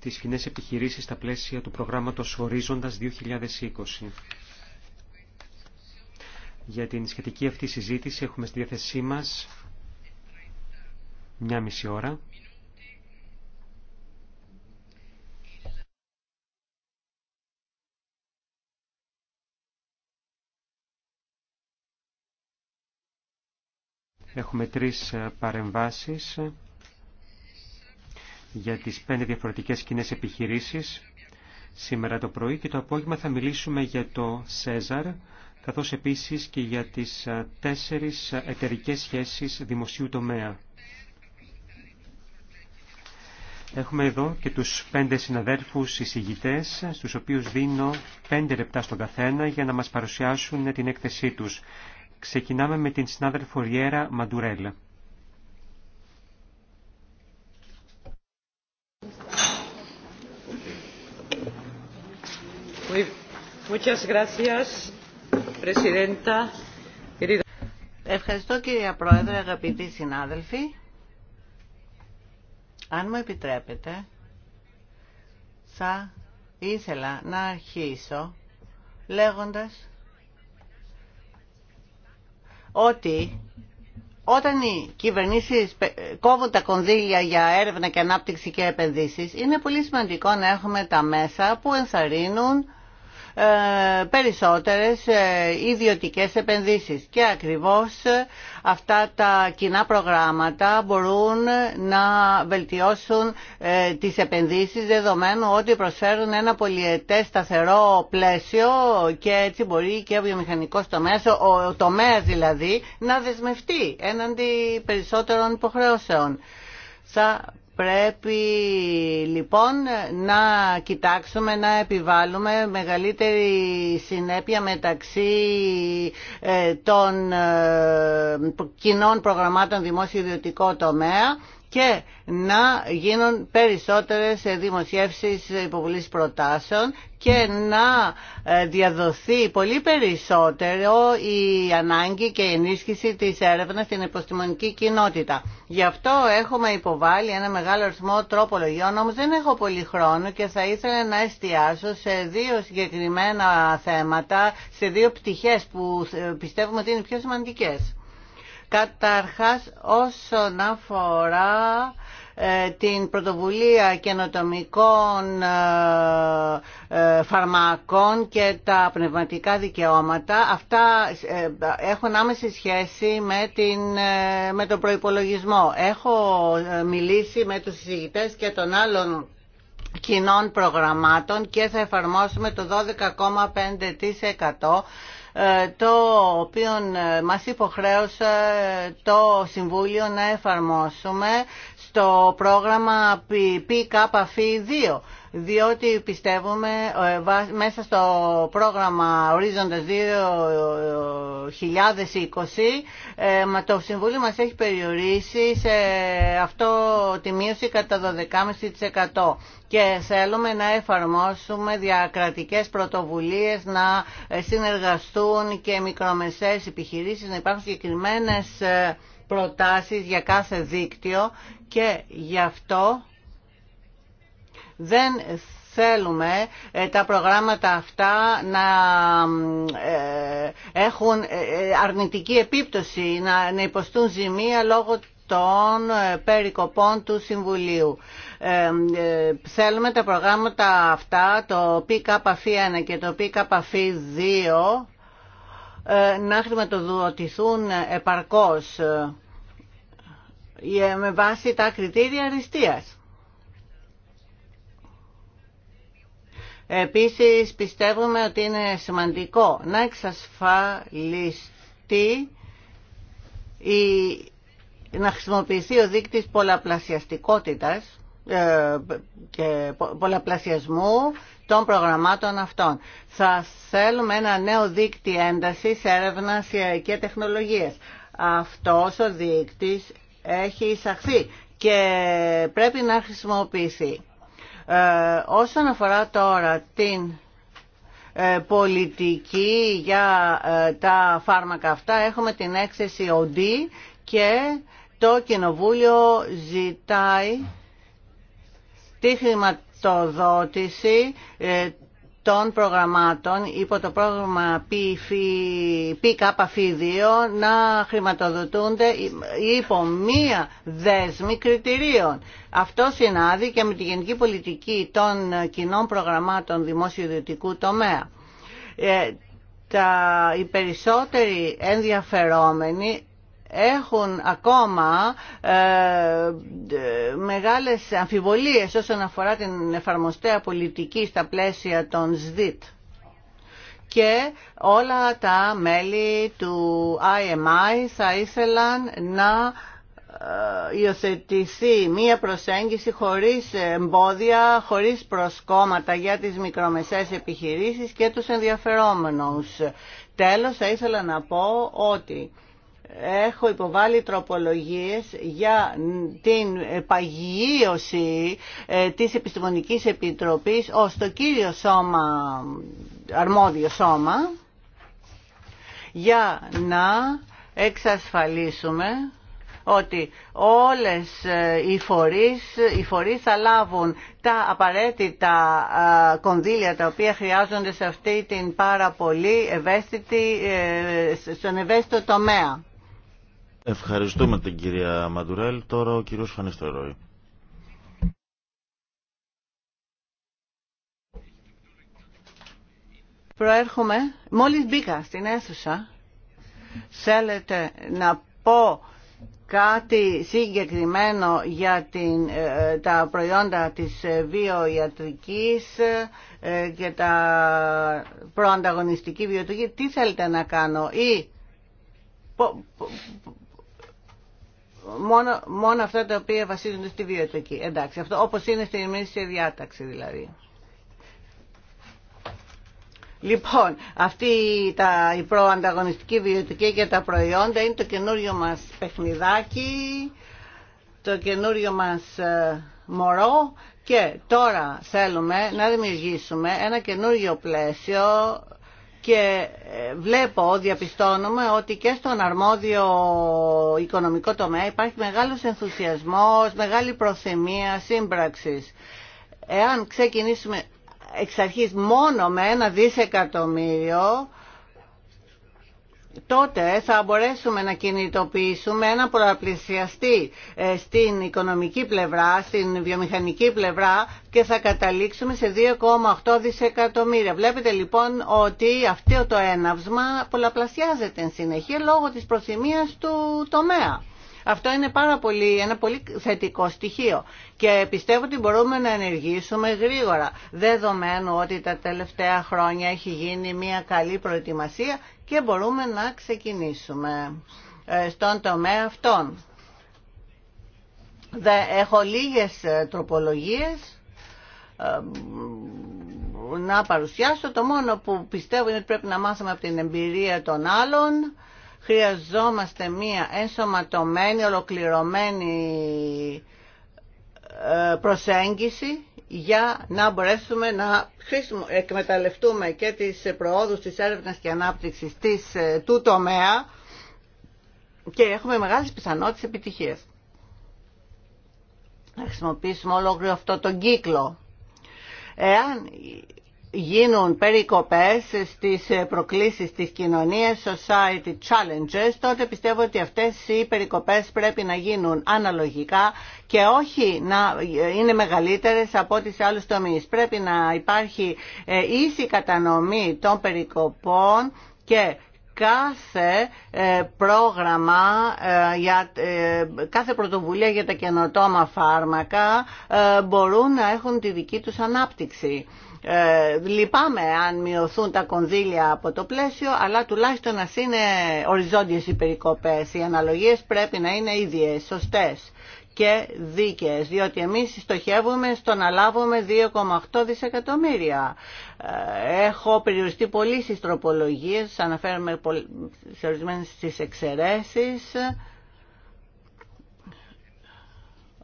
τις κοινέ επιχειρήσεις στα πλαίσια του προγράμματος Ορίζοντας 2020. Για την σχετική αυτή συζήτηση έχουμε στη διάθεσή μας μια μισή ώρα. Έχουμε τρεις ε, παρεμβάσεις ε, για τις πέντε διαφορετικές κοινέ επιχειρήσεις. Σήμερα το πρωί και το απόγευμα θα μιλήσουμε για το ΣΕΖΑΡ, καθώς επίσης και για τις ε, τέσσερις εταιρικές σχέσεις δημοσίου τομέα. Έχουμε εδώ και τους πέντε συναδέρφους εισηγητές, στους οποίους δίνω πέντε λεπτά στον καθένα για να μας παρουσιάσουν την έκθεσή τους. Ξεκινάμε με την συνάδελφο Ριέρα Μαντουρέλα. Ευχαριστώ κυρία Πρόεδρε, αγαπητοί συνάδελφοι. Αν μου επιτρέπετε, θα ήθελα να αρχίσω λέγοντας ότι όταν οι κυβερνήσεις κόβουν τα κονδύλια για έρευνα και ανάπτυξη και επενδύσεις, είναι πολύ σημαντικό να έχουμε τα μέσα που ενθαρρύνουν ε, περισσότερες ε, ιδιωτικές επενδύσεις. Και ακριβώς ε, αυτά τα κοινά προγράμματα μπορούν να βελτιώσουν τις επενδύσεις δεδομένου ότι προσφέρουν ένα πολυετές σταθερό πλαίσιο και έτσι μπορεί και ο βιομηχανικός τομέας, ο τομέας δηλαδή, να δεσμευτεί έναντι περισσότερων υποχρεώσεων. Θα Πρέπει λοιπόν να κοιτάξουμε να επιβάλλουμε μεγαλύτερη συνέπεια μεταξύ ε, των ε, κοινών προγραμμάτων δημόσιο-ιδιωτικό τομέα και να γίνουν περισσότερες δημοσιεύσεις υποβολής προτάσεων και να ε, διαδοθεί πολύ περισσότερο η ανάγκη και η ενίσχυση της έρευνας στην επιστημονική κοινότητα. Γι' αυτό έχουμε υποβάλει ένα μεγάλο αριθμό τρόπολογιών, όμως δεν έχω πολύ χρόνο και θα ήθελα να εστιάσω σε δύο συγκεκριμένα θέματα, σε δύο πτυχές που ε, πιστεύουμε ότι είναι πιο σημαντικές. Καταρχάς όσον αφορά ε, την πρωτοβουλία καινοτομικών ε, ε, φαρμακών και τα πνευματικά δικαιώματα. Αυτά έχουν άμεση σχέση με, την, τον προϋπολογισμό. Έχω μιλήσει με τους συζητητές και των άλλων κοινών προγραμμάτων και θα εφαρμόσουμε το 12,5% ε, το οποίο ε, μας υποχρέωσε το Συμβούλιο να εφαρμόσουμε στο πρόγραμμα ΠΚΑΦ2 διότι πιστεύουμε ε, μέσα στο πρόγραμμα Ορίζοντας 2020 ε, το Συμβούλιο μας έχει περιορίσει σε αυτό τη μείωση κατά 12,5% και θέλουμε να εφαρμόσουμε διακρατικές πρωτοβουλίες να ε, συνεργαστούν και μικρομεσαίες επιχειρήσεις να υπάρχουν συγκεκριμένες προτάσεις για κάθε δίκτυο και γι' αυτό δεν θέλουμε ε, τα προγράμματα αυτά να ε, έχουν ε, αρνητική επίπτωση, να υποστούν ζημία λόγω των περικοπών του Συμβουλίου. Ε, θέλουμε τα προγράμματα αυτά, το pkf 1 και το pkf 2 να χρηματοδοτηθούν επαρκώς. Ε, με βάση τα κριτήρια αριστείας. Επίσης πιστεύουμε ότι είναι σημαντικό να εξασφαλιστεί η, να χρησιμοποιηθεί ο δείκτης πολλαπλασιαστικότητας ε, και πολλαπλασιασμού των προγραμμάτων αυτών. Θα θέλουμε ένα νέο δείκτη έντασης, έρευνας ε, και τεχνολογίες. Αυτός ο δείκτης έχει εισαχθεί και πρέπει να χρησιμοποιηθεί. Ε, όσον αφορά τώρα την ε, πολιτική για ε, τα φάρμακα αυτά, έχουμε την έκθεση OD και το Κοινοβούλιο ζητάει τη χρηματοδότηση ε, των προγραμμάτων υπό το προγραμμα pkf ΠΚΑΠΑΦ2 να χρηματοδοτούνται υπό μία δέσμη κριτηρίων. Αυτό συνάδει και με τη γενική πολιτική των κοινών προγραμμάτων δημόσιο-ιδιωτικού τομέα. Ε, τα, οι περισσότεροι ενδιαφερόμενοι έχουν ακόμα ε, μεγάλες αμφιβολίες όσον αφορά την εφαρμοστέα πολιτική στα πλαίσια των ΣΔΙΤ και όλα τα μέλη του IMI θα ήθελαν να ε, υιοθετηθεί μία προσέγγιση χωρίς εμπόδια, χωρίς προσκόμματα για τις μικρομεσαίες επιχειρήσεις και τους ενδιαφερόμενους. Τέλος, θα ήθελα να πω ότι έχω υποβάλει τροπολογίες για την παγίωση ε, της Επιστημονικής Επιτροπής ως το κύριο σώμα, αρμόδιο σώμα, για να εξασφαλίσουμε ότι όλες ε, οι φορείς, οι φορείς θα λάβουν τα απαραίτητα ε, κονδύλια τα οποία χρειάζονται σε αυτή την πάρα πολύ ευαίσθητη, στον ευαίσθητο τομέα. Ευχαριστούμε την κυρία Μαντουρέλ. Τώρα ο κύριος Φανίστερόη. Προέρχομαι, μόλις μπήκα στην αίθουσα, θέλετε να πω κάτι συγκεκριμένο για την, ε, τα προϊόντα της ε, βιοιατρικής ε, και τα προανταγωνιστική βιοτρική. Τι θέλετε να κάνω ή μόνο, μόνο αυτά τα οποία βασίζονται στη βιοτική. Εντάξει, αυτό όπως είναι στην ημερήσια διάταξη δηλαδή. Λοιπόν, αυτή τα, η προανταγωνιστική βιοτική και τα προϊόντα είναι το καινούριο μας παιχνιδάκι, το καινούριο μας ε, μωρό και τώρα θέλουμε να δημιουργήσουμε ένα καινούριο πλαίσιο και ε, βλέπω, διαπιστώνουμε ότι και στον αρμόδιο οικονομικό τομέα υπάρχει μεγάλος ενθουσιασμός, μεγάλη προθεμία σύμπραξης. Εάν ξεκινήσουμε εξ αρχής μόνο με ένα δισεκατομμύριο, τότε θα μπορέσουμε να κινητοποιήσουμε ένα προαπλησιαστή ε, στην οικονομική πλευρά, στην βιομηχανική πλευρά και θα καταλήξουμε σε 2,8 δισεκατομμύρια. Βλέπετε λοιπόν ότι αυτό το έναυσμα πολλαπλασιάζεται εν συνεχεία λόγω της προθυμίας του τομέα. Αυτό είναι πάρα πολύ, ένα πολύ θετικό στοιχείο και πιστεύω ότι μπορούμε να ενεργήσουμε γρήγορα, δεδομένου ότι τα τελευταία χρόνια έχει γίνει μια καλή προετοιμασία και μπορούμε να ξεκινήσουμε ε, στον τομέα αυτόν. Έχω λίγες ε, τροπολογίες ε, να παρουσιάσω. Το μόνο που πιστεύω είναι ότι πρέπει να μάθουμε από την εμπειρία των άλλων. Χρειαζόμαστε μία ενσωματωμένη, ολοκληρωμένη προσέγγιση για να μπορέσουμε να εκμεταλλευτούμε και τις προόδους της έρευνας και ανάπτυξης της, ε, του τομέα και έχουμε μεγάλες πιθανότητες επιτυχίες. Να χρησιμοποιήσουμε ολόκληρο αυτό τον κύκλο. Εάν γίνουν περικοπές στις προκλήσεις της κοινωνίας, society challenges, τότε πιστεύω ότι αυτές οι περικοπές πρέπει να γίνουν αναλογικά και όχι να είναι μεγαλύτερες από ό,τι σε άλλους τομείς. Πρέπει να υπάρχει ε, ίση κατανομή των περικοπών και κάθε ε, πρόγραμμα, ε, για, κάθε πρωτοβουλία για τα καινοτόμα φάρμακα μπορούν να έχουν τη δική τους ανάπτυξη. Ε, λυπάμαι αν μειωθούν τα κονδύλια από το πλαίσιο, αλλά τουλάχιστον να είναι οριζόντιες οι περικοπές. Οι αναλογίες πρέπει να είναι ίδιες, σωστές και δίκαιες, διότι εμείς στοχεύουμε στο να λάβουμε 2,8 δισεκατομμύρια. Ε, έχω περιοριστεί πολύ στις τροπολογίες, αναφέρομαι σε ορισμένες στις εξαιρέσεις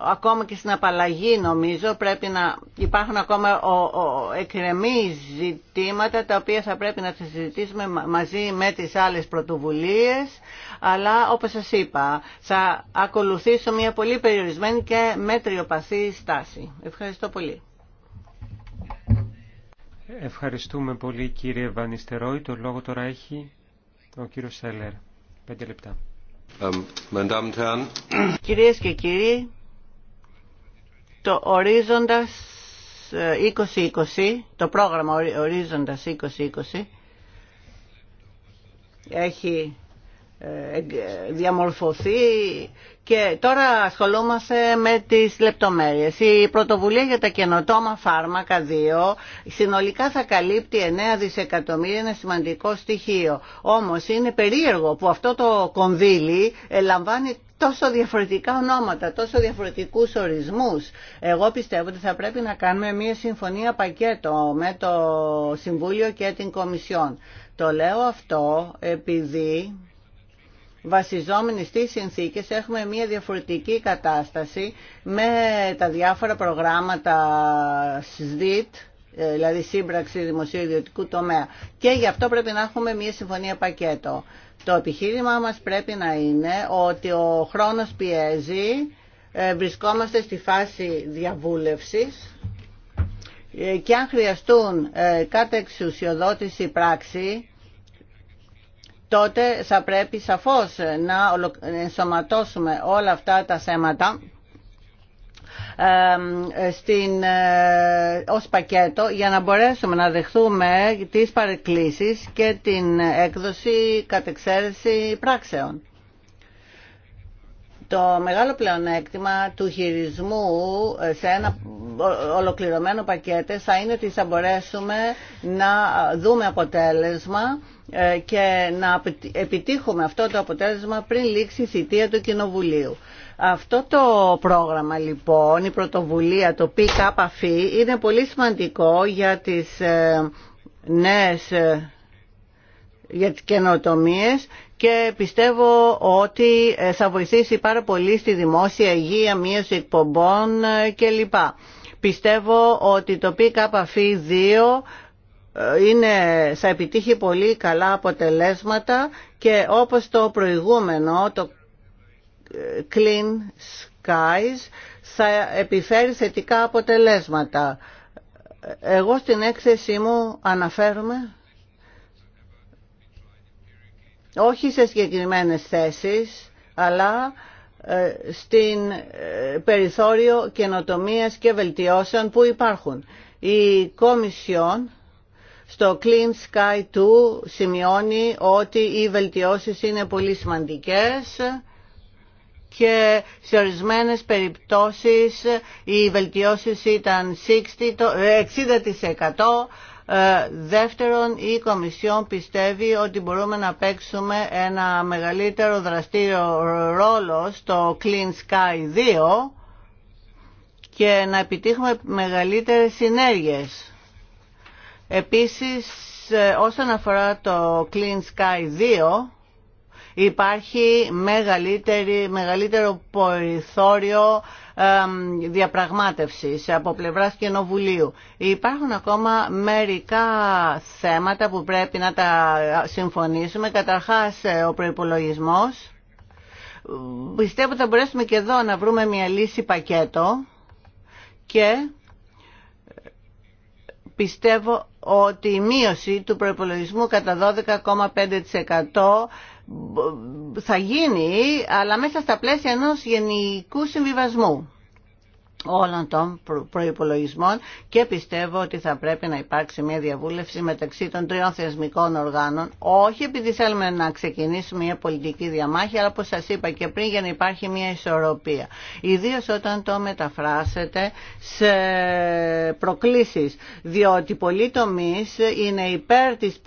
ακόμα και στην απαλλαγή νομίζω πρέπει να υπάρχουν ακόμα ο, ο, εκρεμή ζητήματα τα οποία θα πρέπει να συζητήσουμε μαζί με τις άλλες πρωτοβουλίες αλλά όπως σας είπα θα ακολουθήσω μια πολύ περιορισμένη και μετριοπαθή στάση. Ευχαριστώ πολύ. Ευχαριστούμε πολύ κύριε Βανιστερόη. Το λόγο τώρα έχει ο κύριος Σέλερ. Πέντε λεπτά. Κυρίες και κύριοι, το ορίζοντας 2020, ε, το πρόγραμμα ορίζοντας 2020 έχει ε, διαμορφωθεί και τώρα ασχολούμαστε με τις λεπτομέρειες. Η πρωτοβουλία για τα καινοτόμα φάρμακα 2 συνολικά θα καλύπτει 9 δισεκατομμύρια, ένα σημαντικό στοιχείο. Όμως είναι περίεργο που αυτό το κονδύλι ε, λαμβάνει τόσο διαφορετικά ονόματα, τόσο διαφορετικούς ορισμούς. Εγώ πιστεύω ότι θα πρέπει να κάνουμε μια συμφωνία πακέτο με το Συμβούλιο και την Κομισιόν. Το λέω αυτό επειδή βασιζόμενοι στις συνθήκες έχουμε μια διαφορετική κατάσταση με τα διάφορα προγράμματα ΣΔΙΤ, ε, δηλαδή σύμπραξη δημοσίου ιδιωτικού τομέα. Και γι' αυτό πρέπει να έχουμε μια συμφωνία πακέτο. Το επιχείρημά μας πρέπει να είναι ότι ο χρόνος πιέζει, ε, βρισκόμαστε στη φάση διαβούλευσης ε, και αν χρειαστούν ε, εξουσιοδότηση πράξη τότε θα πρέπει σαφώς να ενσωματώσουμε όλα αυτά τα θέματα στην, ε, ως πακέτο για να μπορέσουμε να δεχθούμε τις παρεκκλήσεις και την έκδοση κατεξαίρεση πράξεων. Το μεγάλο πλεονέκτημα του χειρισμού σε ένα ολοκληρωμένο πακέτο θα είναι ότι θα μπορέσουμε να δούμε αποτέλεσμα ε, και να επιτύχουμε αυτό το αποτέλεσμα πριν λήξει η θητεία του Κοινοβουλίου. Αυτό το πρόγραμμα λοιπόν, η πρωτοβουλία, το PKF είναι πολύ σημαντικό για τις ε, νέες ε, για και πιστεύω ότι θα βοηθήσει πάρα πολύ στη δημόσια υγεία, μείωση εκπομπών κλπ. Πιστεύω ότι το PKF2 είναι, θα επιτύχει πολύ καλά αποτελέσματα και όπως το προηγούμενο, το ε, Clean Skies, θα επιφέρει θετικά αποτελέσματα. Εγώ στην έκθεσή μου αναφέρουμε όχι σε συγκεκριμένες θέσεις, αλλά ε, στην ε, περιθώριο καινοτομίας και βελτιώσεων που υπάρχουν. Η Κομισιόν στο Clean Sky 2 σημειώνει ότι οι βελτιώσεις είναι πολύ σημαντικές και σε ορισμένε περιπτώσεις οι βελτιώσεις ήταν 60%, ε, ε, δεύτερον, η Κομισιόν πιστεύει ότι μπορούμε να παίξουμε ένα μεγαλύτερο δραστήριο ρόλο στο Clean Sky 2 και να επιτύχουμε μεγαλύτερες συνέργειες Επίσης, ε, όσον αφορά το Clean Sky 2, υπάρχει μεγαλύτερη, μεγαλύτερο περιθώριο διαπραγμάτευσης από πλευράς Κοινοβουλίου. Υπάρχουν ακόμα μερικά θέματα που πρέπει να τα συμφωνήσουμε. Καταρχάς, ε, ο προϋπολογισμός. Πιστεύω ότι θα μπορέσουμε και εδώ να βρούμε μια λύση πακέτο και πιστεύω ότι η μείωση του προϋπολογισμού κατά 12,5% θα γίνει, αλλά μέσα στα πλαίσια ενός γενικού συμβιβασμού όλων των προϋπολογισμών και πιστεύω ότι θα πρέπει να υπάρξει μια διαβούλευση μεταξύ των τριών θεσμικών οργάνων όχι επειδή θέλουμε να ξεκινήσουμε μια πολιτική διαμάχη αλλά όπως σας είπα και πριν για να υπάρχει μια ισορροπία ιδίως όταν το μεταφράσετε σε προκλήσεις διότι πολλοί τομεί είναι υπέρ της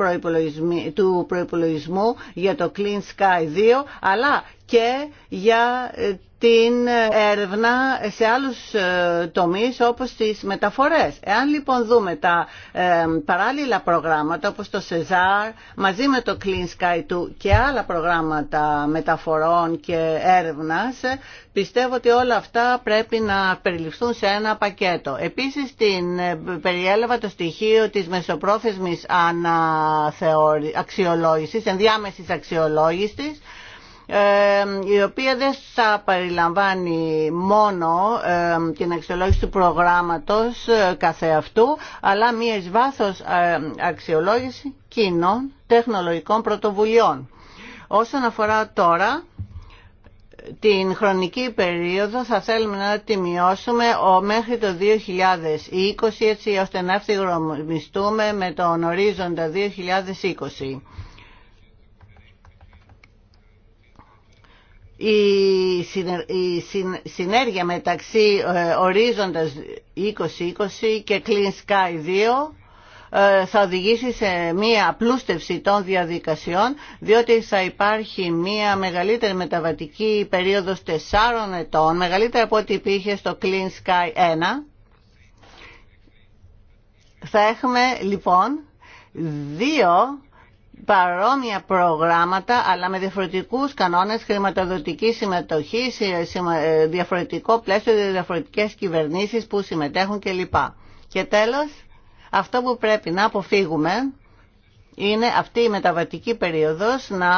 του προϋπολογισμού για το Clean Sky 2 αλλά και για ε, την έρευνα σε άλλους ε, τομείς όπως τις μεταφορές. Εάν λοιπόν δούμε τα ε, παράλληλα προγράμματα όπως το ΣΕΖΑΡ μαζί με το Clean Sky 2 και άλλα προγράμματα μεταφορών και έρευνας ε, πιστεύω ότι όλα αυτά πρέπει να περιληφθούν σε ένα πακέτο. Επίσης την περιέλαβα το στοιχείο της μεσοπρόθεσμης αναθεωρη... αξιολόγησης, ενδιάμεσης αξιολόγησης η οποία δεν θα περιλαμβάνει μόνο την αξιολόγηση του προγράμματος ε, καθεαυτού, αλλά μία εις βάθος ε, αξιολόγηση κοινών τεχνολογικών πρωτοβουλειών. Όσον αφορά τώρα την χρονική περίοδο θα θέλουμε να τη μειώσουμε ο, μέχρι το 2020 έτσι ώστε να ευθυγρομιστούμε με τον ορίζοντα 2020. η συνέργεια μεταξύ ε, ορίζοντας 2020 και Clean Sky 2 ε, θα οδηγήσει σε μία απλούστευση των διαδικασιών, διότι θα υπάρχει μία μεγαλύτερη μεταβατική περίοδος 4 ετών, μεγαλύτερη από ό,τι υπήρχε στο Clean Sky 1. Θα έχουμε λοιπόν δύο παρόμοια προγράμματα αλλά με διαφορετικούς κανόνες χρηματοδοτικής συμμετοχής, ε, ε, διαφορετικό πλαίσιο, δηλαδή διαφορετικές κυβερνήσεις που συμμετέχουν κλπ. Και τέλος, αυτό που πρέπει να αποφύγουμε είναι αυτή η μεταβατική περίοδος να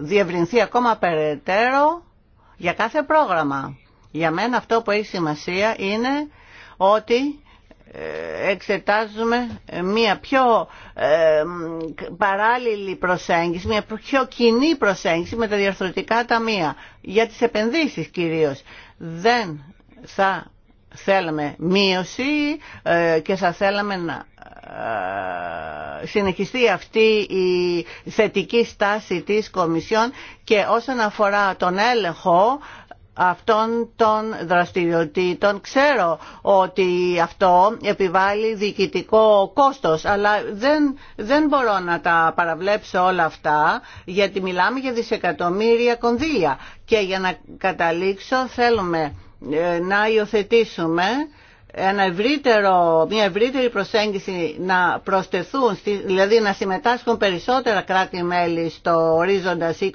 διευρυνθεί ακόμα περαιτέρω για κάθε πρόγραμμα. Για μένα αυτό που έχει σημασία είναι ότι εξετάζουμε μια πιο ε, παράλληλη προσέγγιση, μια πιο κοινή προσέγγιση με τα διαρθρωτικά ταμεία για τις επενδύσεις κυρίως. Δεν θα θέλαμε μείωση ε, και θα θέλαμε να ε, συνεχιστεί αυτή η θετική στάση της Κομισιόν και όσον αφορά τον έλεγχο αυτών των δραστηριοτήτων. Ξέρω ότι αυτό επιβάλλει διοικητικό κόστος, αλλά δεν, δεν μπορώ να τα παραβλέψω όλα αυτά, γιατί μιλάμε για δισεκατομμύρια κονδύλια. Και για να καταλήξω θέλουμε ε, να υιοθετήσουμε ένα μια ευρύτερη προσέγγιση να προσθεθούν, δηλαδή να συμμετάσχουν περισσότερα κράτη-μέλη στο ορίζοντα 2020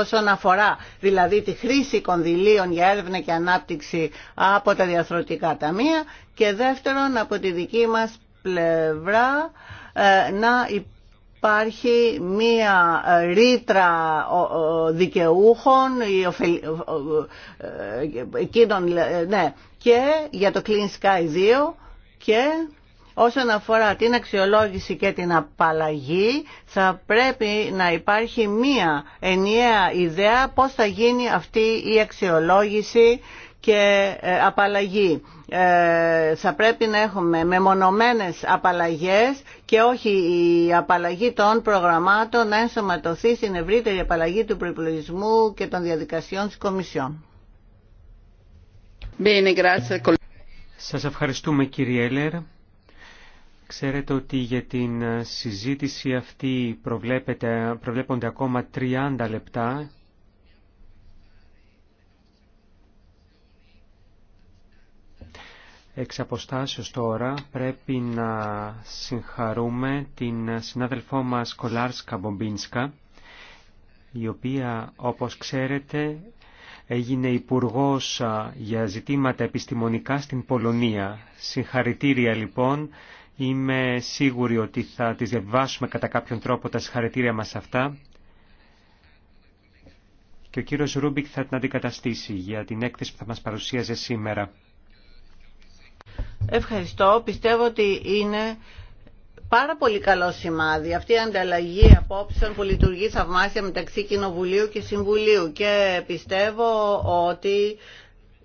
όσον αφορά δηλαδή τη χρήση κονδυλίων για έρευνα και ανάπτυξη από τα διαθροτικά ταμεία και δεύτερον από τη δική μας πλευρά ε, να υπάρχει μία ε, ρήτρα δικαιούχων, ε, εκείνων ναι, και για το Clean Sky 2 και όσον αφορά την αξιολόγηση και την απαλλαγή θα πρέπει να υπάρχει μία ενιαία ιδέα πώς θα γίνει αυτή η αξιολόγηση και ε, απαλλαγή. Ε, θα πρέπει να έχουμε μεμονωμένες απαλλαγές και όχι η απαλλαγή των προγραμμάτων να ενσωματωθεί στην ευρύτερη απαλλαγή του προϋπολογισμού και των διαδικασιών της Κομισιόν. Σας ευχαριστούμε κύριε Έλερ. Ξέρετε ότι για την συζήτηση αυτή προβλέπονται ακόμα 30 λεπτά. Εξ αποστάσεως τώρα πρέπει να συγχαρούμε την συνάδελφό μας Κολάρσκα Μπομπίνσκα, η οποία όπως ξέρετε έγινε υπουργό για ζητήματα επιστημονικά στην Πολωνία. Συγχαρητήρια λοιπόν. Είμαι σίγουρη ότι θα τις διαβάσουμε κατά κάποιον τρόπο τα συγχαρητήρια μας αυτά. Και ο κύριος Ρούμπικ θα την αντικαταστήσει για την έκθεση που θα μας παρουσίαζε σήμερα. Ευχαριστώ. Πιστεύω ότι είναι πάρα πολύ καλό σημάδι αυτή η ανταλλαγή απόψεων που λειτουργεί θαυμάσια μεταξύ Κοινοβουλίου και Συμβουλίου και πιστεύω ότι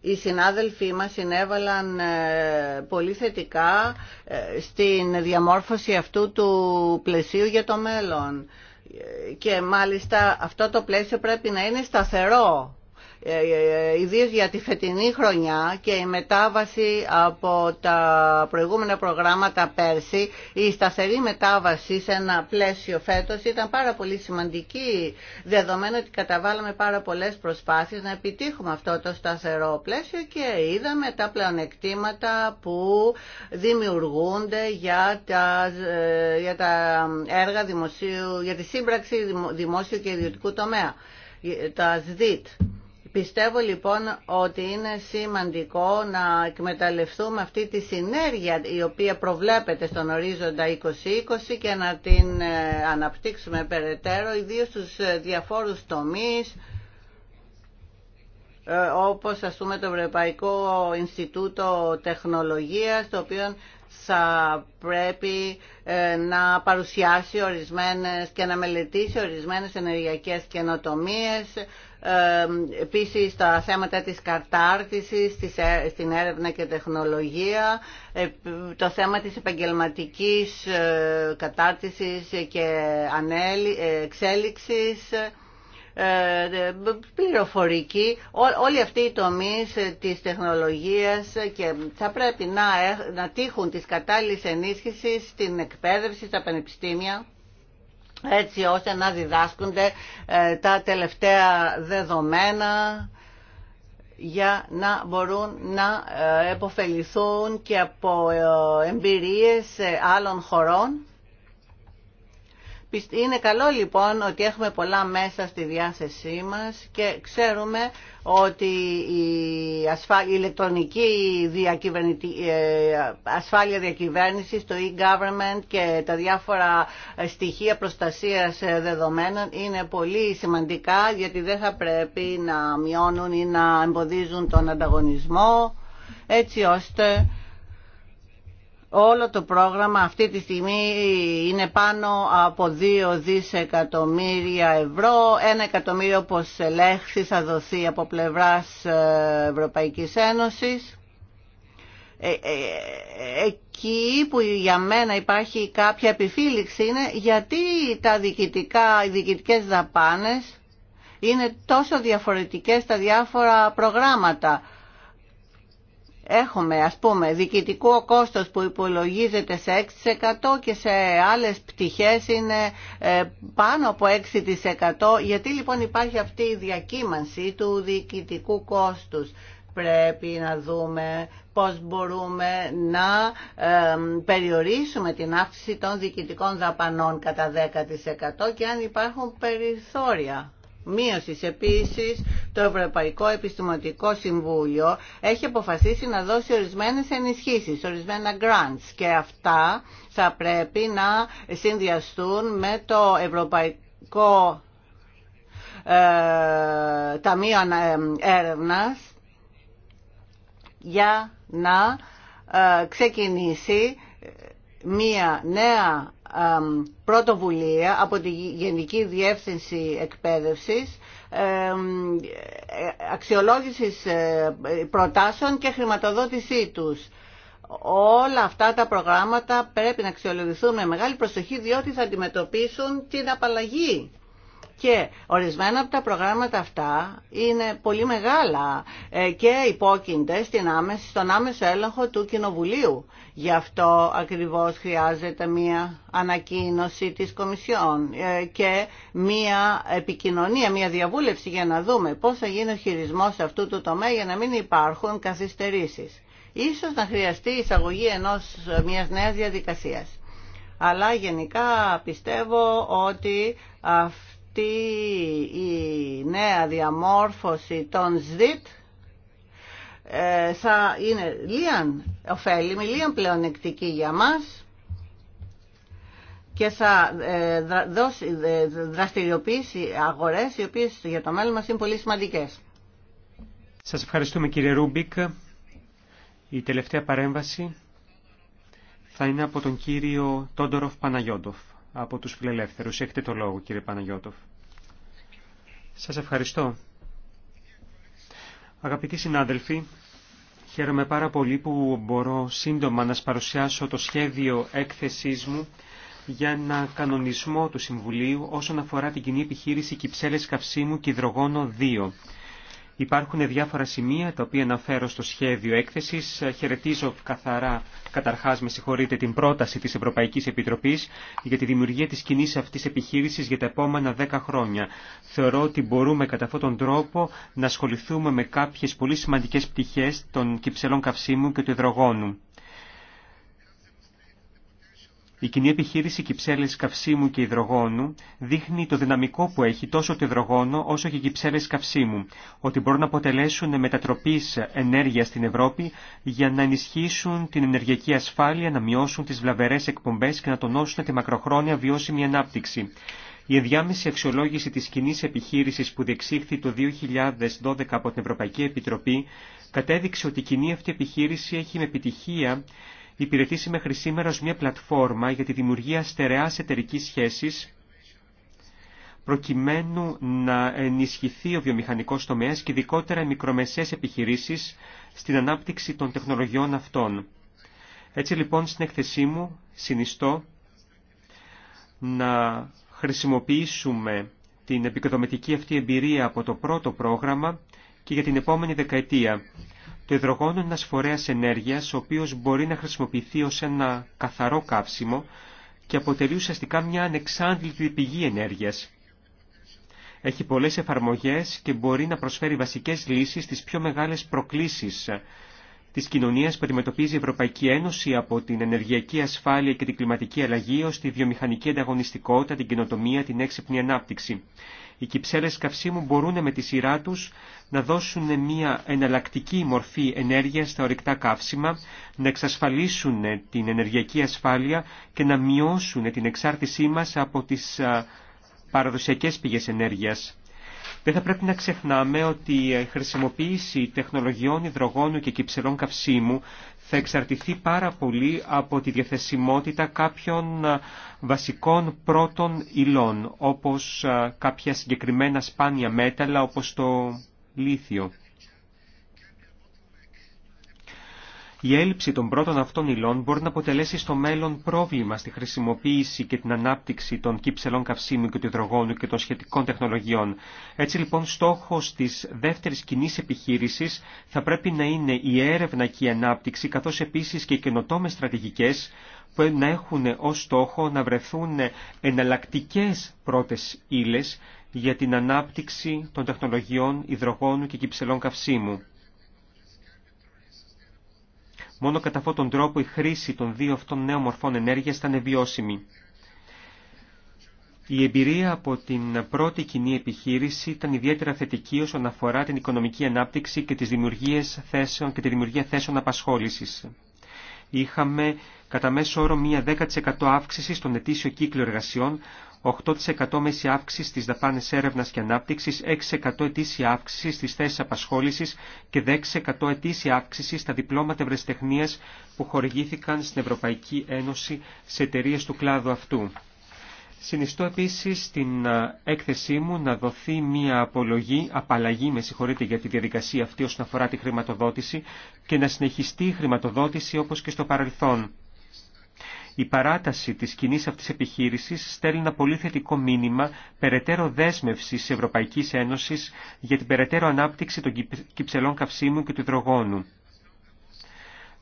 οι συνάδελφοί μας συνέβαλαν ε, πολύ θετικά ε, στην διαμόρφωση αυτού του πλαισίου για το μέλλον. Ε, και μάλιστα αυτό το πλαίσιο πρέπει να είναι σταθερό ε, ε, ιδίως για τη φετινή χρονιά και η μετάβαση από τα προηγούμενα προγράμματα πέρσι, η σταθερή μετάβαση σε ένα πλαίσιο φέτος ήταν πάρα πολύ σημαντική, δεδομένου ότι καταβάλαμε πάρα πολλές προσπάθειες να επιτύχουμε αυτό το σταθερό πλαίσιο και είδαμε τα πλεονεκτήματα που δημιουργούνται για τα, ε, για τα έργα δημοσίου, για τη σύμπραξη δημόσιου και ιδιωτικού τομέα, τα ΣΔΙΤ. Πιστεύω λοιπόν ότι είναι σημαντικό να εκμεταλλευτούμε αυτή τη συνέργεια η οποία προβλέπεται στον ορίζοντα 2020 και να την ε, αναπτύξουμε περαιτέρω, ιδίως στους ε, διαφόρους τομείς, ε, όπως ας πούμε το Ευρωπαϊκό Ινστιτούτο Τεχνολογίας, το οποίο θα πρέπει να παρουσιάσει ορισμένες και να μελετήσει ορισμένες ενεργειακές καινοτομίες, επίσης τα θέματα της κατάρτισης ε, στην έρευνα και τεχνολογία, ε, το θέμα της επαγγελματικής ε, κατάρτισης και εξέλιξης, πληροφορική, όλοι αυτοί οι τομείς της τεχνολογίας και θα πρέπει να, να τύχουν της κατάλληλης ενίσχυσης στην εκπαίδευση, στα πανεπιστήμια έτσι ώστε να διδάσκονται ε, τα τελευταία δεδομένα για να μπορούν να ε, επωφεληθούν και από ε, εμπειρίες άλλων χωρών είναι καλό λοιπόν ότι έχουμε πολλά μέσα στη διάθεσή μας και ξέρουμε ότι η, ασφα... ηλεκτρονική ε, ασφάλεια διακυβέρνησης, το e-government και τα διάφορα ε, στοιχεία προστασίας ε, δεδομένων είναι πολύ σημαντικά γιατί δεν θα πρέπει να μειώνουν ή να εμποδίζουν τον ανταγωνισμό έτσι ώστε Όλο το πρόγραμμα αυτή τη στιγμή είναι πάνω από 2 δισεκατομμύρια ευρώ. Ένα εκατομμύριο όπως ελέγχθη θα δοθεί από πλευράς ε, Ευρωπαϊκής Ένωσης. Ε, ε, εκεί που για μένα υπάρχει κάποια επιφύληξη είναι γιατί τα διοικητικά, οι διοικητικές δαπάνες είναι τόσο διαφορετικές στα διάφορα προγράμματα έχουμε ας πούμε διοικητικό κόστος που υπολογίζεται σε 6% και σε άλλες πτυχές είναι ε, πάνω από 6% γιατί λοιπόν υπάρχει αυτή η διακύμανση του διοικητικού κόστους πρέπει να δούμε πώς μπορούμε να περιορίσουμε την αύξηση των διοικητικών δαπανών κατά 10% και αν υπάρχουν περιθώρια μείωσης. επίση, το Ευρωπαϊκό επιστημονικό Συμβούλιο έχει αποφασίσει να δώσει ορισμένες ενισχύσει, ορισμένα grants και αυτά θα πρέπει να συνδυαστούν με το Ευρωπαϊκό ε, Ταμείο ε, έρευνα για να ε, ξεκινήσει μία νέα πρωτοβουλία από τη Γενική Διεύθυνση Εκπαίδευσης αξιολόγησης ε, προτάσεων και χρηματοδότησή τους. Όλα αυτά τα προγράμματα πρέπει να αξιολογηθούν με μεγάλη προσοχή διότι θα αντιμετωπίσουν την απαλλαγή και ορισμένα από τα προγράμματα αυτά είναι πολύ μεγάλα ε, και υπόκεινται στην άμεση, στον άμεσο έλεγχο του Κοινοβουλίου. Γι' αυτό ακριβώς χρειάζεται μία ανακοίνωση της Κομισιόν ε, και μία επικοινωνία, μία διαβούλευση για να δούμε πώς θα γίνει ο χειρισμός αυτού του τομέα για να μην υπάρχουν καθυστερήσεις. Ίσως να χρειαστεί η εισαγωγή ενός, ε, μιας νέας διαδικασίας. Αλλά γενικά πιστεύω ότι αυτή η νέα διαμόρφωση των ΣΔΙΤ ε, θα είναι λίαν ωφέλιμη, λίαν πλεονεκτική για μας και θα ε, δώσει, ε, δραστηριοποιήσει αγορές οι οποίες για το μέλλον μας είναι πολύ σημαντικές. Σας ευχαριστούμε κύριε Ρούμπικ. Η τελευταία παρέμβαση θα είναι από τον κύριο Τόντοροφ Παναγιόντοφ από τους φιλελεύθερους. Έχετε το λόγο κύριε Παναγιώτοφ. Σας ευχαριστώ. Αγαπητοί συνάδελφοι, χαίρομαι πάρα πολύ που μπορώ σύντομα να σας παρουσιάσω το σχέδιο έκθεσής μου για ένα κανονισμό του Συμβουλίου όσον αφορά την κοινή επιχείρηση Κυψέλες Καυσίμου και Υδρογόνο 2. Υπάρχουν διάφορα σημεία τα οποία αναφέρω στο σχέδιο έκθεσης. Χαιρετίζω καθαρά, καταρχάς με συγχωρείτε, την πρόταση της Ευρωπαϊκής Επιτροπής για τη δημιουργία της κοινή αυτής επιχείρησης για τα επόμενα δέκα χρόνια. Θεωρώ ότι μπορούμε κατά αυτόν τον τρόπο να ασχοληθούμε με κάποιες πολύ σημαντικές πτυχές των κυψελών καυσίμου και του υδρογόνου. Η κοινή επιχείρηση Κυψέλε καυσίμου και υδρογόνου δείχνει το δυναμικό που έχει τόσο το υδρογόνο όσο και οι κυψέλε καυσίμου, ότι μπορούν να αποτελέσουν μετατροπή ενέργεια στην Ευρώπη για να ενισχύσουν την ενεργειακή ασφάλεια, να μειώσουν τι βλαβερές εκπομπές και να τονώσουν τη μακροχρόνια βιώσιμη ανάπτυξη. Η ενδιάμεση αξιολόγηση της κοινή επιχείρησης που διεξήχθη το 2012 από την Ευρωπαϊκή Επιτροπή κατέδειξε ότι η κοινή αυτή επιχείρηση έχει με επιτυχία υπηρετήσει μέχρι σήμερα ως μια πλατφόρμα για τη δημιουργία στερεάς εταιρικής σχέσης προκειμένου να ενισχυθεί ο βιομηχανικός τομέας και ειδικότερα οι μικρομεσαίες επιχειρήσεις στην ανάπτυξη των τεχνολογιών αυτών. Έτσι λοιπόν στην εκθεσή μου συνιστώ να χρησιμοποιήσουμε την επικοδομητική αυτή εμπειρία από το πρώτο πρόγραμμα και για την επόμενη δεκαετία. Το υδρογόνο είναι ένας φορέας ενέργειας, ο οποίος μπορεί να χρησιμοποιηθεί ως ένα καθαρό καύσιμο και αποτελεί ουσιαστικά μια ανεξάντλητη πηγή ενέργειας. Έχει πολλές εφαρμογές και μπορεί να προσφέρει βασικές λύσεις στις πιο μεγάλες προκλήσεις της κοινωνίας που αντιμετωπίζει η Ευρωπαϊκή Ένωση από την ενεργειακή ασφάλεια και την κλιματική αλλαγή ως τη βιομηχανική ανταγωνιστικότητα, την καινοτομία, την έξυπνη ανάπτυξη οι κυψέλες καυσίμου μπορούν με τη σειρά τους να δώσουν μια εναλλακτική μορφή ενέργειας στα ορυκτά καύσιμα, να εξασφαλίσουν την ενεργειακή ασφάλεια και να μειώσουν την εξάρτησή μας από τις παραδοσιακές πηγές ενέργειας. Δεν θα πρέπει να ξεχνάμε ότι η χρησιμοποίηση τεχνολογιών υδρογόνου και κυψελών καυσίμου θα εξαρτηθεί πάρα πολύ από τη διαθεσιμότητα κάποιων ε, βασικών πρώτων υλών, όπως ε, κάποια συγκεκριμένα σπάνια μέταλλα, όπως το λίθιο. Η έλλειψη των πρώτων αυτών υλών μπορεί να αποτελέσει στο μέλλον πρόβλημα στη χρησιμοποίηση και την ανάπτυξη των κύψελών καυσίμου και του υδρογόνου και των σχετικών τεχνολογιών. Έτσι λοιπόν στόχος της δεύτερης κοινή επιχείρησης θα πρέπει να είναι η έρευνα και η ανάπτυξη καθώς επίσης και οι καινοτόμες στρατηγικές που να έχουν ως στόχο να βρεθούν εναλλακτικές πρώτες ύλες για την ανάπτυξη των τεχνολογιών υδρογόνου και κυψελών καυσίμου. Μόνο κατά αυτόν τον τρόπο η χρήση των δύο αυτών νέων μορφών ενέργειας θα βιώσιμη. Η εμπειρία από την πρώτη κοινή επιχείρηση ήταν ιδιαίτερα θετική όσον αφορά την οικονομική ανάπτυξη και τις δημιουργίες θέσεων και τη δημιουργία θέσεων απασχόλησης είχαμε κατά μέσο όρο μία 10% αύξηση στον ετήσιο κύκλο εργασιών, 8% μέση αύξηση στις δαπάνες έρευνας και ανάπτυξης, 6% ετήσια αύξηση στις θέσεις απασχόλησης και 10% ετήσια αύξηση στα διπλώματα ευρεσιτεχνίας που χορηγήθηκαν στην Ευρωπαϊκή Ένωση σε εταιρείε του κλάδου αυτού. Συνιστώ επίσης στην έκθεσή μου να δοθεί μια απολογή, απαλλαγή με συγχωρείτε για τη διαδικασία αυτή όσον αφορά τη χρηματοδότηση και να συνεχιστεί η χρηματοδότηση όπως και στο παρελθόν. Η παράταση της κοινή αυτής επιχείρησης στέλνει ένα πολύ θετικό μήνυμα περαιτέρω δέσμευση της Ευρωπαϊκής Ένωσης για την περαιτέρω ανάπτυξη των κυψελών καυσίμου και του υδρογόνου.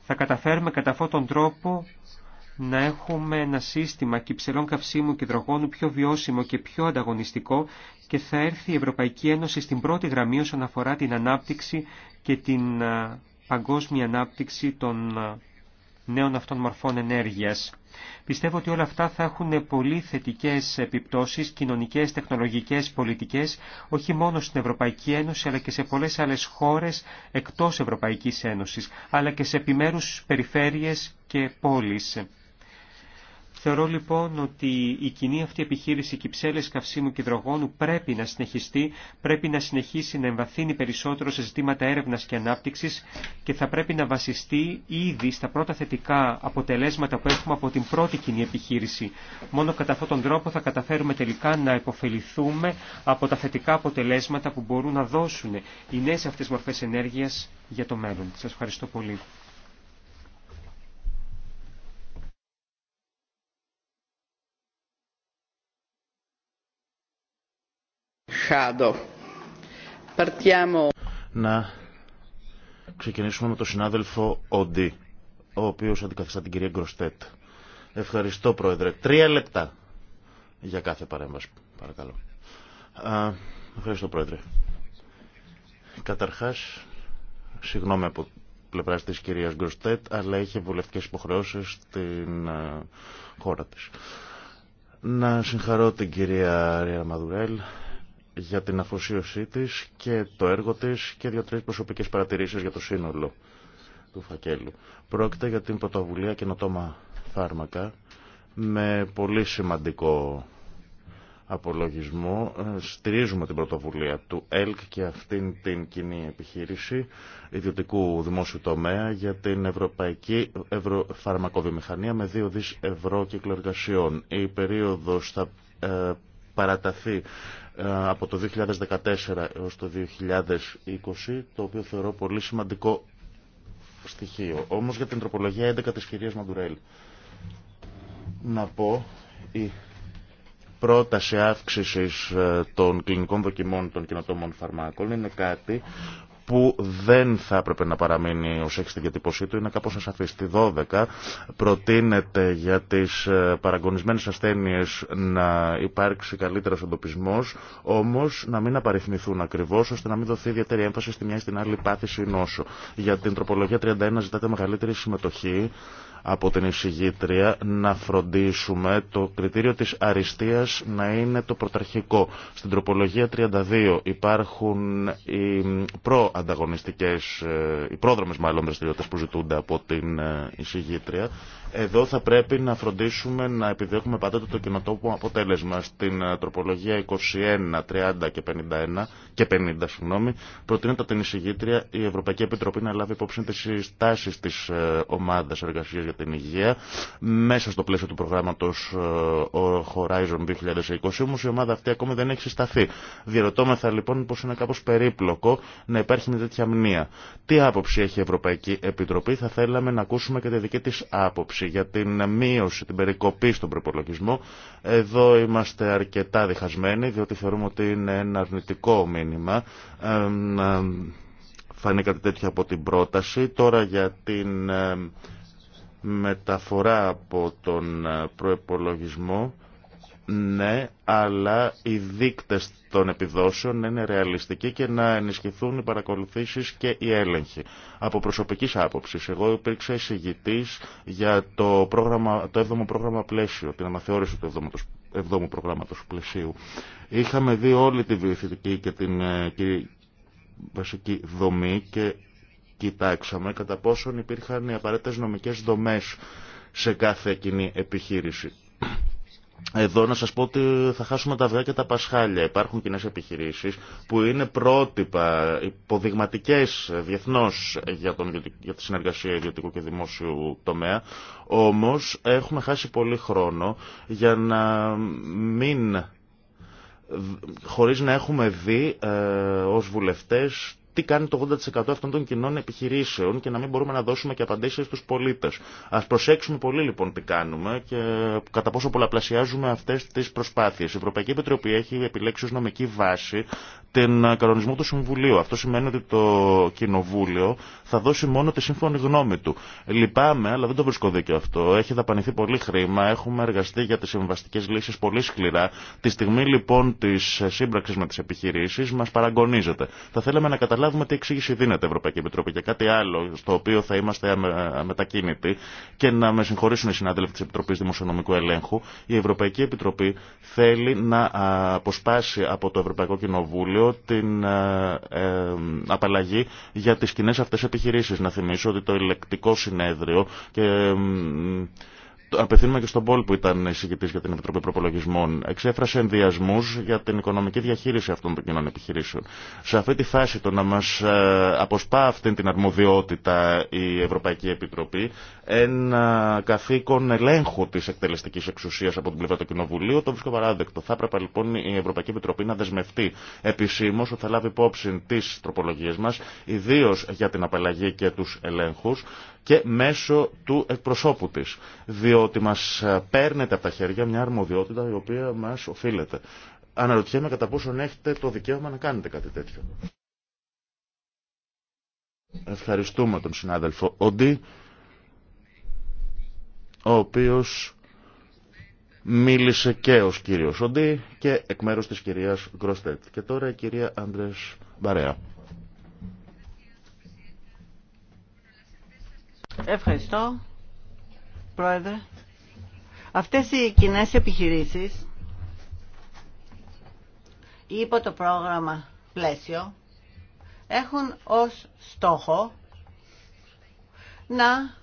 Θα καταφέρουμε κατά αυτόν τον τρόπο να έχουμε ένα σύστημα κυψελών καυσίμου και υδρογόνου πιο βιώσιμο και πιο ανταγωνιστικό και θα έρθει η Ευρωπαϊκή Ένωση στην πρώτη γραμμή όσον αφορά την ανάπτυξη και την παγκόσμια ανάπτυξη των νέων αυτών μορφών ενέργειας. Πιστεύω ότι όλα αυτά θα έχουν πολύ θετικές επιπτώσεις, κοινωνικές, τεχνολογικές, πολιτικές, όχι μόνο στην Ευρωπαϊκή Ένωση, αλλά και σε πολλές άλλες χώρες εκτός Ευρωπαϊκής Ένωσης, αλλά και σε επιμέρους περιφέρειες και πόλεις. Θεωρώ λοιπόν ότι η κοινή αυτή επιχείρηση Κυψέλης, καυσίμου και υδρογόνου πρέπει να συνεχιστεί, πρέπει να συνεχίσει να εμβαθύνει περισσότερο σε ζητήματα έρευνας και ανάπτυξης και θα πρέπει να βασιστεί ήδη στα πρώτα θετικά αποτελέσματα που έχουμε από την πρώτη κοινή επιχείρηση. Μόνο κατά αυτόν τον τρόπο θα καταφέρουμε τελικά να υποφεληθούμε από τα θετικά αποτελέσματα που μπορούν να δώσουν οι νέες αυτές μορφές ενέργειας για το μέλλον. Σας ευχαριστώ πολύ. Να ξεκινήσουμε με τον συνάδελφο Οντί, ο οποίος αντικαθιστά την κυρία Γκροστέτ. Ευχαριστώ, Πρόεδρε. Τρία λεπτά για κάθε παρέμβαση, παρακαλώ. Ευχαριστώ, Πρόεδρε. Καταρχάς, συγγνώμη από πλευρά τη κυρία Γκροστέτ, αλλά είχε βουλευτικέ υποχρεώσει στην χώρα τη. Να συγχαρώ την κυρία Ρία Μαδουρέλ για την αφοσίωσή της και το έργο της και δύο-τρεις προσωπικές παρατηρήσεις για το σύνολο του φακέλου. Πρόκειται για την πρωτοβουλία καινοτόμα φάρμακα με πολύ σημαντικό απολογισμό. Ε, στηρίζουμε την πρωτοβουλία του ΕΛΚ και αυτήν την κοινή επιχείρηση ιδιωτικού δημόσιου τομέα για την Ευρωπαϊκή Φαρμακοβιομηχανία με δύο δις ευρώ κύκλο Η περίοδος θα ε, παραταθεί ε, από το 2014 έως το 2020, το οποίο θεωρώ πολύ σημαντικό στοιχείο. Όμως για την τροπολογία 11 της κυρίας Μαντουρέλ. Να πω, η πρόταση αύξησης ε, των κλινικών δοκιμών των κοινοτόμων φαρμάκων είναι κάτι που δεν θα έπρεπε να παραμείνει ως έχει στη διατύπωσή του είναι κάπως ασαφή. Στη 12 προτείνεται για τις ε, παραγωνισμένες ασθένειες να υπάρξει καλύτερος εντοπισμός, όμως να μην απαριθμηθούν ακριβώς, ώστε να μην δοθεί ιδιαίτερη έμφαση στη μια ή στην άλλη πάθηση νόσου. Για την τροπολογία 31 ζητάτε μεγαλύτερη συμμετοχή από την εισηγήτρια να φροντίσουμε το κριτήριο της αριστείας να είναι το πρωταρχικό. Στην τροπολογία 32 υπάρχουν οι προανταγωνιστικές, ε, οι πρόδρομες μάλλον δραστηριότητες που ζητούνται από την ε, εισηγήτρια εδώ θα πρέπει να φροντίσουμε να επιδέχουμε πάντα το κοινοτόπο αποτέλεσμα. Στην ε, τροπολογία 21, 30 και 51 και 50, συγγνώμη, προτείνεται από την εισηγήτρια η Ευρωπαϊκή Επιτροπή να λάβει υπόψη τι συστάσει τη ε, ομάδα εργασία για την υγεία μέσα στο πλαίσιο του προγράμματο ε, Horizon 2020. Όμω η ομάδα αυτή ακόμη δεν έχει συσταθεί. Διερωτώμεθα λοιπόν πω είναι κάπω περίπλοκο να υπάρχει μια τέτοια μνήμα. Τι άποψη έχει η Ευρωπαϊκή Επιτροπή, θα θέλαμε να ακούσουμε και τη δική τη άποψη για την μείωση, την περικοπή στον προπολογισμό, εδώ είμαστε αρκετά διχασμένοι, διότι θεωρούμε ότι είναι ένα αρνητικό μήνυμα. Φανεί κάτι τέτοιο από την πρόταση. Τώρα για την μεταφορά από τον ε, προπολογισμό ναι, αλλά οι δείκτες των επιδόσεων να είναι ρεαλιστικοί και να ενισχυθούν οι παρακολουθήσεις και οι έλεγχοι. Από προσωπικής άποψης, εγώ υπήρξα εισηγητής για το, πρόγραμμα, το 7ο πρόγραμμα πλαίσιο, την αναθεώρηση του 7ου προγράμματος πλαισίου. Είχαμε δει όλη τη βιοθητική και την ε, και βασική δομή και κοιτάξαμε κατά πόσον υπήρχαν οι απαραίτητες νομικές δομές σε κάθε κοινή επιχείρηση. Εδώ να σας πω ότι θα χάσουμε τα αυγά και τα πασχάλια. Υπάρχουν κοινέ επιχειρήσεις που είναι πρότυπα, υποδειγματικές διεθνώς για, τον, για τη συνεργασία ιδιωτικού και δημόσιου τομέα. Όμως έχουμε χάσει πολύ χρόνο για να μην χωρίς να έχουμε δει ε, ως βουλευτές τι κάνει το 80% αυτών των κοινών επιχειρήσεων και να μην μπορούμε να δώσουμε και απαντήσεις στους πολίτες. Ας προσέξουμε πολύ λοιπόν τι κάνουμε και κατά πόσο πολλαπλασιάζουμε αυτές τις προσπάθειες. Η Ευρωπαϊκή Επιτροπή έχει επιλέξει ως νομική βάση την ε, κανονισμό του Συμβουλίου. Αυτό σημαίνει ότι το Κοινοβούλιο θα δώσει μόνο τη σύμφωνη γνώμη του. Λυπάμαι, αλλά δεν το βρίσκω δίκαιο αυτό. Έχει δαπανηθεί πολύ χρήμα, έχουμε εργαστεί για τι συμβαστικέ λύσει πολύ σκληρά. Τη στιγμή λοιπόν τη σύμπραξη με τι επιχειρήσει μα παραγωνίζεται. Θα θέλαμε να καταλάβουμε τι εξήγηση δίνεται η Ευρωπαϊκή Επιτροπή και κάτι άλλο στο οποίο θα είμαστε αμετακίνητοι και να με συγχωρήσουν οι συνάδελφοι τη Επιτροπή Δημοσιονομικού Ελέγχου. Η Ευρωπαϊκή Επιτροπή θέλει να αποσπάσει από το Ευρωπαϊκό Κοινοβούλιο την ε, ε, απαλλαγή για τι κοινέ αυτέ επιχειρήσεις. Να θυμίσω ότι το ηλεκτικό συνέδριο και απευθύνουμε και στον Πολ που ήταν εισηγητή για την Επιτροπή Προπολογισμών. Εξέφρασε ενδιασμού για την οικονομική διαχείριση αυτών των κοινών επιχειρήσεων. Σε αυτή τη φάση το να μα ε, αποσπά αυτή την αρμοδιότητα η Ευρωπαϊκή Επιτροπή ένα καθήκον ελέγχου τη εκτελεστική εξουσία από την πλευρά του Κοινοβουλίου το βρίσκω παράδεκτο. Θα έπρεπε λοιπόν η Ευρωπαϊκή Επιτροπή να δεσμευτεί επισήμω ότι θα λάβει υπόψη τι τροπολογίε μα, ιδίω για την απαλλαγή και του ελέγχου και μέσω του εκπροσώπου της. Διότι μας παίρνεται από τα χέρια μια αρμοδιότητα η οποία μας οφείλεται. Αναρωτιέμαι κατά πόσον έχετε το δικαίωμα να κάνετε κάτι τέτοιο. Ευχαριστούμε τον συνάδελφο Οντί, ο οποίος μίλησε και ως κύριος Οντί και εκ μέρους της κυρίας Γκροστέτ. Και τώρα η κυρία Άντρες Μπαρέα. Ευχαριστώ, Πρόεδρε. Αυτές οι κοινέ επιχειρήσεις υπό το πρόγραμμα πλαίσιο έχουν ως στόχο να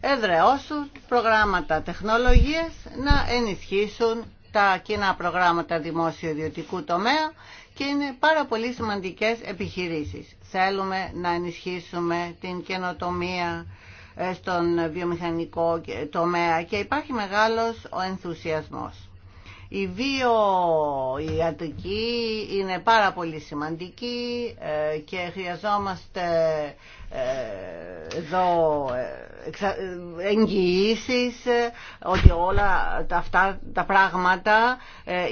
εδραιώσουν προγράμματα τεχνολογίας, να ενισχύσουν τα κοινά προγράμματα δημόσιο-ιδιωτικού τομέα και είναι πάρα πολύ σημαντικές επιχειρήσεις. Θέλουμε να ενισχύσουμε την καινοτομία ε, στον βιομηχανικό τομέα και υπάρχει μεγάλος ο ενθουσιασμός. Η βιοιατρική είναι πάρα πολύ σημαντική ε, και χρειαζόμαστε ε, εδώ ε, ε, εγγυήσει ότι όλα τα, αυτά τα πράγματα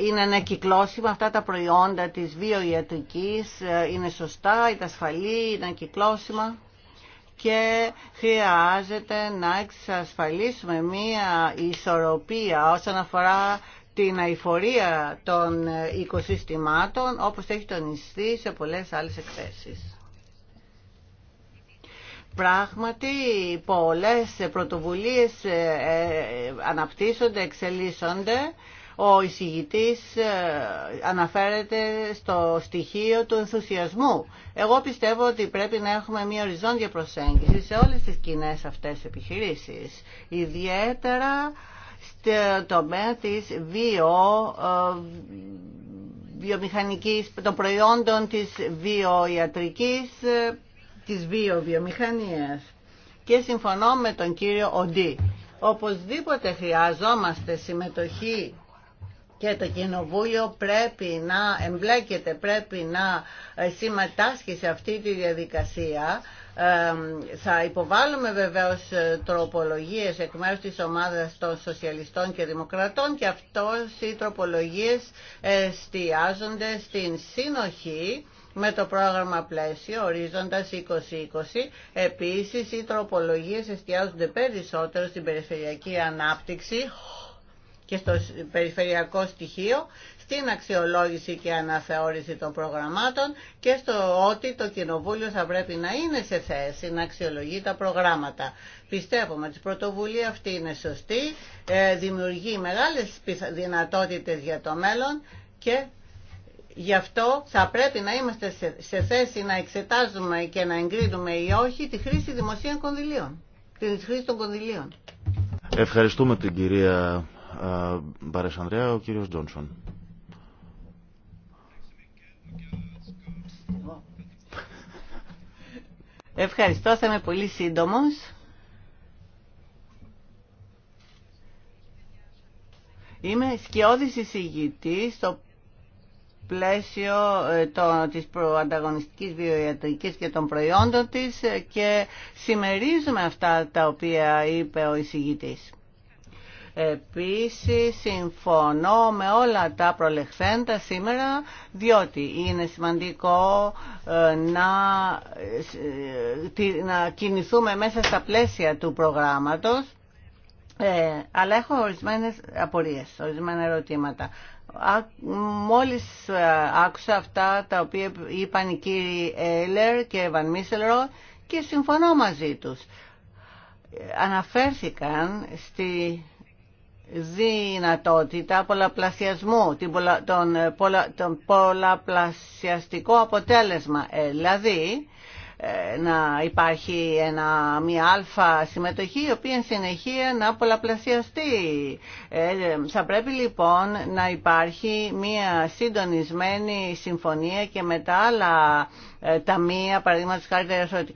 είναι ανακυκλώσιμα, αυτά τα προϊόντα της βιοιατρικής είναι σωστά, είναι ασφαλή, είναι ανακυκλώσιμα και χρειάζεται να εξασφαλίσουμε μία ισορροπία όσον αφορά την αηφορία των οικοσυστημάτων όπως έχει τονιστεί σε πολλές άλλες εκθέσεις. Πράγματι, πολλές πρωτοβουλίες ε, ε, αναπτύσσονται, εξελίσσονται. Ο εισηγητής ε, αναφέρεται στο στοιχείο του ενθουσιασμού. Εγώ πιστεύω ότι πρέπει να έχουμε μια οριζόντια προσέγγιση σε όλες τις κοινέ αυτές επιχειρήσεις. Ιδιαίτερα στο τομέα της βιο, βιομηχανικής, των προϊόντων της βιοιατρικής της βιοβιομηχανίας. Και συμφωνώ με τον κύριο Οντί. Οπωσδήποτε χρειαζόμαστε συμμετοχή και το Κοινοβούλιο πρέπει να εμπλέκεται, πρέπει να ε, συμμετάσχει σε αυτή τη διαδικασία. Ε, θα υποβάλουμε βεβαίως ε, τροπολογίες εκ μέρους της ομάδας των Σοσιαλιστών και Δημοκρατών και αυτός οι τροπολογίες εστιάζονται στην συνοχή με το πρόγραμμα πλαίσιο ορίζοντας 2020. Επίσης, οι τροπολογίε εστιάζονται περισσότερο στην περιφερειακή ανάπτυξη και στο περιφερειακό στοιχείο, στην αξιολόγηση και αναθεώρηση των προγραμμάτων και στο ότι το Κοινοβούλιο θα πρέπει να είναι σε θέση να αξιολογεί τα προγράμματα. Πιστεύουμε ότι η πρωτοβουλία αυτή είναι σωστή, ε, δημιουργεί μεγάλες δυνατότητες για το μέλλον και Γι' αυτό θα πρέπει να είμαστε σε θέση να εξετάζουμε και να εγκρίνουμε ή όχι τη χρήση δημοσίων κονδυλίων. Τη χρήση των κονδυλίων. Ευχαριστούμε την κυρία Μπαρεσανδρέα, ο κύριος Τζόνσον. Ευχαριστώ, θα είμαι πολύ σύντομος. Είμαι σκιώδης εισηγητής... στο πλαίσιο ε, το, της προανταγωνιστικής βιοιατρικής και των προϊόντων της ε, και συμμερίζουμε αυτά τα οποία είπε ο εισηγητής. Επίσης συμφωνώ με όλα τα προλεχθέντα σήμερα διότι είναι σημαντικό ε, να, να κινηθούμε μέσα στα πλαίσια του προγράμματος αλλά έχω ορισμένες απορίες, ορισμένα ερωτήματα μόλις ε, άκουσα αυτά τα οποία είπαν οι κύριοι Έιλερ και Βαν Μίσελρο και συμφωνώ μαζί τους. Αναφέρθηκαν στη δυνατότητα πολλαπλασιασμού, τον, ε, πολλα, τον πολλαπλασιαστικό αποτέλεσμα. Ε, δηλαδή, ε, να υπάρχει ένα, μια αλφα συμμετοχή η οποία συνεχεία να πολλαπλασιαστεί. Ε, θα πρέπει λοιπόν να υπάρχει μια συντονισμένη συμφωνία και με τα άλλα ε, ταμεία, παραδείγματος χάρη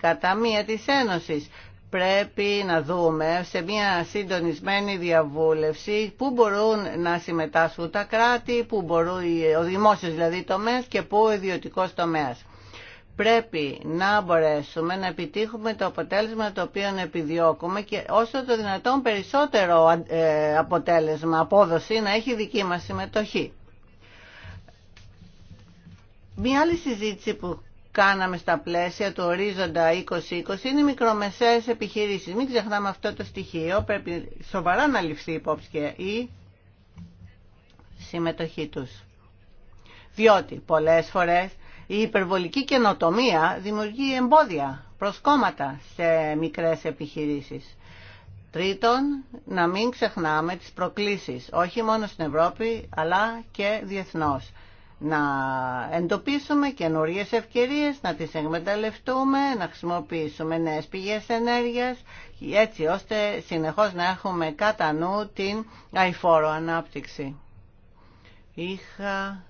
τα ταμεία της Ένωσης πρέπει να δούμε σε μια συντονισμένη διαβούλευση πού μπορούν να συμμετάσχουν τα κράτη, πού μπορούν ο δημόσιος δηλαδή τομέας και πού ο ιδιωτικός τομέας πρέπει να μπορέσουμε να επιτύχουμε το αποτέλεσμα το οποίο επιδιώκουμε και όσο το δυνατόν περισσότερο ε, αποτέλεσμα, απόδοση να έχει δική μας συμμετοχή. Μία άλλη συζήτηση που κάναμε στα πλαίσια του ορίζοντα 2020 είναι οι μικρομεσαίες επιχειρήσεις. Μην ξεχνάμε αυτό το στοιχείο, πρέπει σοβαρά να ληφθεί υπόψη και η συμμετοχή τους. Διότι πολλές φορές η υπερβολική καινοτομία δημιουργεί εμπόδια, προσκόμματα σε μικρές επιχειρήσεις. Τρίτον, να μην ξεχνάμε τις προκλήσεις, όχι μόνο στην Ευρώπη, αλλά και διεθνώς. Να εντοπίσουμε καινούριε ευκαιρίες, να τις εκμεταλλευτούμε, να χρησιμοποιήσουμε νέες πηγές ενέργειας, έτσι ώστε συνεχώς να έχουμε κατά νου την αηφόρο ανάπτυξη. Είχα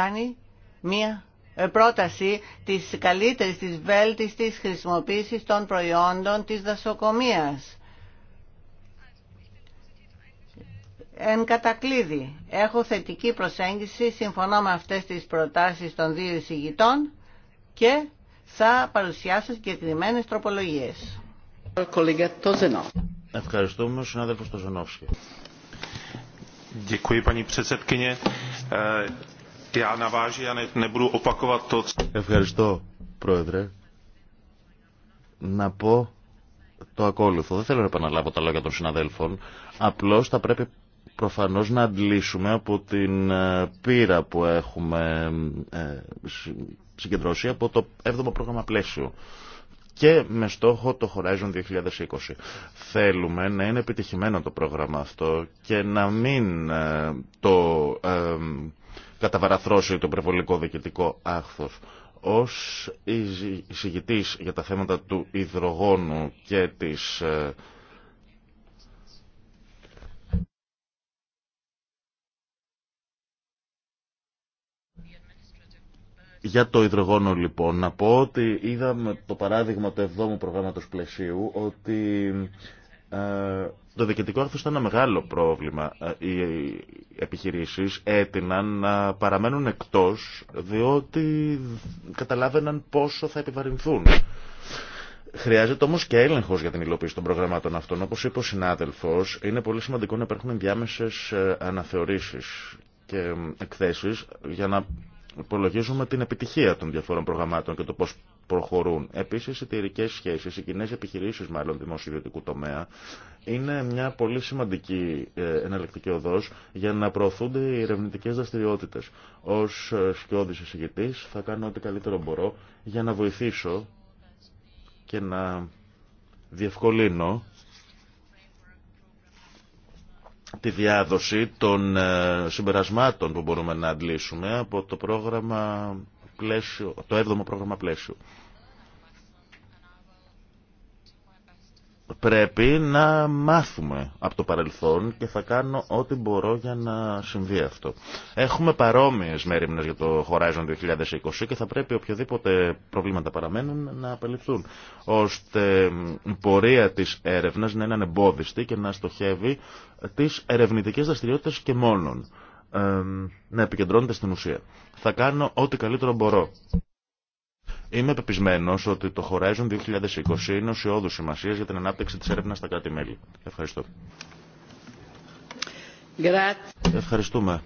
κάνει μία ε, πρόταση της καλύτερης, της βέλτιστης χρησιμοποίησης των προϊόντων της δασοκομείας. Εν κατακλείδη, έχω θετική προσέγγιση, συμφωνώ με αυτές τις προτάσεις των δύο εισηγητών και θα παρουσιάσω συγκεκριμένες τροπολογίες. Ευχαριστούμε, συνάδελφος Πρόεδρε. Ευχαριστώ, Πρόεδρε. Να πω το ακόλουθο. Δεν θέλω να επαναλάβω τα λόγια των συναδέλφων. Απλώς θα πρέπει προφανώς να αντλήσουμε από την ε, πείρα που έχουμε ε, συγκεντρώσει από το 7ο πρόγραμμα πλαίσιο και με στόχο το Horizon 2020. Θέλουμε να είναι επιτυχημένο το πρόγραμμα αυτό και να μην ε, το καταβαραθρώσει το προβολικό διοικητικό άχθο. Ω εισηγητή για τα θέματα του υδρογόνου και της ε, Για το υδρογόνο λοιπόν, να πω ότι είδαμε το παράδειγμα του 7ου προγράμματος πλαισίου ότι ε, το διοικητικό άρθρο ήταν ένα μεγάλο πρόβλημα. Ε, οι επιχειρήσεις έτειναν να παραμένουν εκτός διότι καταλάβαιναν πόσο θα επιβαρυνθούν. Χρειάζεται όμω και έλεγχο για την υλοποίηση των προγραμμάτων αυτών. Όπω είπε ο συνάδελφο, είναι πολύ σημαντικό να υπάρχουν διάμεσε ε, αναθεωρήσεις και εκθέσει για να υπολογίζουμε την επιτυχία των διαφόρων προγραμμάτων και το πώ προχωρούν. Επίση, οι εταιρικέ σχέσει, οι κοινέ επιχειρήσει μάλλον δημοσιοδιοτικού τομέα, είναι μια πολύ σημαντική ε, εναλλακτική οδό για να προωθούνται οι ερευνητικέ δραστηριότητε. Ω ε, σκιώδη εισηγητή, θα κάνω ό,τι καλύτερο μπορώ για να βοηθήσω και να διευκολύνω τη διάδοση των ε, συμπερασμάτων που μπορούμε να αντλήσουμε από το πρόγραμμα πλαίσιο, το έβδομο πρόγραμμα πλαίσιο. Πρέπει να μάθουμε από το παρελθόν και θα κάνω ό,τι μπορώ για να συμβεί αυτό. Έχουμε παρόμοιες μέρημνες για το Horizon 2020 και θα πρέπει οποιοδήποτε προβλήματα παραμένουν να απελευθούν, ώστε η πορεία της έρευνας να είναι ανεμπόδιστη και να στοχεύει τις ερευνητικές δραστηριότητες και μόνον να επικεντρώνεται στην ουσία. Θα κάνω ό,τι καλύτερο μπορώ. Είμαι πεπισμένο ότι το Horizon 2020 είναι ουσιώδου σημασία για την ανάπτυξη τη έρευνα στα κράτη-μέλη. Ευχαριστώ. Ευχαριστούμε.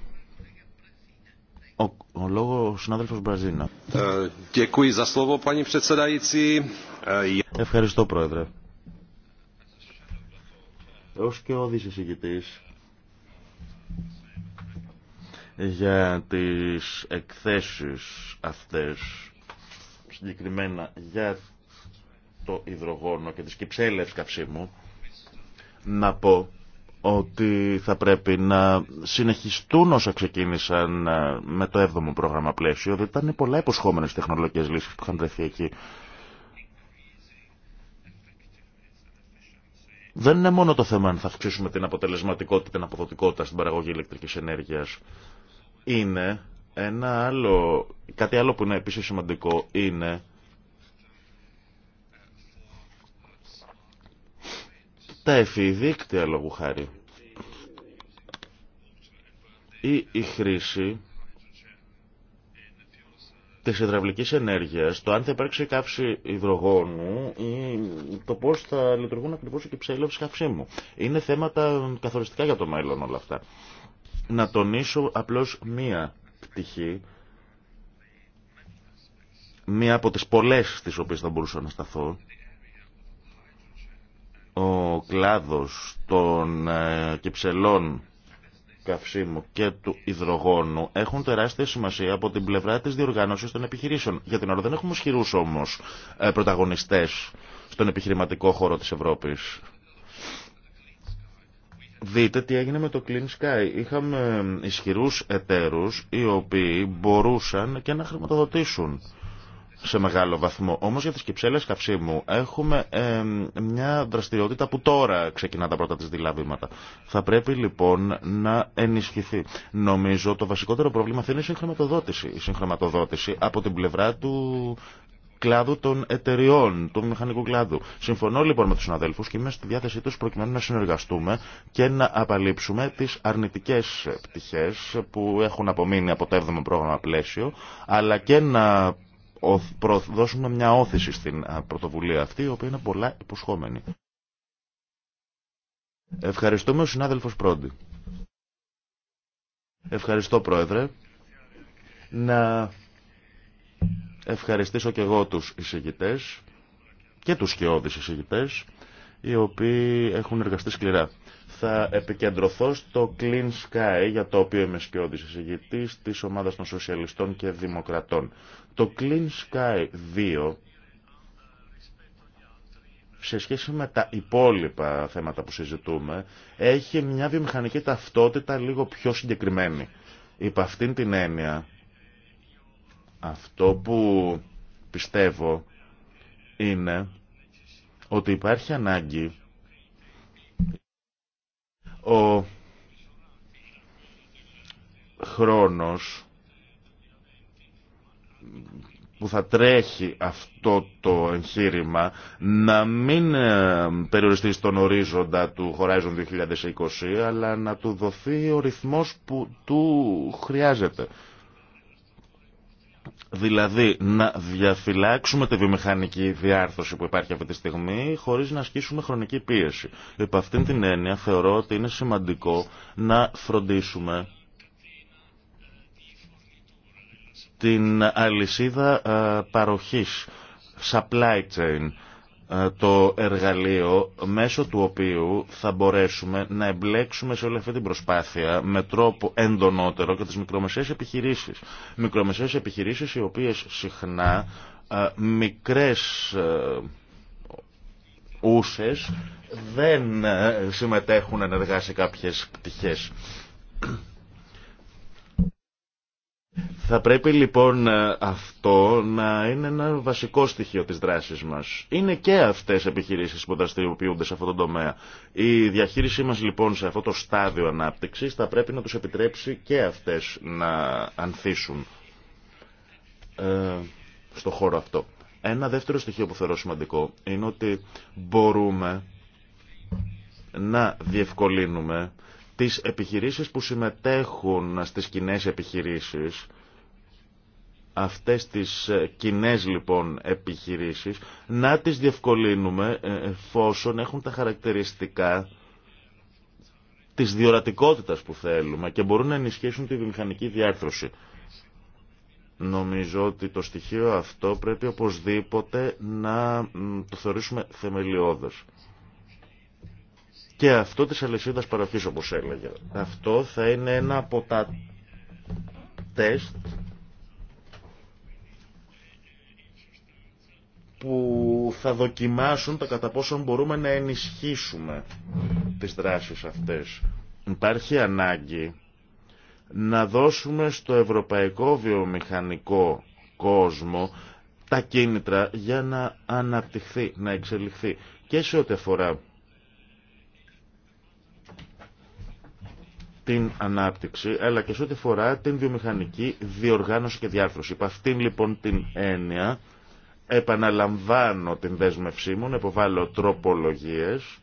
Ο, ο συνάδελφο Μπραζίνα. Ε, ε, Ευχαριστώ, Πρόεδρε. Ω και ο δισηγητή για τις εκθέσεις αυτές, συγκεκριμένα για το υδρογόνο και τις κυψέλευς καυσίμου, να πω ότι θα πρέπει να συνεχιστούν όσα ξεκίνησαν ε, με το 7ο πρόγραμμα πλαίσιο, διότι ήταν πολλά υποσχόμενες τεχνολογικές λύσεις που είχαν βρεθεί εκεί. Δεν είναι μόνο το θέμα αν θα αυξήσουμε την αποτελεσματικότητα την αποδοτικότητα στην παραγωγή ηλεκτρικής ενέργειας είναι ένα άλλο, κάτι άλλο που είναι επίση σημαντικό είναι τα εφηδίκτια λόγου χάρη ή η χρήση της υδραυλικής ενέργειας, το αν θα υπάρξει καύση υδρογόνου ή το πώς θα λειτουργούν ακριβώς οι κυψέλευες καυσίμου. Είναι θέματα καθοριστικά για το μέλλον όλα αυτά να τονίσω απλώς μία πτυχή, μία από τις πολλές στις οποίες θα μπορούσα να σταθώ, ο κλάδος των ε, κυψελών καυσίμου και του υδρογόνου έχουν τεράστια σημασία από την πλευρά της διοργάνωσης των επιχειρήσεων. Για την ώρα δεν έχουμε ισχυρού όμως ε, πρωταγωνιστές στον επιχειρηματικό χώρο της Ευρώπης. Δείτε τι έγινε με το Clean Sky. Είχαμε ισχυρούς εταίρους οι οποίοι μπορούσαν και να χρηματοδοτήσουν σε μεγάλο βαθμό. Όμως για τις κυψέλες καυσίμου έχουμε μια δραστηριότητα που τώρα ξεκινά τα πρώτα της δηλάβηματα. Θα πρέπει λοιπόν να ενισχυθεί. Νομίζω το βασικότερο πρόβλημα θα είναι η συγχρηματοδότηση. Η συγχρηματοδότηση από την πλευρά του κλάδου των εταιριών, του μηχανικού κλάδου. Συμφωνώ λοιπόν με του συναδέλφου και είμαι στη διάθεσή του προκειμένου να συνεργαστούμε και να απαλείψουμε τι αρνητικέ πτυχέ που έχουν απομείνει από το 7ο πρόγραμμα πλαίσιο, αλλά και να δώσουμε μια όθηση στην πρωτοβουλία αυτή, η οποία είναι πολλά υποσχόμενη. Ευχαριστούμε ο συνάδελφος Πρόντι. Ευχαριστώ Πρόεδρε. Να ευχαριστήσω και εγώ τους εισηγητές και τους σκιώδεις εισηγητές οι οποίοι έχουν εργαστεί σκληρά. Θα επικεντρωθώ στο Clean Sky για το οποίο είμαι σκιώδης εισηγητής της ομάδας των Σοσιαλιστών και Δημοκρατών. Το Clean Sky 2 σε σχέση με τα υπόλοιπα θέματα που συζητούμε, έχει μια βιομηχανική ταυτότητα λίγο πιο συγκεκριμένη. Υπ' αυτήν την έννοια, αυτό που πιστεύω είναι ότι υπάρχει ανάγκη ο χρόνος που θα τρέχει αυτό το εγχείρημα να μην ε, περιοριστεί στον ορίζοντα του Horizon 2020 αλλά να του δοθεί ο ρυθμός που του χρειάζεται. Δηλαδή να διαφυλάξουμε τη βιομηχανική διάρθρωση που υπάρχει αυτή τη στιγμή χωρίς να ασκήσουμε χρονική πίεση. Επ' αυτήν την έννοια θεωρώ ότι είναι σημαντικό να φροντίσουμε την αλυσίδα ε, παροχής, supply chain, ε, το εργαλείο μέσω του οποίου θα μπορέσουμε να εμπλέξουμε σε όλη αυτή την προσπάθεια με τρόπο εντονότερο και τις μικρομεσαίες επιχειρήσεις. Μικρομεσαίες επιχειρήσεις οι οποίες συχνά ε, μικρές ε, ούσες δεν συμμετέχουν ενεργά σε κάποιες πτυχές. Θα πρέπει λοιπόν ε, αυτό να είναι ένα βασικό στοιχείο της δράσης μας. Είναι και αυτές οι επιχειρήσεις που δραστηριοποιούνται σε αυτό το τομέα. Η διαχείρισή μας λοιπόν σε αυτό το στάδιο ανάπτυξης θα πρέπει να τους επιτρέψει και αυτές να ανθίσουν ε, στο χώρο αυτό. Ένα δεύτερο στοιχείο που θεωρώ σημαντικό είναι ότι μπορούμε να διευκολύνουμε τις επιχειρήσεις που συμμετέχουν στις κοινέ επιχειρήσεις, αυτές τις ε, κοινέ λοιπόν επιχειρήσεις, να τις διευκολύνουμε ε, εφόσον έχουν τα χαρακτηριστικά της διορατικότητας που θέλουμε και μπορούν να ενισχύσουν τη βιομηχανική διάρθρωση. Νομίζω ότι το στοιχείο αυτό πρέπει οπωσδήποτε να το θεωρήσουμε θεμελιώδες και αυτό της αλυσίδας παροχής όπως έλεγε. Αυτό θα είναι ένα από τα τεστ που θα δοκιμάσουν τα κατά πόσο μπορούμε να ενισχύσουμε τις δράσεις αυτές. Υπάρχει ανάγκη να δώσουμε στο ευρωπαϊκό βιομηχανικό κόσμο τα κίνητρα για να αναπτυχθεί, να εξελιχθεί και σε ό,τι αφορά την ανάπτυξη, αλλά και σε ό,τι φορά την βιομηχανική διοργάνωση και διάρθρωση. Υπ' αυτήν λοιπόν την έννοια επαναλαμβάνω την δέσμευσή μου, εποβάλλω τροπολογίες,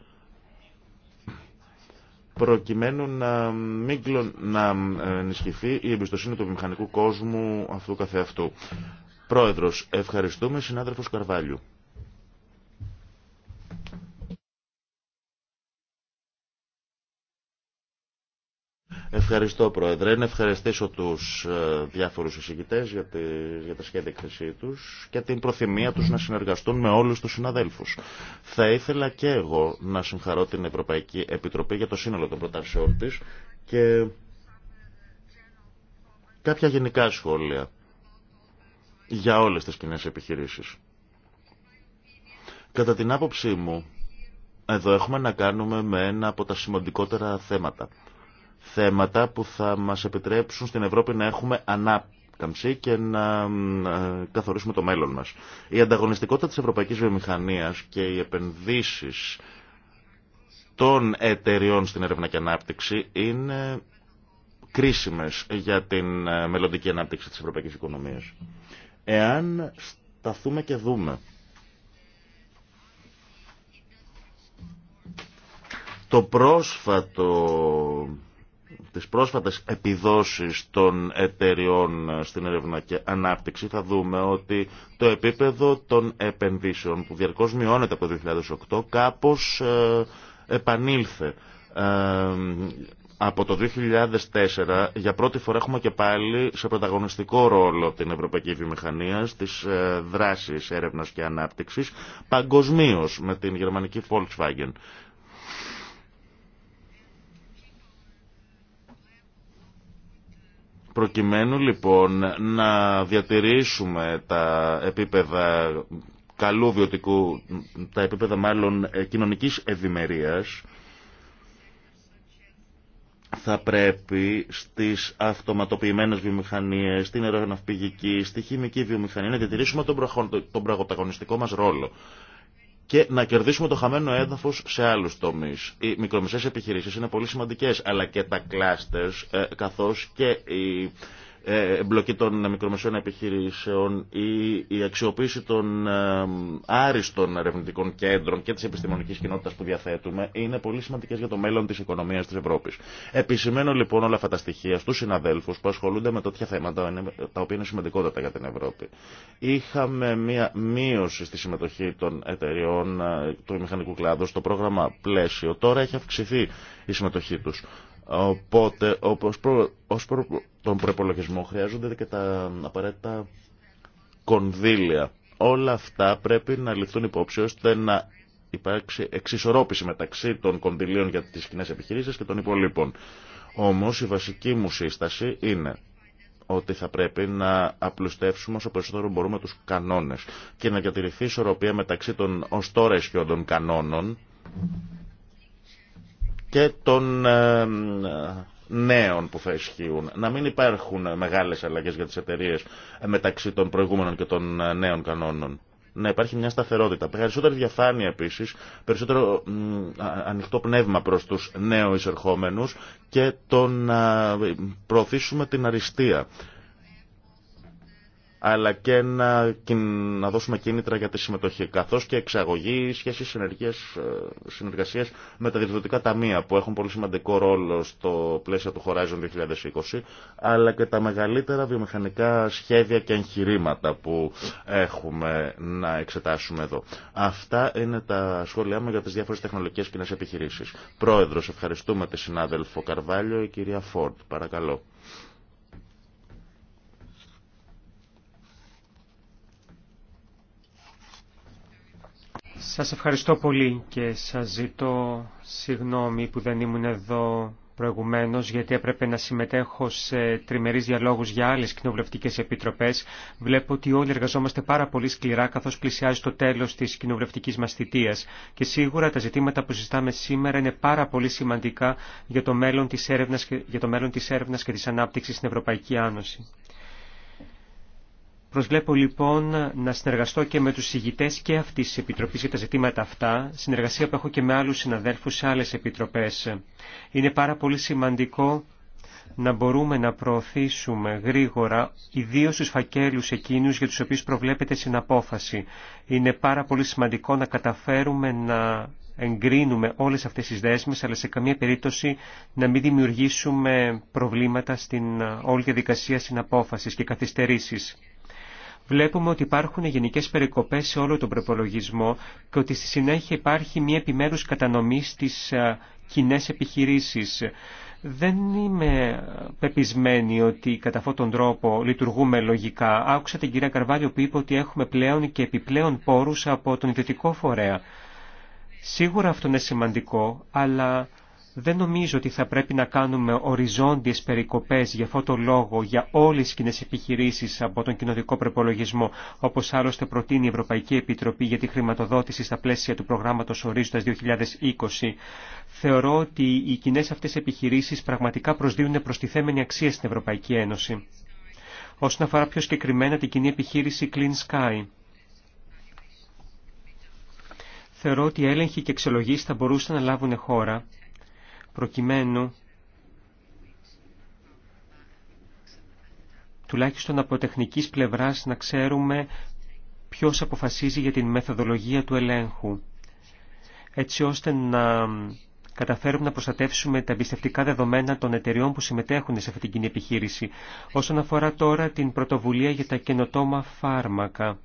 προκειμένου να, μην να ενισχυθεί η εμπιστοσύνη του βιομηχανικού κόσμου αυτού καθεαυτού. Πρόεδρος, ευχαριστούμε συνάδελφος Καρβάλιου. Ευχαριστώ, Πρόεδρε. Να ευχαριστήσω τους ε, διάφορους εισηγητές για, τη, για τα σχέδια εκθεσή τους και την προθυμία τους να συνεργαστούν με όλους τους συναδέλφους. Θα ήθελα και εγώ να συγχαρώ την Ευρωπαϊκή Επιτροπή για το σύνολο των προτάσεών της και κάποια γενικά σχόλια για όλες τις κοινέ επιχειρήσεις. Κατά την άποψή μου, εδώ έχουμε να κάνουμε με ένα από τα σημαντικότερα θέματα θέματα που θα μας επιτρέψουν στην Ευρώπη να έχουμε ανάκαμψη και να ε, καθορίσουμε το μέλλον μας. Η ανταγωνιστικότητα της ευρωπαϊκής βιομηχανίας και οι επενδύσεις των εταιριών στην έρευνα και ανάπτυξη είναι κρίσιμες για την ε, μελλοντική ανάπτυξη της ευρωπαϊκής οικονομίας. Εάν σταθούμε και δούμε το πρόσφατο τις πρόσφατες επιδόσεις των εταιριών ε, στην έρευνα και ανάπτυξη θα δούμε ότι το επίπεδο των επενδύσεων που διαρκώς μειώνεται από το 2008 κάπως ε, επανήλθε. Ε, από το 2004 για πρώτη φορά έχουμε και πάλι σε πρωταγωνιστικό ρόλο την Ευρωπαϊκή Βιομηχανία στις δράσεις έρευνας και ανάπτυξης παγκοσμίως με την γερμανική Volkswagen. Προκειμένου λοιπόν να διατηρήσουμε τα επίπεδα καλού βιωτικού, τα επίπεδα μάλλον ε, κοινωνικής ευημερίας, θα πρέπει στις αυτοματοποιημένες βιομηχανίες, στην αεροναυπηγική, στη χημική βιομηχανία να διατηρήσουμε τον, τον πραγωταγωνιστικό μας ρόλο και να κερδίσουμε το χαμένο έδαφος σε άλλους τομείς. Οι μικρομεσαίες επιχειρήσεις είναι πολύ σημαντικές, αλλά και τα κλάστερς, καθώς και οι ε, εμπλοκή των μικρομεσαίων επιχειρήσεων ή η αξιοποίηση των ε, άριστων ερευνητικών κέντρων και της επιστημονικής κοινότητας που διαθέτουμε είναι πολύ σημαντικές για το μέλλον της οικονομίας της Ευρώπης. Επισημένω λοιπόν όλα αυτά τα στοιχεία στους συναδέλφους που ασχολούνται με τέτοια θέματα τα οποία είναι σημαντικότατα για την Ευρώπη. Είχαμε μία μείωση στη συμμετοχή των εταιριών ε, του μηχανικού κλάδου στο πρόγραμμα πλαίσιο. Τώρα έχει αυξηθεί η συμμετοχή τους. Οπότε, όπως προ, ως προ τον προπολογισμό χρειάζονται και τα απαραίτητα κονδύλια. Όλα αυτά πρέπει να ληφθούν υπόψη ώστε να υπάρξει εξισορρόπηση μεταξύ των κονδυλίων για τις κοινέ επιχειρήσεις και των υπολείπων. Όμως η βασική μου σύσταση είναι ότι θα πρέπει να απλουστεύσουμε όσο περισσότερο μπορούμε τους κανόνες και να διατηρηθεί ισορροπία μεταξύ των ως τώρα ισχυόντων κανόνων και των ε, νέων που θα ισχύουν. Να μην υπάρχουν μεγάλες αλλαγές για τις εταιρείε μεταξύ των προηγούμενων και των ε, νέων κανόνων. Να υπάρχει μια σταθερότητα. Περισσότερη διαφάνεια επίση, περισσότερο ανοιχτό πνεύμα προ του νέου εισερχόμενου και το να ε, προωθήσουμε την αριστεία αλλά και να, να δώσουμε κίνητρα για τη συμμετοχή, καθώς και εξαγωγή σχέσεις ε, συνεργασίας με τα διευθυντικά ταμεία που έχουν πολύ σημαντικό ρόλο στο πλαίσιο του Horizon 2020, αλλά και τα μεγαλύτερα βιομηχανικά σχέδια και εγχειρήματα που έχουμε να εξετάσουμε εδώ. Αυτά είναι τα σχόλιά μου για τις διάφορες τεχνολογικές κοινέ επιχειρήσεις. Πρόεδρος, ευχαριστούμε τη συνάδελφο Καρβάλιο, η κυρία Φόρτ. Παρακαλώ. Σας ευχαριστώ πολύ και σας ζητώ συγγνώμη που δεν ήμουν εδώ προηγουμένως γιατί έπρεπε να συμμετέχω σε τριμερείς διαλόγους για άλλες κοινοβουλευτικές επιτροπές. Βλέπω ότι όλοι εργαζόμαστε πάρα πολύ σκληρά καθώς πλησιάζει το τέλος της κοινοβουλευτικής μας θητείας και σίγουρα τα ζητήματα που συζητάμε σήμερα είναι πάρα πολύ σημαντικά για το μέλλον της έρευνας και, για το της, της στην Ευρωπαϊκή Άνωση. Προσβλέπω λοιπόν να συνεργαστώ και με τους ηγητές και αυτής της Επιτροπής για τα ζητήματα αυτά, συνεργασία που έχω και με άλλους συναδέλφους σε άλλες επιτροπές. Είναι πάρα πολύ σημαντικό να μπορούμε να προωθήσουμε γρήγορα, ιδίως τους φακέλους εκείνους για τους οποίους προβλέπεται συναπόφαση. Είναι πάρα πολύ σημαντικό να καταφέρουμε να εγκρίνουμε όλες αυτές τις δέσμες, αλλά σε καμία περίπτωση να μην δημιουργήσουμε προβλήματα στην όλη διαδικασία συναπόφασης και καθυστερήσεις βλέπουμε ότι υπάρχουν γενικές περικοπές σε όλο τον προπολογισμό και ότι στη συνέχεια υπάρχει μια επιμέρους κατανομή στις κοινέ επιχειρήσεις. Δεν είμαι πεπισμένη ότι κατά αυτόν τον τρόπο λειτουργούμε λογικά. Άκουσα την κυρία Καρβάλιο που είπε ότι έχουμε πλέον και επιπλέον πόρους από τον ιδιωτικό φορέα. Σίγουρα αυτό είναι σημαντικό, αλλά δεν νομίζω ότι θα πρέπει να κάνουμε οριζόντιες περικοπές για αυτό το λόγο για όλες τις κοινέ επιχειρήσεις από τον κοινοδικό προπολογισμό, όπως άλλωστε προτείνει η Ευρωπαϊκή Επιτροπή για τη χρηματοδότηση στα πλαίσια του προγράμματος Ορίζοντας 2020. Θεωρώ ότι οι κοινέ αυτές επιχειρήσεις πραγματικά προσδίδουν προστιθέμενη αξία στην Ευρωπαϊκή Ένωση. Όσον αφορά πιο συγκεκριμένα την κοινή επιχείρηση Clean Sky. Θεωρώ ότι οι έλεγχοι και εξολογήσεις θα μπορούσαν να λάβουν χώρα προκειμένου τουλάχιστον από τεχνικής πλευράς να ξέρουμε ποιος αποφασίζει για την μεθοδολογία του ελέγχου, έτσι ώστε να καταφέρουμε να προστατεύσουμε τα εμπιστευτικά δεδομένα των εταιριών που συμμετέχουν σε αυτή την κοινή επιχείρηση. Όσον αφορά τώρα την πρωτοβουλία για τα καινοτόμα φάρμακα,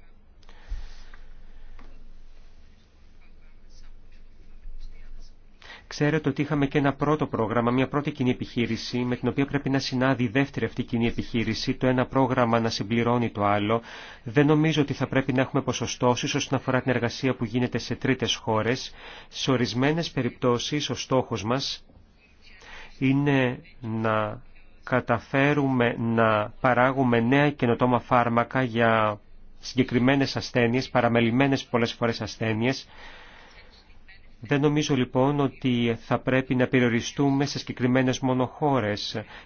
Ξέρετε ότι είχαμε και ένα πρώτο πρόγραμμα, μια πρώτη κοινή επιχείρηση, με την οποία πρέπει να συνάδει η δεύτερη αυτή κοινή επιχείρηση, το ένα πρόγραμμα να συμπληρώνει το άλλο. Δεν νομίζω ότι θα πρέπει να έχουμε ποσοστώσεις όσον αφορά την εργασία που γίνεται σε τρίτε χώρε. Σε ορισμένε περιπτώσει ο στόχο μα είναι να καταφέρουμε να παράγουμε νέα καινοτόμα φάρμακα για συγκεκριμένες ασθένειες, παραμελημένες πολλές φορές ασθένειες, δεν νομίζω λοιπόν ότι θα πρέπει να περιοριστούμε σε συγκεκριμένε μόνο χώρε.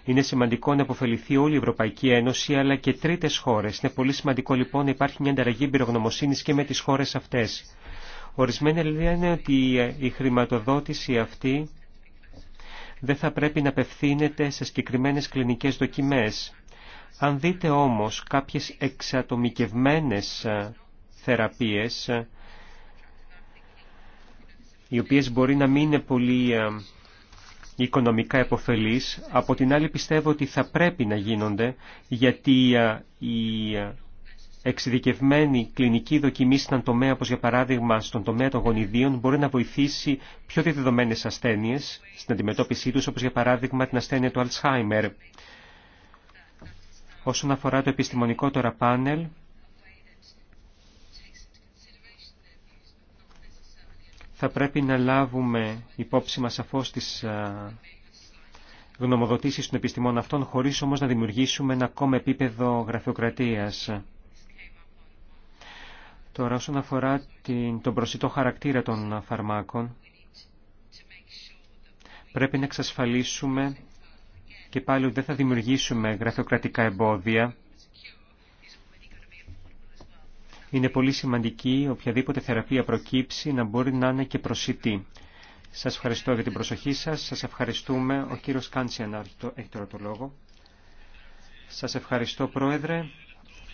Είναι σημαντικό να αποφεληθεί όλη η Ευρωπαϊκή Ένωση αλλά και τρίτε χώρε. Είναι πολύ σημαντικό λοιπόν να υπάρχει μια ανταλλαγή εμπειρογνωμοσύνη και με τι χώρε αυτέ. Ορισμένοι λένε ότι η χρηματοδότηση αυτή δεν θα πρέπει να απευθύνεται σε συγκεκριμένε κλινικέ δοκιμέ. Αν δείτε όμω κάποιε εξατομικευμένε ε, θεραπείες οι οποίες μπορεί να μην είναι πολύ ε, οικονομικά επωφελείς. Από την άλλη πιστεύω ότι θα πρέπει να γίνονται γιατί ε, η ε, εξειδικευμένη κλινική δοκιμή στην τομέα, όπως για παράδειγμα στον τομέα των γονιδίων, μπορεί να βοηθήσει πιο διδεδομένες ασθένειες στην αντιμετώπιση τους, όπως για παράδειγμα την ασθένεια του Αλτσχάιμερ. Όσον αφορά το επιστημονικό τώρα πάνελ, θα πρέπει να λάβουμε υπόψη μας σαφώς τις γνωμοδοτήσεις των επιστημών αυτών, χωρίς όμως να δημιουργήσουμε ένα ακόμα επίπεδο γραφειοκρατίας. Τώρα όσον αφορά την, τον προσιτό χαρακτήρα των φαρμάκων, πρέπει να εξασφαλίσουμε και πάλι ότι δεν θα δημιουργήσουμε γραφειοκρατικά εμπόδια είναι πολύ σημαντική οποιαδήποτε θεραπεία προκύψει να μπορεί να είναι και προσιτή. Σας ευχαριστώ για την προσοχή σας. Σας ευχαριστούμε. Ο κύριος Κάντσιαν έχει τώρα το λόγο. Σας ευχαριστώ Πρόεδρε.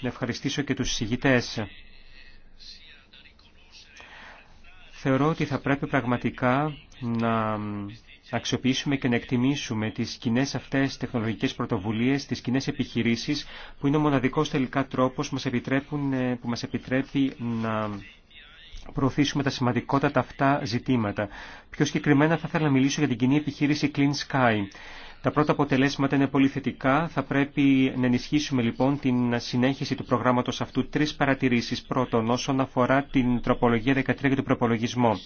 Να ευχαριστήσω και τους συγητές. Θεωρώ ότι θα πρέπει πραγματικά να να αξιοποιήσουμε και να εκτιμήσουμε τις κοινέ αυτές τεχνολογικές πρωτοβουλίες, τις κοινέ επιχειρήσεις, που είναι ο μοναδικός τελικά τρόπος που μας, επιτρέπουν, ε, που μας επιτρέπει να προωθήσουμε τα σημαντικότατα αυτά ζητήματα. Πιο συγκεκριμένα θα ήθελα να μιλήσω για την κοινή επιχείρηση Clean Sky. Τα πρώτα αποτελέσματα είναι πολύ θετικά. Θα πρέπει να ενισχύσουμε λοιπόν την συνέχιση του προγράμματο αυτού. τρει παρατηρήσει Πρώτον, όσον αφορά την τροπολογία 13 και τον προπολογισμό.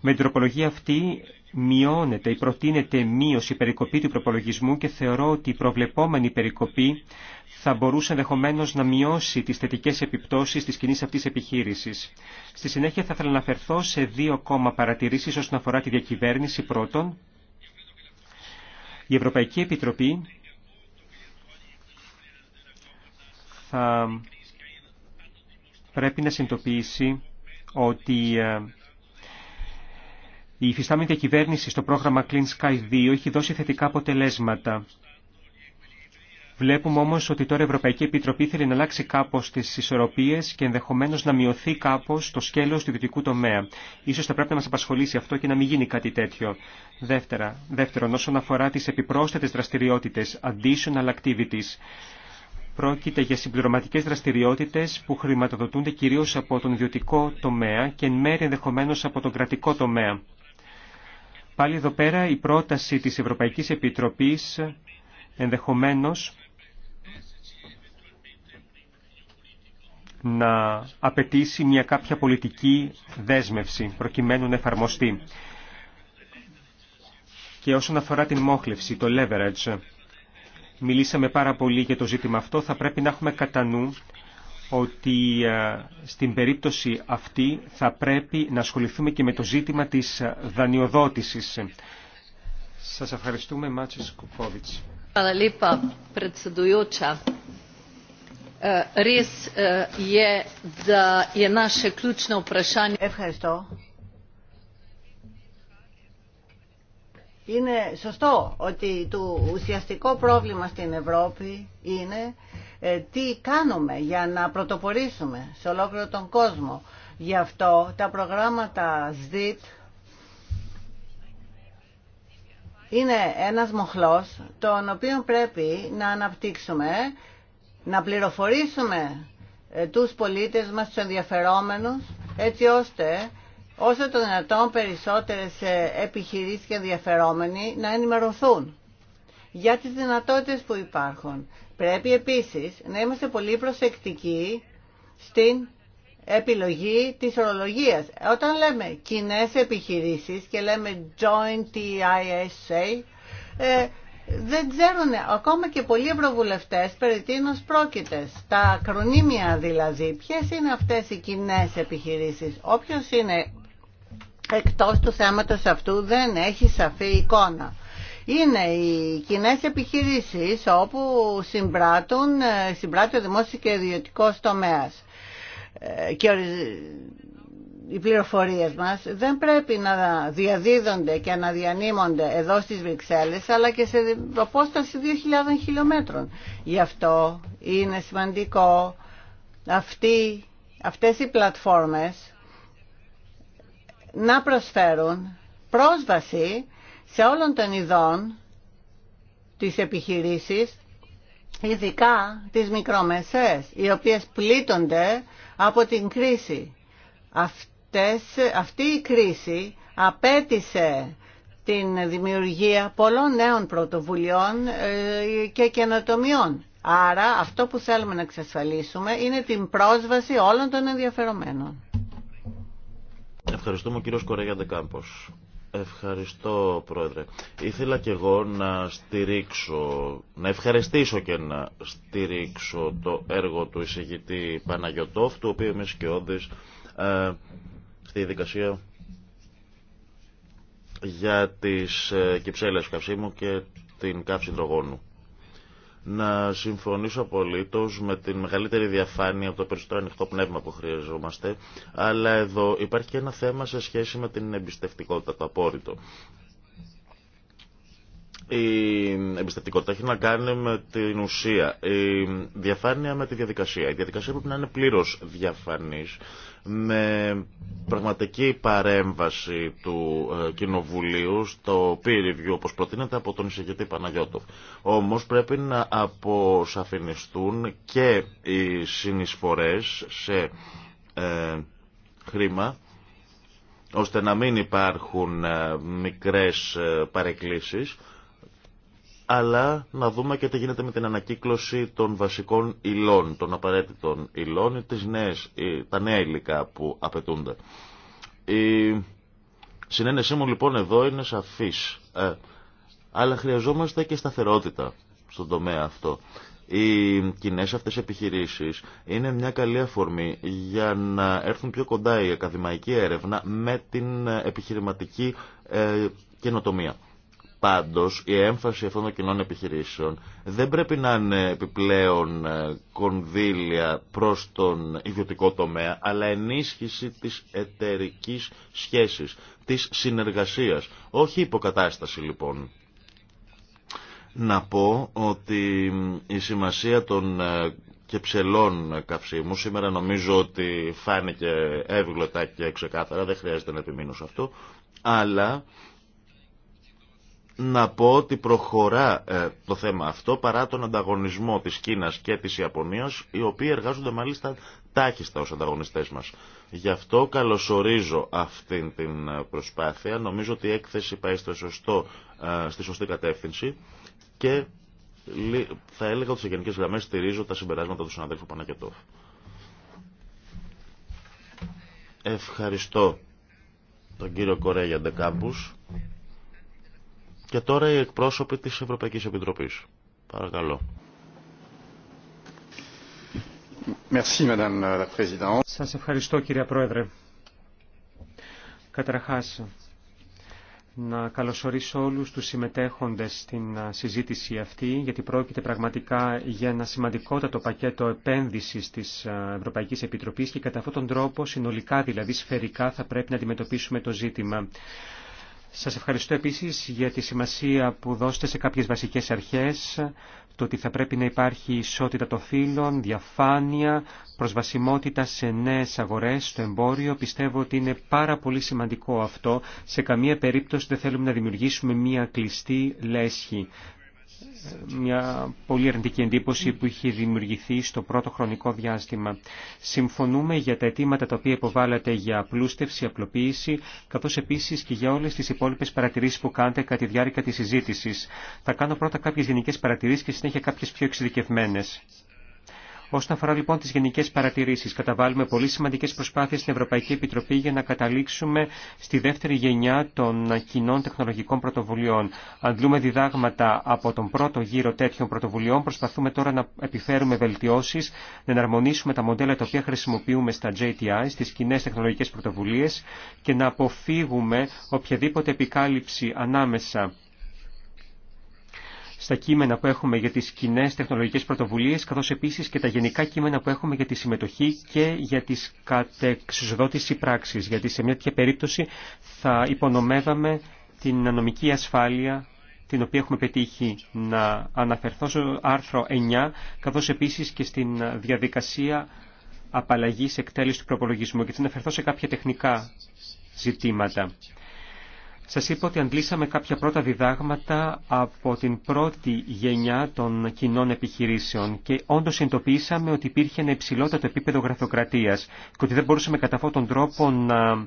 Με την τροπολογία αυτή μειώνεται ή προτείνεται μείωση περικοπή του προπολογισμού και θεωρώ ότι η προβλεπόμενη περικοπή θα μπορούσε ενδεχομένω να μειώσει τι θετικέ επιπτώσει τη κοινή αυτή επιχείρηση. Στη συνέχεια θα ήθελα να αναφερθώ σε δύο ακόμα παρατηρήσει όσον αφορά τη διακυβέρνηση. Πρώτον, η Ευρωπαϊκή Επιτροπή θα πρέπει να συνειδητοποιήσει ότι ε, η υφιστάμενη διακυβέρνηση στο πρόγραμμα Clean Sky 2 έχει δώσει θετικά αποτελέσματα. Βλέπουμε όμως ότι τώρα η Ευρωπαϊκή Επιτροπή θέλει να αλλάξει κάπως τις ισορροπίες και ενδεχομένως να μειωθεί κάπως το σκέλος του ιδιωτικού τομέα. Ίσως θα πρέπει να μας απασχολήσει αυτό και να μην γίνει κάτι τέτοιο. Δεύτερα, δεύτερον, όσον αφορά τις επιπρόσθετες δραστηριότητες, additional activities, Πρόκειται για συμπληρωματικές δραστηριότητες που χρηματοδοτούνται κυρίως από τον ιδιωτικό τομέα και εν μέρει ενδεχομένως από τον κρατικό τομέα. Πάλι εδώ πέρα η πρόταση της Ευρωπαϊκής Επιτροπής ενδεχομένως να απαιτήσει μια κάποια πολιτική δέσμευση προκειμένου να εφαρμοστεί. Και όσον αφορά την μόχλευση, το leverage, μιλήσαμε πάρα πολύ για το ζήτημα αυτό, θα πρέπει να έχουμε κατά νου ότι ε, στην περίπτωση αυτή θα πρέπει να ασχοληθούμε και με το ζήτημα της ε, δανειοδότησης. Σας ευχαριστούμε, Μάτσες Κουφόβιτς. Ε, Ευχαριστώ, Είναι σωστό ότι το ουσιαστικό πρόβλημα στην Ευρώπη είναι ε, τι κάνουμε για να πρωτοπορήσουμε σε ολόκληρο τον κόσμο. Γι' αυτό τα προγράμματα ΣΔΙΤ είναι ένας μοχλός τον οποίο πρέπει να αναπτύξουμε, να πληροφορήσουμε ε, τους πολίτες μας, τους ενδιαφερόμενους, έτσι ώστε όσο το δυνατόν περισσότερες ε, επιχειρήσεις και ενδιαφερόμενοι να ενημερωθούν για τις δυνατότητες που υπάρχουν. Πρέπει επίσης να είμαστε πολύ προσεκτικοί στην επιλογή της ορολογίας. Όταν λέμε κοινέ επιχειρήσεις και λέμε joint TISA, ε, δεν ξέρουν ακόμα και πολλοί ευρωβουλευτέ, περί τίνο πρόκειται. Τα ακρονίμια δηλαδή, ποιε είναι αυτές οι κοινέ επιχειρήσει, όποιο είναι εκτός του θέματος αυτού δεν έχει σαφή εικόνα. Είναι οι κοινέ επιχειρήσεις όπου συμπράττουν, ε, συμπράττει ο δημόσιο και ιδιωτικό τομέα. Ε, και οι πληροφορίες μας δεν πρέπει να διαδίδονται και να διανύμονται εδώ στις Βρυξέλλες αλλά και σε απόσταση 2.000 χιλιόμετρων. Γι' αυτό είναι σημαντικό αυτοί, αυτές οι πλατφόρμες να προσφέρουν πρόσβαση σε όλων των ειδών της επιχειρήσεις, ειδικά τις μικρομεσές, οι οποίες πλήττονται από την κρίση. αυτή η κρίση απέτησε την δημιουργία πολλών νέων πρωτοβουλειών ε, και καινοτομιών. Άρα αυτό που θέλουμε να εξασφαλίσουμε είναι την πρόσβαση όλων των ενδιαφερομένων. Ευχαριστούμε κύριο Κορέγια Ντεκάμπος. Ευχαριστώ πρόεδρε. Ήθελα και εγώ να στηρίξω, να ευχαριστήσω και να στηρίξω το έργο του εισηγητή Παναγιωτόφ, του οποίου είμαι όδης ε, στη δικασία για τις ε, κυψέλες καυσίμου και την καύση τρογόνου να συμφωνήσω απολύτω με την μεγαλύτερη διαφάνεια από το περισσότερο ανοιχτό πνεύμα που χρειαζόμαστε. Αλλά εδώ υπάρχει και ένα θέμα σε σχέση με την εμπιστευτικότητα, το απόρριτο. Η εμπιστευτικότητα έχει να κάνει με την ουσία. Η διαφάνεια με τη διαδικασία. Η διαδικασία πρέπει να είναι πλήρω διαφανή με πραγματική παρέμβαση του ε, Κοινοβουλίου στο peer review όπως προτείνεται από τον εισηγητή Παναγιώτο. Όμως πρέπει να αποσαφινιστούν και οι συνεισφορές σε ε, χρήμα ώστε να μην υπάρχουν ε, μικρές παρεκκλήσεις αλλά να δούμε και τι γίνεται με την ανακύκλωση των βασικών υλών, των απαραίτητων υλών ή τις νέες, τα νέα υλικά που απαιτούνται. Η συνένεσή μου λοιπόν εδώ είναι σαφής, ε, αλλά χρειαζόμαστε και σταθερότητα στον τομέα αυτό. Οι κοινέ αυτές επιχειρήσεις είναι μια καλή αφορμή για να έρθουν πιο κοντά η ακαδημαϊκή έρευνα με την επιχειρηματική ε, καινοτομία. Πάντως, η έμφαση αυτών των κοινών επιχειρήσεων δεν πρέπει να είναι επιπλέον ε, κονδύλια προς τον ιδιωτικό τομέα, αλλά ενίσχυση της εταιρικής σχέσης, της συνεργασίας, όχι υποκατάσταση λοιπόν. Να πω ότι η σημασία των ε, κεψελών καυσίμου. Σήμερα νομίζω ότι φάνηκε εύγλωτα και ξεκάθαρα, δεν χρειάζεται να επιμείνω σε αυτό. Αλλά να πω ότι προχωρά ε, το θέμα αυτό παρά τον ανταγωνισμό της Κίνας και της Ιαπωνίας, οι οποίοι εργάζονται μάλιστα τάχιστα ως ανταγωνιστές μας. Γι' αυτό καλωσορίζω αυτήν την ε, προσπάθεια. Νομίζω ότι η έκθεση πάει στο σωστό, ε, στη σωστή κατεύθυνση και θα έλεγα ότι σε γενικές γραμμές στηρίζω τα συμπεράσματα του συναδέλφου Πανακετόφ. Ευχαριστώ τον κύριο Κορέγια Ντεκάμπους και τώρα οι εκπρόσωποι της Ευρωπαϊκής Επιτροπής. Παρακαλώ. Σας ευχαριστώ κύριε Πρόεδρε. Καταρχάς, να καλωσορίσω όλους τους συμμετέχοντες στην συζήτηση αυτή, γιατί πρόκειται πραγματικά για ένα σημαντικότατο πακέτο επένδυσης της Ευρωπαϊκής Επιτροπής και κατά αυτόν τον τρόπο συνολικά, δηλαδή σφαιρικά, θα πρέπει να αντιμετωπίσουμε το ζήτημα. Σας ευχαριστώ επίσης για τη σημασία που δώσετε σε κάποιες βασικές αρχές, το ότι θα πρέπει να υπάρχει ισότητα των φύλων, διαφάνεια, προσβασιμότητα σε νέες αγορές, στο εμπόριο. Πιστεύω ότι είναι πάρα πολύ σημαντικό αυτό. Σε καμία περίπτωση δεν θέλουμε να δημιουργήσουμε μία κλειστή λέσχη μια πολύ αρνητική εντύπωση που είχε δημιουργηθεί στο πρώτο χρονικό διάστημα. Συμφωνούμε για τα αιτήματα τα οποία υποβάλλατε για απλούστευση, απλοποίηση, καθώς επίσης και για όλες τις υπόλοιπες παρατηρήσεις που κάνετε κατά τη διάρκεια της συζήτησης. Θα κάνω πρώτα κάποιες γενικές παρατηρήσεις και συνέχεια κάποιες πιο εξειδικευμένες. Όσον αφορά λοιπόν τι γενικέ παρατηρήσει, καταβάλουμε πολύ σημαντικέ προσπάθειε στην Ευρωπαϊκή Επιτροπή για να καταλήξουμε στη δεύτερη γενιά των κοινών τεχνολογικών πρωτοβουλειών. Αντλούμε διδάγματα από τον πρώτο γύρο τέτοιων πρωτοβουλειών, προσπαθούμε τώρα να επιφέρουμε βελτιώσει, να εναρμονίσουμε τα μοντέλα τα οποία χρησιμοποιούμε στα JTI, στι κοινέ τεχνολογικέ πρωτοβουλίε και να αποφύγουμε οποιαδήποτε επικάλυψη ανάμεσα στα κείμενα που έχουμε για τις κοινέ τεχνολογικές πρωτοβουλίες, καθώς επίσης και τα γενικά κείμενα που έχουμε για τη συμμετοχή και για τις κατεξουσδότηση πράξεις, γιατί σε μια τέτοια περίπτωση θα υπονομεύαμε την νομική ασφάλεια την οποία έχουμε πετύχει να αναφερθώ στο άρθρο 9, καθώς επίσης και στην διαδικασία απαλλαγής εκτέλεσης του προπολογισμού και θα αναφερθώ σε κάποια τεχνικά ζητήματα. Σας είπα ότι αντλήσαμε κάποια πρώτα διδάγματα από την πρώτη γενιά των κοινών επιχειρήσεων και όντως συνειδητοποιήσαμε ότι υπήρχε ένα υψηλότατο επίπεδο γραφειοκρατίας και ότι δεν μπορούσαμε κατά αυτόν τον τρόπο να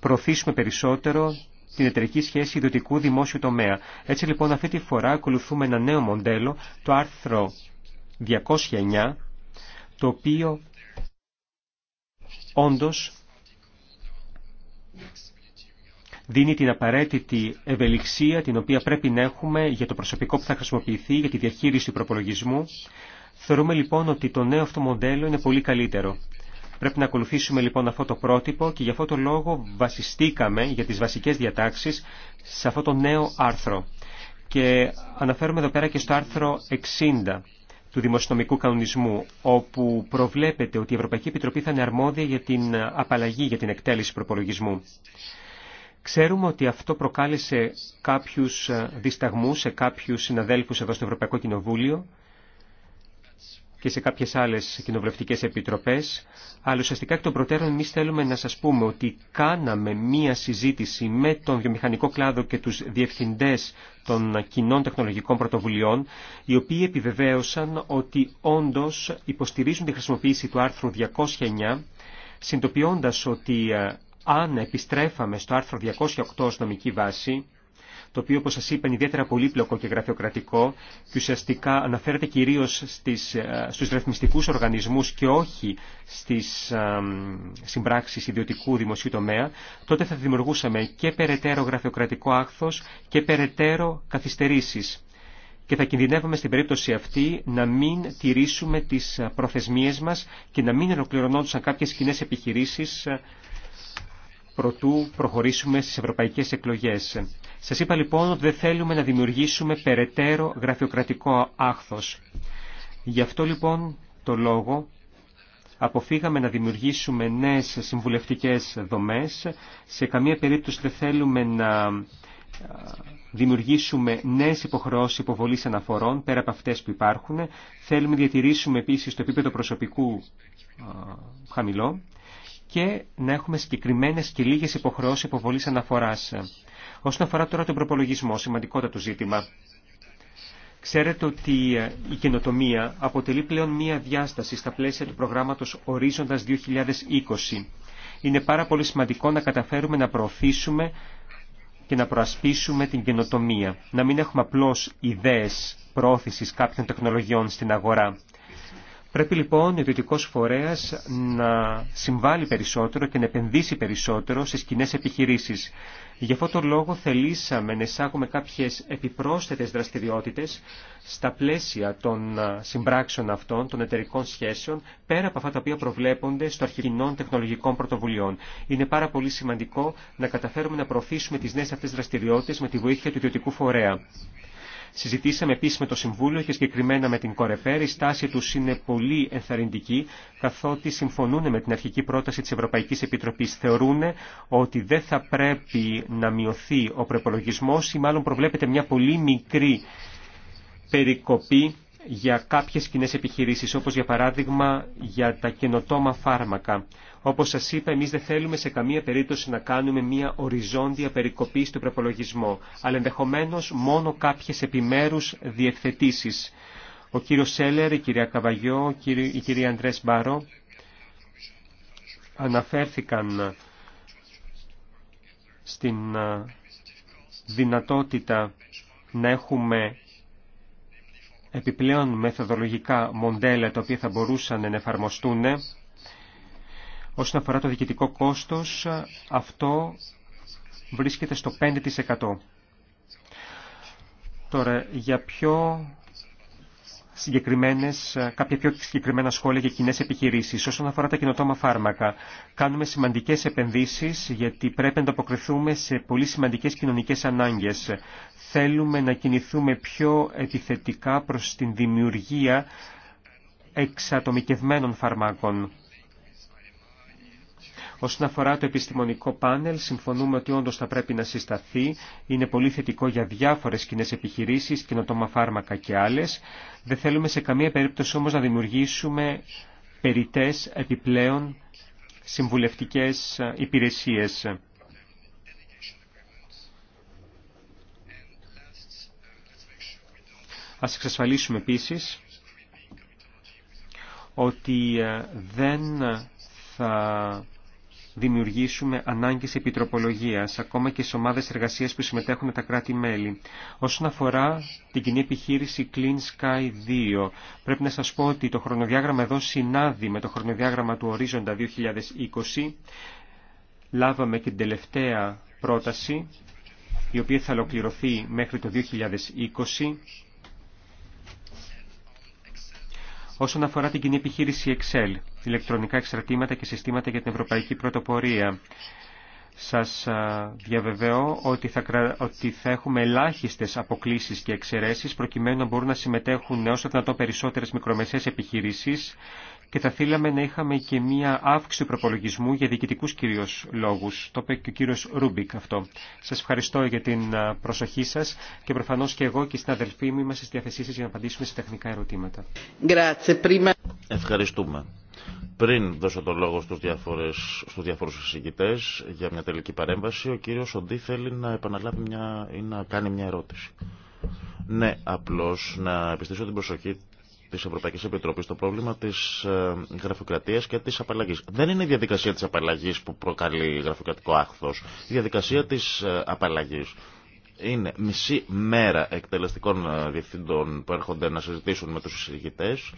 προωθήσουμε περισσότερο την εταιρική σχέση ιδιωτικού δημόσιου τομέα. Έτσι λοιπόν αυτή τη φορά ακολουθούμε ένα νέο μοντέλο, το άρθρο 209, το οποίο όντως δίνει την απαραίτητη ευελιξία την οποία πρέπει να έχουμε για το προσωπικό που θα χρησιμοποιηθεί, για τη διαχείριση του προπολογισμού. Θεωρούμε λοιπόν ότι το νέο αυτό μοντέλο είναι πολύ καλύτερο. Πρέπει να ακολουθήσουμε λοιπόν αυτό το πρότυπο και γι' αυτό το λόγο βασιστήκαμε για τις βασικές διατάξεις σε αυτό το νέο άρθρο. Και αναφέρουμε εδώ πέρα και στο άρθρο 60 του Δημοσιονομικού Κανονισμού, όπου προβλέπεται ότι η Ευρωπαϊκή Επιτροπή θα είναι αρμόδια για την απαλλαγή, για την εκτέλεση προπολογισμού. Ξέρουμε ότι αυτό προκάλεσε κάποιους ε, δισταγμούς σε κάποιους συναδέλφους εδώ στο Ευρωπαϊκό Κοινοβούλιο και σε κάποιες άλλες κοινοβουλευτικές επιτροπές, αλλά ουσιαστικά εκ των προτέρων εμεί θέλουμε να σας πούμε ότι κάναμε μία συζήτηση με τον βιομηχανικό κλάδο και τους διευθυντές των κοινών τεχνολογικών πρωτοβουλειών, οι οποίοι επιβεβαίωσαν ότι όντως υποστηρίζουν τη χρησιμοποίηση του άρθρου 209, συντοποιώντας ότι ε, αν επιστρέφαμε στο άρθρο 208 ως νομική βάση, το οποίο όπως σας είπα είναι ιδιαίτερα πολύπλοκο και γραφειοκρατικό και ουσιαστικά αναφέρεται κυρίως στις, ε, στους ρυθμιστικούς οργανισμούς και όχι στις α, ε, συμπράξεις ιδιωτικού δημοσίου τομέα, τότε θα δημιουργούσαμε και περαιτέρω γραφειοκρατικό άκθος και περαιτέρω καθυστερήσεις. Και θα κινδυνεύουμε στην περίπτωση αυτή να μην τηρήσουμε τις ε, προθεσμίες μας και να μην ολοκληρωνόντουσαν κάποιες κοινέ επιχειρήσεις προτού προχωρήσουμε στις ευρωπαϊκές εκλογές. Σας είπα λοιπόν ότι δεν θέλουμε να δημιουργήσουμε περαιτέρω γραφειοκρατικό άχθος. Γι' αυτό λοιπόν το λόγο αποφύγαμε να δημιουργήσουμε νέες συμβουλευτικές δομές. Σε καμία περίπτωση δεν θέλουμε να δημιουργήσουμε νέες υποχρεώσεις υποβολής αναφορών πέρα από αυτές που υπάρχουν. Θέλουμε να διατηρήσουμε επίσης το επίπεδο προσωπικού χαμηλό και να έχουμε συγκεκριμένε και λίγες υποχρεώσει υποβολή αναφορά. Όσον αφορά τώρα τον προπολογισμό, σημαντικότατο ζήτημα. Ξέρετε ότι ε, η καινοτομία αποτελεί πλέον μία διάσταση στα πλαίσια του προγράμματος Ορίζοντας 2020. Είναι πάρα πολύ σημαντικό να καταφέρουμε να προωθήσουμε και να προασπίσουμε την καινοτομία. Να μην έχουμε απλώς ιδέες πρόθεσης κάποιων τεχνολογιών στην αγορά. Πρέπει λοιπόν ο ιδιωτικό φορέα να συμβάλλει περισσότερο και να επενδύσει περισσότερο στι κοινέ επιχειρήσει. Γι' αυτό τον λόγο θελήσαμε να εισάγουμε κάποιε επιπρόσθετε δραστηριότητε στα πλαίσια των συμπράξεων αυτών, των εταιρικών σχέσεων, πέρα από αυτά τα οποία προβλέπονται στο αρχικό τεχνολογικών πρωτοβουλειών. Είναι πάρα πολύ σημαντικό να καταφέρουμε να προωθήσουμε τι νέε αυτέ δραστηριότητε με τη βοήθεια του ιδιωτικού φορέα. Συζητήσαμε επίση με το Συμβούλιο και συγκεκριμένα με την Κορεπέρ. Η στάση του είναι πολύ ενθαρρυντική, καθότι συμφωνούν με την αρχική πρόταση τη Ευρωπαϊκή Επιτροπή. Θεωρούν ότι δεν θα πρέπει να μειωθεί ο προπολογισμό ή μάλλον προβλέπεται μια πολύ μικρή περικοπή για κάποιες κοινέ επιχειρήσεις, όπως για παράδειγμα για τα καινοτόμα φάρμακα. Όπως σας είπα, εμείς δεν θέλουμε σε καμία περίπτωση να κάνουμε μια οριζόντια περικοπή στο προπολογισμό, αλλά ενδεχομένως μόνο κάποιες επιμέρους διευθετήσεις. Ο κύριος Σέλερ, η κυρία Καβαγιό, η κυρία Αντρές Μπάρο αναφέρθηκαν στην δυνατότητα να έχουμε επιπλέον μεθοδολογικά μοντέλα τα οποία θα μπορούσαν να εφαρμοστούν Όσον αφορά το διοικητικό κόστος, αυτό βρίσκεται στο 5%. Τώρα, για πιο συγκεκριμένες, κάποια πιο συγκεκριμένα σχόλια για κοινέ επιχειρήσεις. Όσον αφορά τα κοινοτόμα φάρμακα, κάνουμε σημαντικές επενδύσεις γιατί πρέπει να ανταποκριθούμε σε πολύ σημαντικές κοινωνικές ανάγκες. Θέλουμε να κινηθούμε πιο επιθετικά προς την δημιουργία εξατομικευμένων φαρμάκων. Όσον αφορά το επιστημονικό πάνελ, συμφωνούμε ότι όντω θα πρέπει να συσταθεί. Είναι πολύ θετικό για διάφορε κοινέ επιχειρήσει, κοινοτόμα φάρμακα και άλλε. Δεν θέλουμε σε καμία περίπτωση όμω να δημιουργήσουμε περιτέ επιπλέον συμβουλευτικέ υπηρεσίε. Ας εξασφαλίσουμε επίσης ότι ε, δεν θα δημιουργήσουμε ανάγκε επιτροπολογία, ακόμα και σε ομάδε εργασία που συμμετέχουν τα κράτη-μέλη. Όσον αφορά την κοινή επιχείρηση Clean Sky 2, πρέπει να σα πω ότι το χρονοδιάγραμμα εδώ συνάδει με το χρονοδιάγραμμα του Ορίζοντα 2020. Λάβαμε και την τελευταία πρόταση, η οποία θα ολοκληρωθεί μέχρι το 2020. Όσον αφορά την κοινή επιχείρηση Excel, ηλεκτρονικά εξαρτήματα και συστήματα για την Ευρωπαϊκή Πρωτοπορία. Σας διαβεβαιώ ότι θα, ότι θα έχουμε ελάχιστες αποκλήσεις και εξαιρέσεις προκειμένου να μπορούν να συμμετέχουν όσο δυνατόν περισσότερες μικρομεσαίες επιχειρήσεις και θα θέλαμε να είχαμε και μία αύξηση προπολογισμού για διοικητικούς κυρίως λόγους. Το είπε και ο κύριο Ρούμπικ αυτό. Σας ευχαριστώ για την προσοχή σας και προφανώ και εγώ και οι αδελφή, μου είμαστε στη διάθεσή για να απαντήσουμε σε τεχνικά ερωτήματα. Ευχαριστούμε. Πριν δώσω το λόγο στους, διάφορες, στους διάφορους εισηγητές για μια τελική παρέμβαση, ο κύριος Οντή θέλει να επαναλάβει μια, ή να κάνει μια ερώτηση. Ναι, απλώς να επιστήσω την προσοχή τη Ευρωπαϊκή Επιτροπή στο πρόβλημα τη ε, γραφειοκρατίας και τη απαλλαγή. Δεν είναι η διαδικασία τη απαλλαγή που προκαλεί γραφειοκρατικό άχθο. Η διαδικασία τη ε, απαλλαγή είναι μισή μέρα εκτελεστικών ε, διευθυντών που έρχονται να συζητήσουν με τους συζητητές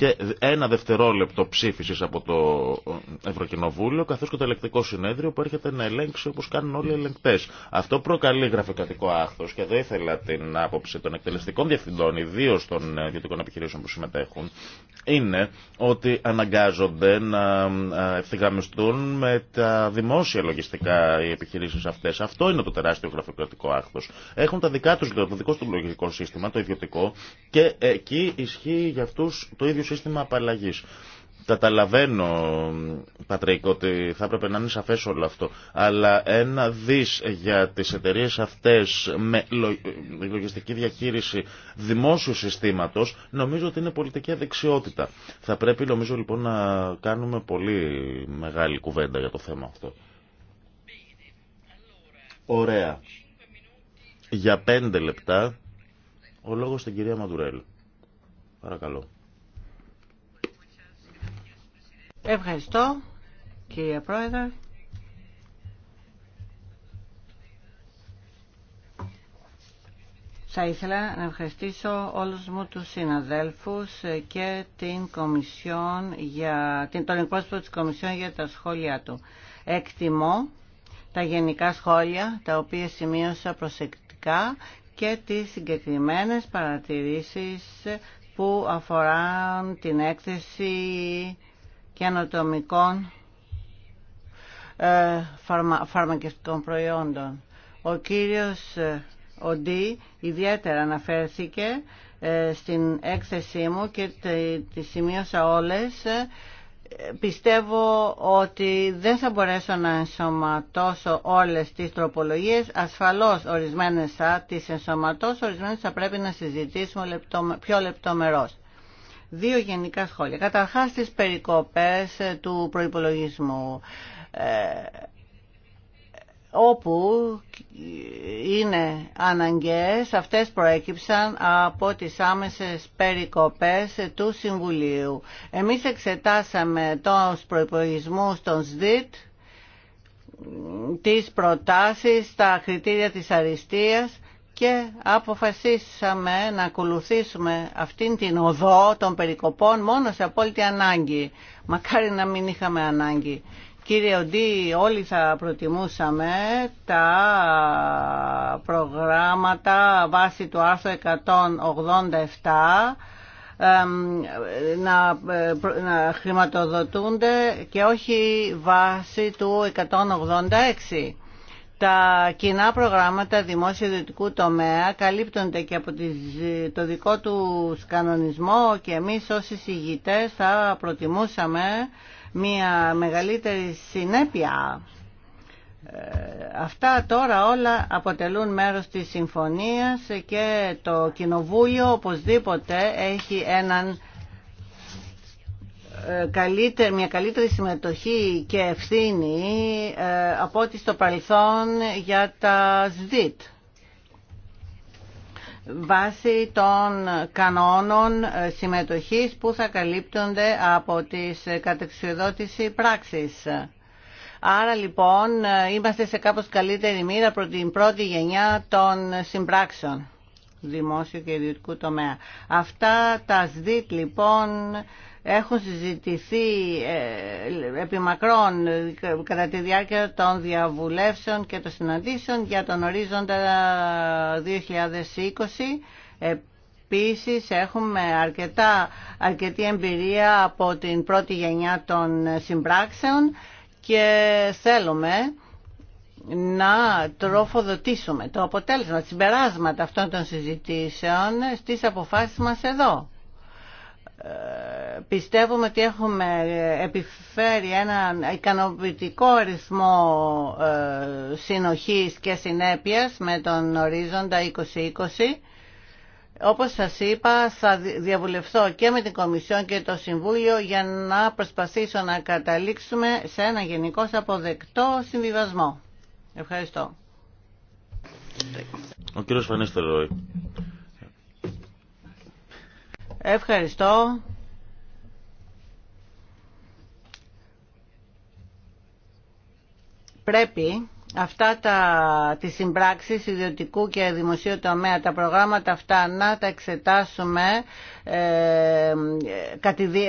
και ένα δευτερόλεπτο ψήφιση από το Ευρωκοινοβούλιο, καθώ και το ελεκτικό συνέδριο που έρχεται να ελέγξει όπω κάνουν όλοι οι ελεγκτέ. Αυτό προκαλεί γραφειοκρατικό άχθο και εδώ ήθελα την άποψη των εκτελεστικών διευθυντών, ιδίω των ιδιωτικών επιχειρήσεων που συμμετέχουν, είναι ότι αναγκάζονται να ευθυγραμμιστούν με τα δημόσια λογιστικά οι επιχειρήσει αυτέ. Αυτό είναι το τεράστιο γραφειοκρατικό άχθο. Έχουν τα δικά τους, το δικό του λογιστικό σύστημα, το ιδιωτικό, και εκεί ισχύει για αυτού το ίδιο σύστημα απαλλαγής. Καταλαβαίνω, Πατρίκο, ότι θα έπρεπε να είναι σαφέ όλο αυτό. Αλλά ένα δι για τι εταιρείε αυτές με λογιστική διαχείριση δημόσιου συστήματο νομίζω ότι είναι πολιτική αδεξιότητα. Θα πρέπει νομίζω λοιπόν να κάνουμε πολύ μεγάλη κουβέντα για το θέμα αυτό. Ωραία. Για πέντε λεπτά ο λόγος στην κυρία Μαντουρέλ. Παρακαλώ. Ευχαριστώ, κύριε Πρόεδρε. Θα ήθελα να ευχαριστήσω όλους μου τους συναδέλφους και την Κομισιόν για, τον εκπρόσωπο της Κομισιόν για τα σχόλια του. Εκτιμώ τα γενικά σχόλια, τα οποία σημείωσα προσεκτικά και τις συγκεκριμένες παρατηρήσεις που αφορά την έκθεση καινοτομικών ε, φαρμα, φαρμακευτικών προϊόντων. Ο κύριος ε, Οντί ιδιαίτερα αναφέρθηκε ε, στην έκθεσή μου και τη σημείωσα όλες. Πιστεύω ότι δεν θα μπορέσω να ενσωματώσω όλες τις τροπολογίες. Ασφαλώς ορισμένες θα τις ενσωματώσω, ορισμένες θα πρέπει να συζητήσουμε πιο λεπτομερώς. Δύο γενικά σχόλια. Καταρχάς τις περικοπές ε, του προϋπολογισμού ε, όπου είναι αναγκαίες, αυτές προέκυψαν από τις άμεσες περικοπές του Συμβουλίου. Εμείς εξετάσαμε τους προϋπολογισμούς των ΣΔΙΤ, τις προτάσεις, τα κριτήρια της αριστείας και αποφασίσαμε να ακολουθήσουμε αυτήν την οδό των περικοπών μόνο σε απόλυτη ανάγκη. Μακάρι να μην είχαμε ανάγκη. Κύριε Οντή, όλοι θα προτιμούσαμε τα προγράμματα βάσει του άρθρου 187 να, να χρηματοδοτούνται και όχι βάσει του 186 τα κοινά προγράμματα δημόσιο-ιδιωτικού τομέα καλύπτονται και από το δικό του κανονισμό και εμείς ως εισηγητές θα προτιμούσαμε μια μεγαλύτερη συνέπεια. Ε, αυτά τώρα όλα αποτελούν μέρος της συμφωνίας και το Κοινοβούλιο οπωσδήποτε έχει έναν ε, μια καλύτερη συμμετοχή και ευθύνη ε, από ό,τι στο παρελθόν για τα ΣΔΙΤ βάσει των κανόνων ε, συμμετοχής που θα καλύπτονται από τις κατεξιοδότηση πράξεις. Άρα λοιπόν είμαστε σε κάπως καλύτερη μοίρα από την πρώτη γενιά των συμπράξεων δημόσιο και ιδιωτικού τομέα. Αυτά τα ΣΔΙΤ λοιπόν έχουν συζητηθεί ε, επιμακρών κατά τη διάρκεια των διαβουλεύσεων και των συναντήσεων για τον ορίζοντα 2020. Επίσης έχουμε αρκετά, αρκετή εμπειρία από την πρώτη γενιά των συμπράξεων και θέλουμε να τροφοδοτήσουμε το αποτέλεσμα, τις συμπεράσματα αυτών των συζητήσεων στις αποφάσεις μας εδώ πιστεύουμε ότι έχουμε επιφέρει έναν ικανοποιητικό ρυθμό ε, συνοχής και συνέπειας με τον ορίζοντα 2020. Όπως σας είπα, θα διαβουλευθώ και με την Κομισιόν και το Συμβούλιο για να προσπαθήσω να καταλήξουμε σε ένα γενικώ αποδεκτό συμβιβασμό. Ευχαριστώ. Ο κύριος Ευχαριστώ. Πρέπει αυτά τα, τις συμπράξεις ιδιωτικού και δημοσίου τομέα, τα προγράμματα αυτά να τα εξετάσουμε ε,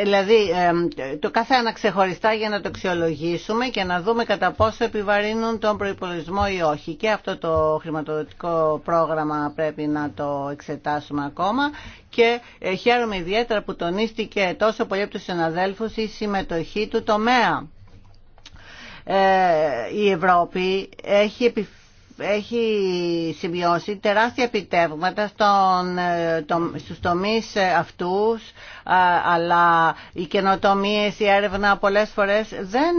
δηλαδή ε, το κάθε ξεχωριστά για να το αξιολογήσουμε και να δούμε κατά πόσο επιβαρύνουν τον προϋπολογισμό ή όχι και αυτό το χρηματοδοτικό πρόγραμμα πρέπει να το εξετάσουμε ακόμα και ε, χαίρομαι ιδιαίτερα που τονίστηκε τόσο πολύ από τους συναδέλφους η συμμετοχή του τομέα ε, η Ευρώπη έχει έχει σημειώσει τεράστια επιτεύγματα στον, ε, το, στους τομείς αυτούς, αλλά οι καινοτομίε, η έρευνα πολλές φορές δεν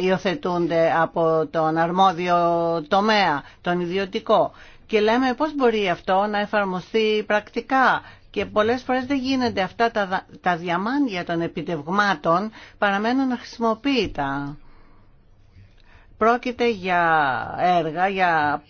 ε, υιοθετούνται από τον αρμόδιο τομέα, τον ιδιωτικό. Και λέμε πώς μπορεί αυτό να εφαρμοστεί πρακτικά. Και πολλές φορές δεν γίνεται αυτά τα, τα διαμάντια των επιτευγμάτων παραμένουν χρησιμοποιείται. Πρόκειται για έργα για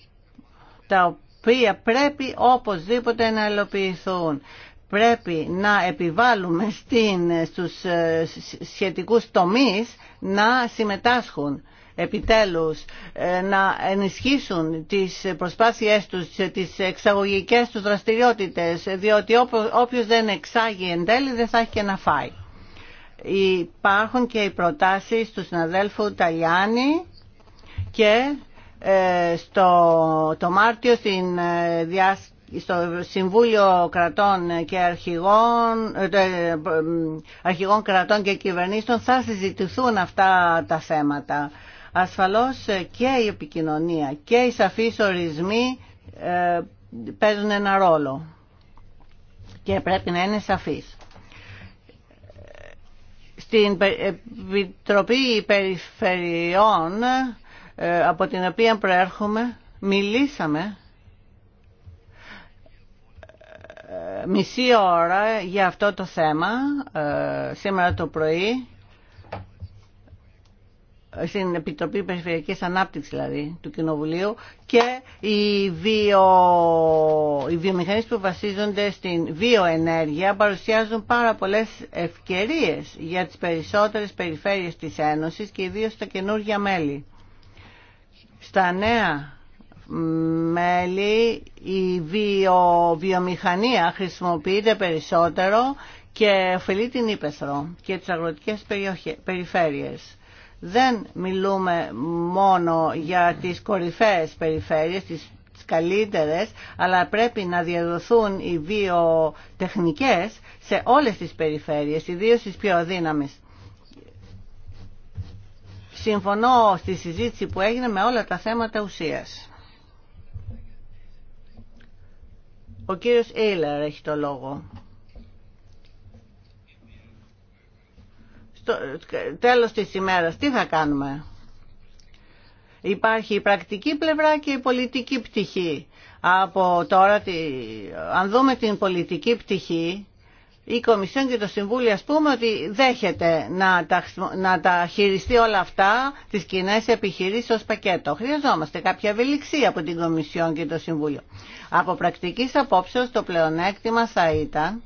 τα οποία πρέπει οπωσδήποτε να ελοπιθούν. Πρέπει να επιβάλλουμε στην, στους ε, σχετικούς τομείς να συμμετάσχουν επιτέλους ε, να ενισχύσουν τις προσπάθειές τους, τις εξαγωγικές τους δραστηριότητες, διότι όποιος δεν εξάγει εν τέλει δεν θα έχει και να φάει. Υπάρχουν και οι προτάσεις του συναδέλφου Ταλιάνη και ε, στο, το Μάρτιο ε, στο Συμβούλιο Κρατών και Αρχηγών, ε, Αρχηγών Κρατών και Κυβερνήσεων θα συζητηθούν αυτά τα θέματα. Ασφαλώς και η επικοινωνία και οι σαφείς ορισμοί παίζουν ένα ρόλο και πρέπει να είναι σαφείς. Στην Επιτροπή Περιφερειών ε, από την οποία προέρχομαι μιλήσαμε ε, μισή ώρα για αυτό το θέμα ε, σήμερα το πρωί στην Επιτροπή Περιφερειακής Ανάπτυξης δηλαδή του Κοινοβουλίου και οι, βιο... οι βιομηχανίες που βασίζονται στην βιοενέργεια παρουσιάζουν πάρα πολλές ευκαιρίες για τις περισσότερες περιφέρειες της Ένωσης και ιδίως τα καινούργια μέλη. Στα νέα μέλη η βιομηχανία χρησιμοποιείται περισσότερο και ωφελεί την Ήπεθρο και τις αγροτικές περιφέρειες. Δεν μιλούμε μόνο για τις κορυφαίες περιφέρειες, τις, τις καλύτερες, αλλά πρέπει να διαδοθούν οι βιοτεχνικές σε όλες τις περιφέρειες, ιδίως τις πιο αδύναμες συμφωνώ στη συζήτηση που έγινε με όλα τα θέματα ουσίας. Ο κύριος Έιλερ έχει το λόγο. Στο τέλος της ημέρας, τι θα κάνουμε. Υπάρχει η πρακτική πλευρά και η πολιτική πτυχή. Από τώρα, αν δούμε την πολιτική πτυχή, η Κομισιόν και το Συμβούλιο ας πούμε ότι δέχεται να τα, να τα χειριστεί όλα αυτά τις κοινέ επιχειρήσεις ως πακέτο. Χρειαζόμαστε κάποια ευελιξία από την Κομισιόν και το Συμβούλιο. Από πρακτικής απόψεως το πλεονέκτημα θα ήταν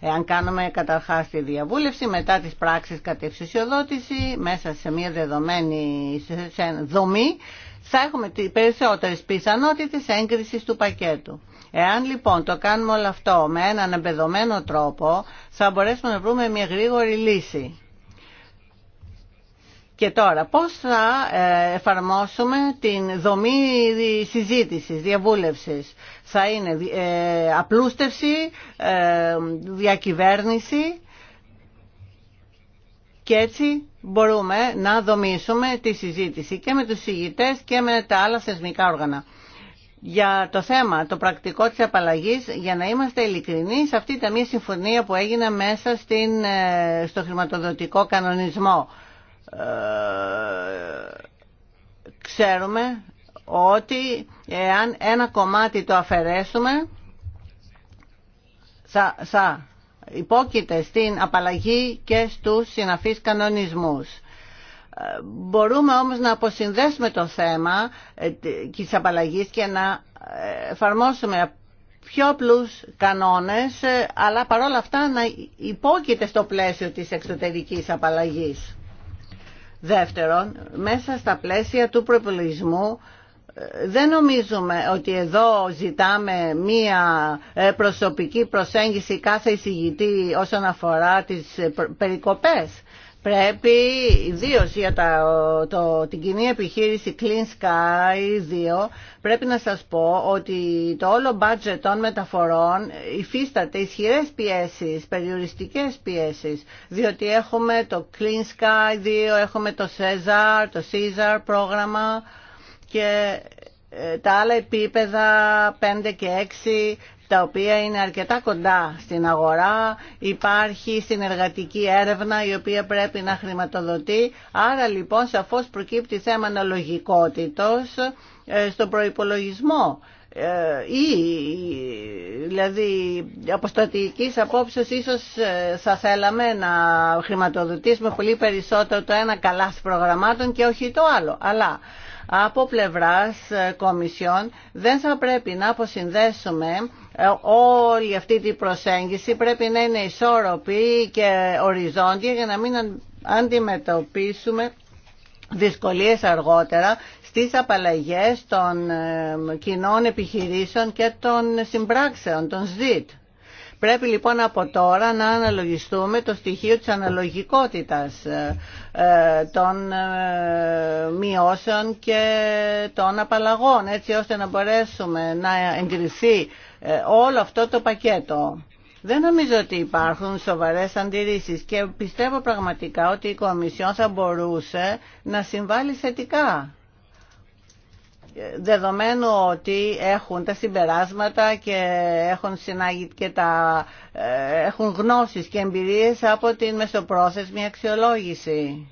εάν κάνουμε καταρχάς τη διαβούλευση μετά τις πράξεις κατευθυνσιοδότηση μέσα σε μια δεδομένη σε δομή θα έχουμε περισσότερες πιθανότητες έγκρισης του πακέτου. Εάν λοιπόν το κάνουμε όλο αυτό με έναν εμπεδομένο τρόπο, θα μπορέσουμε να βρούμε μια γρήγορη λύση. Και τώρα, πώς θα ε, εφαρμόσουμε την δομή συζήτησης, διαβούλευσης. Θα είναι ε, απλούστευση, ε, διακυβέρνηση και έτσι μπορούμε να δομήσουμε τη συζήτηση και με τους συγητές και με τα άλλα θεσμικά όργανα για το θέμα, το πρακτικό της απαλλαγής, για να είμαστε ειλικρινοί αυτή τα μία συμφωνία που έγινε μέσα στην, ε, στο χρηματοδοτικό κανονισμό. Ε, ξέρουμε ότι εάν ένα κομμάτι το αφαιρέσουμε, θα, θα υπόκειται στην απαλλαγή και στους συναφείς κανονισμούς. Μπορούμε όμως να αποσυνδέσουμε το θέμα ε, της απαλλαγής και να ε, εφαρμόσουμε πιο απλούς κανόνες, ε, αλλά παρόλα αυτά να υπόκειται στο πλαίσιο της εξωτερικής απαλλαγής. Δεύτερον, μέσα στα πλαίσια του προπολογισμού δεν νομίζουμε ότι εδώ ζητάμε μία προσωπική προσέγγιση κάθε εισηγητή όσον αφορά τις περικοπές. Πρέπει ιδίω για το, την κοινή επιχείρηση Clean Sky 2 πρέπει να σας πω ότι το όλο budget των μεταφορών υφίσταται ισχυρέ πιέσεις, περιοριστικέ πιέσεις διότι έχουμε το Clean Sky 2, έχουμε το Cesar, το Caesar πρόγραμμα και ε, τα άλλα επίπεδα 5 και 6 τα οποία είναι αρκετά κοντά στην αγορά. Υπάρχει συνεργατική έρευνα η οποία πρέπει να χρηματοδοτεί. Άρα λοιπόν σαφώς προκύπτει θέμα αναλογικότητος ε, στον προϋπολογισμό ε, ή δηλαδή από στρατηγικής απόψεως ίσως ε, θα θέλαμε να χρηματοδοτήσουμε πολύ περισσότερο το ένα καλά προγραμμάτων και όχι το άλλο. Αλλά από πλευράς ε, Κομισιόν δεν θα πρέπει να αποσυνδέσουμε ε, όλη αυτή την προσέγγιση πρέπει να είναι ισόρροπη και οριζόντια για να μην αντιμετωπίσουμε δυσκολίες αργότερα στις απαλλαγές των ε, κοινών επιχειρήσεων και των συμπράξεων, των ΖΙΤ. Πρέπει λοιπόν από τώρα να αναλογιστούμε το στοιχείο της αναλογικότητας ε, ε, των ε, μειώσεων και των απαλλαγών έτσι ώστε να μπορέσουμε να εγκριθεί όλο αυτό το πακέτο. Δεν νομίζω ότι υπάρχουν σοβαρές αντιρρήσεις και πιστεύω πραγματικά ότι η Κομισιόν θα μπορούσε να συμβάλλει θετικά δεδομένου ότι έχουν τα συμπεράσματα και έχουν, συνάγει και τα, ε, έχουν γνώσεις και εμπειρίες από την μεσοπρόθεσμη αξιολόγηση,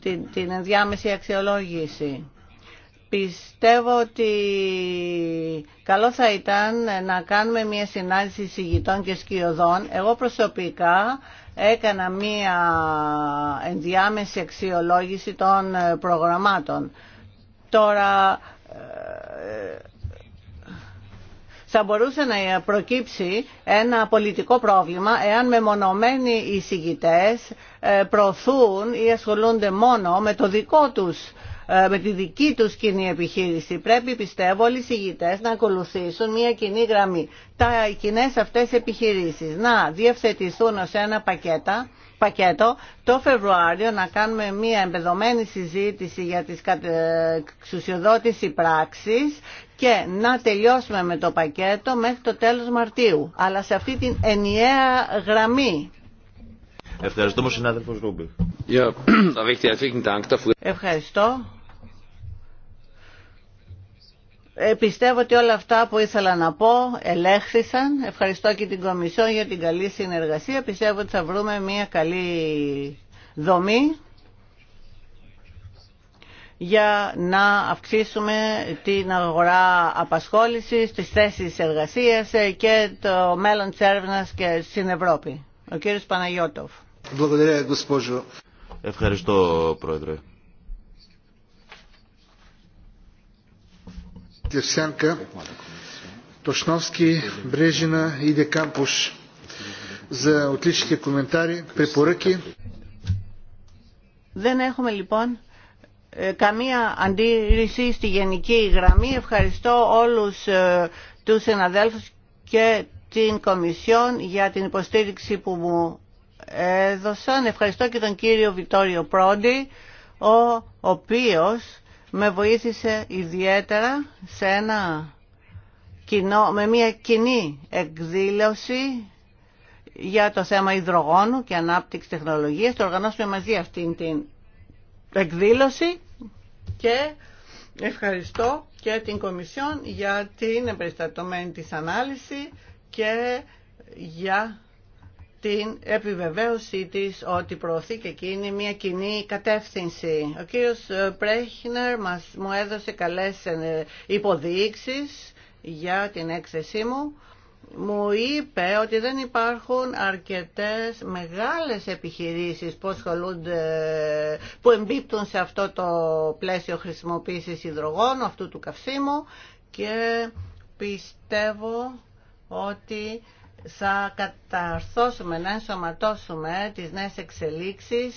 την, την ενδιάμεση αξιολόγηση. Πιστεύω ότι καλό θα ήταν να κάνουμε μια συνάντηση συγητών και σκιωδών. Εγώ προσωπικά έκανα μια ενδιάμεση αξιολόγηση των ε, προγραμμάτων Τώρα ε, θα μπορούσε να προκύψει ένα πολιτικό πρόβλημα εάν μεμονωμένοι εισηγητές ε, προωθούν ή ασχολούνται μόνο με το τους ε, με τη δική τους κοινή επιχείρηση. Πρέπει, πιστεύω, όλοι οι συγητές να ακολουθήσουν μια κοινή γραμμή. Τα κοινέ αυτές επιχειρήσεις να διευθετηθούν σε ένα πακέτα πακέτο το Φεβρουάριο να κάνουμε μία εμπεδομένη συζήτηση για τις εξουσιοδότηση πράξης και να τελειώσουμε με το πακέτο μέχρι το τέλος Μαρτίου. Αλλά σε αυτή την ενιαία γραμμή. Ευχαριστούμε συνάδελφος Ρούμπι. Ευχαριστώ. Ε, πιστεύω ότι όλα αυτά που ήθελα να πω ελέγχθησαν. Ευχαριστώ και την Κομισιόν για την καλή συνεργασία. Πιστεύω ότι θα βρούμε μια καλή δομή για να αυξήσουμε την αγορά απασχόλησης, τις θέσεις εργασίας ε, και το μέλλον της έρευνας και στην Ευρώπη. Ο κύριος Παναγιώτοφ. Ευχαριστώ, Πρόεδρε. Тошновски, Брежина и Декампуш за отличните коментари, препоръки. Δεν έχουμε λοιπόν ε, καμία αντίρρηση στη γενική γραμμή. Ευχαριστώ όλους ε, τους συναδέλφους και την Κομισιόν για την υποστήριξη που μου έδωσαν. Ευχαριστώ και τον κύριο Βιτόριο Πρόντι, ο οποίος με βοήθησε ιδιαίτερα σε ένα κοινό, με μια κοινή εκδήλωση για το θέμα υδρογόνου και ανάπτυξη τεχνολογίας. Το οργανώσουμε μαζί αυτήν την εκδήλωση και ευχαριστώ και την Κομισιόν για την εμπεριστατωμένη της ανάλυση και για την επιβεβαίωσή της ότι προωθεί και εκείνη μια κοινή κατεύθυνση. Ο κύριος ε, Πρέχνερ μας, μου έδωσε καλές ε, υποδείξεις για την έκθεσή μου. Μου είπε ότι δεν υπάρχουν αρκετές μεγάλες επιχειρήσεις που, που εμπίπτουν σε αυτό το πλαίσιο χρησιμοποίησης υδρογόνου, αυτού του καυσίμου και πιστεύω ότι θα καταρθώσουμε να ενσωματώσουμε τις νέες εξελίξεις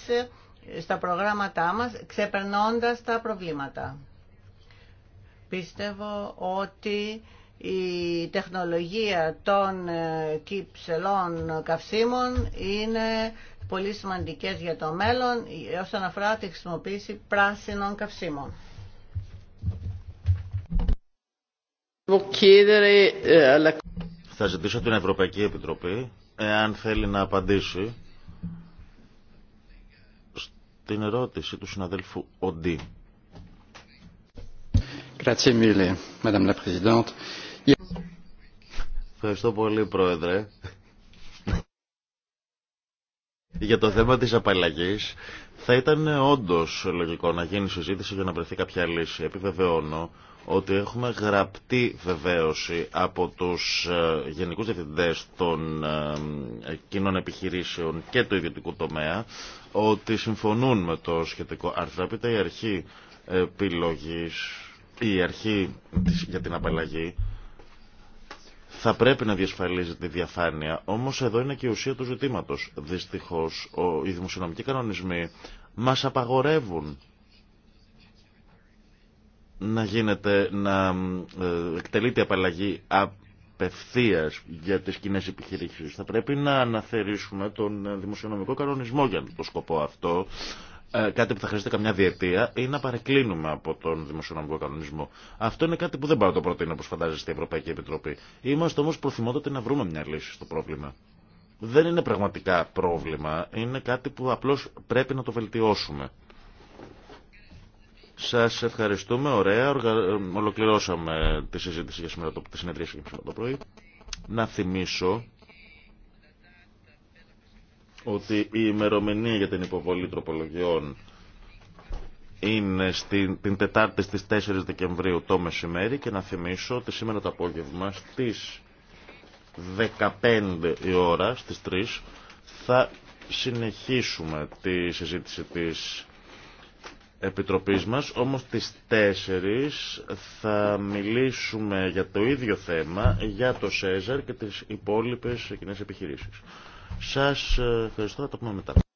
στα προγράμματά μας, ξεπερνώντας τα προβλήματα. Πίστευω ότι η τεχνολογία των ε, κυψελών καυσίμων είναι πολύ σημαντικές για το μέλλον ε, όσον αφορά τη χρησιμοποίηση πράσινων καυσίμων. Θα ζητήσω την Ευρωπαϊκή Επιτροπή, εάν θέλει να απαντήσει, στην ερώτηση του συναδέλφου Οντί. Ευχαριστώ πολύ, Πρόεδρε. Για το θέμα της απαλλαγής, θα ήταν όντως λογικό να γίνει συζήτηση για να βρεθεί κάποια λύση. Επιβεβαιώνω ότι έχουμε γραπτή βεβαίωση από τους ε, γενικούς διευθυντές των ε, κοινών επιχειρήσεων και του ιδιωτικού τομέα ότι συμφωνούν με το σχετικό άρθρο. η αρχή επιλογής, η αρχή για την απαλλαγή θα πρέπει να διασφαλίζει τη διαφάνεια, όμως εδώ είναι και η ουσία του ζητήματος. Δυστυχώς, οι δημοσιονομικοί κανονισμοί μας απαγορεύουν να γίνεται, να ε, εκτελείται απαλλαγή απευθεία για τις κοινέ επιχειρήσεις. Θα πρέπει να αναθερήσουμε τον ε, δημοσιονομικό κανονισμό για το σκοπό αυτό, ε, κάτι που θα χρειάζεται καμιά διετία ή να παρεκκλίνουμε από τον δημοσιονομικό κανονισμό. Αυτό είναι κάτι που δεν πάω το προτείνω όπως φαντάζεστε η Ευρωπαϊκή Επιτροπή. Είμαστε όμως προθυμότατοι να βρούμε μια λύση στο πρόβλημα. Δεν είναι πραγματικά πρόβλημα, είναι κάτι που απλώς πρέπει να το βελτιώσουμε. Σας ευχαριστούμε. Ωραία. Ολοκληρώσαμε τη συζήτηση για σήμερα το, τη συνεδρίαση για σήμερα το πρωί. Να θυμίσω ότι η ημερομηνία για την υποβολή τροπολογιών είναι στην, την Τετάρτη στις 4 Δεκεμβρίου το μεσημέρι και να θυμίσω ότι σήμερα το απόγευμα στις 15 η ώρα, στις 3, θα συνεχίσουμε τη συζήτηση της Επιτροπής μας, όμως τις τέσσερις θα μιλήσουμε για το ίδιο θέμα, για το ΣΕΖΑΡ και τις υπόλοιπες κοινέ επιχειρήσεις. Σας ε, ευχαριστώ, θα το πούμε μετά.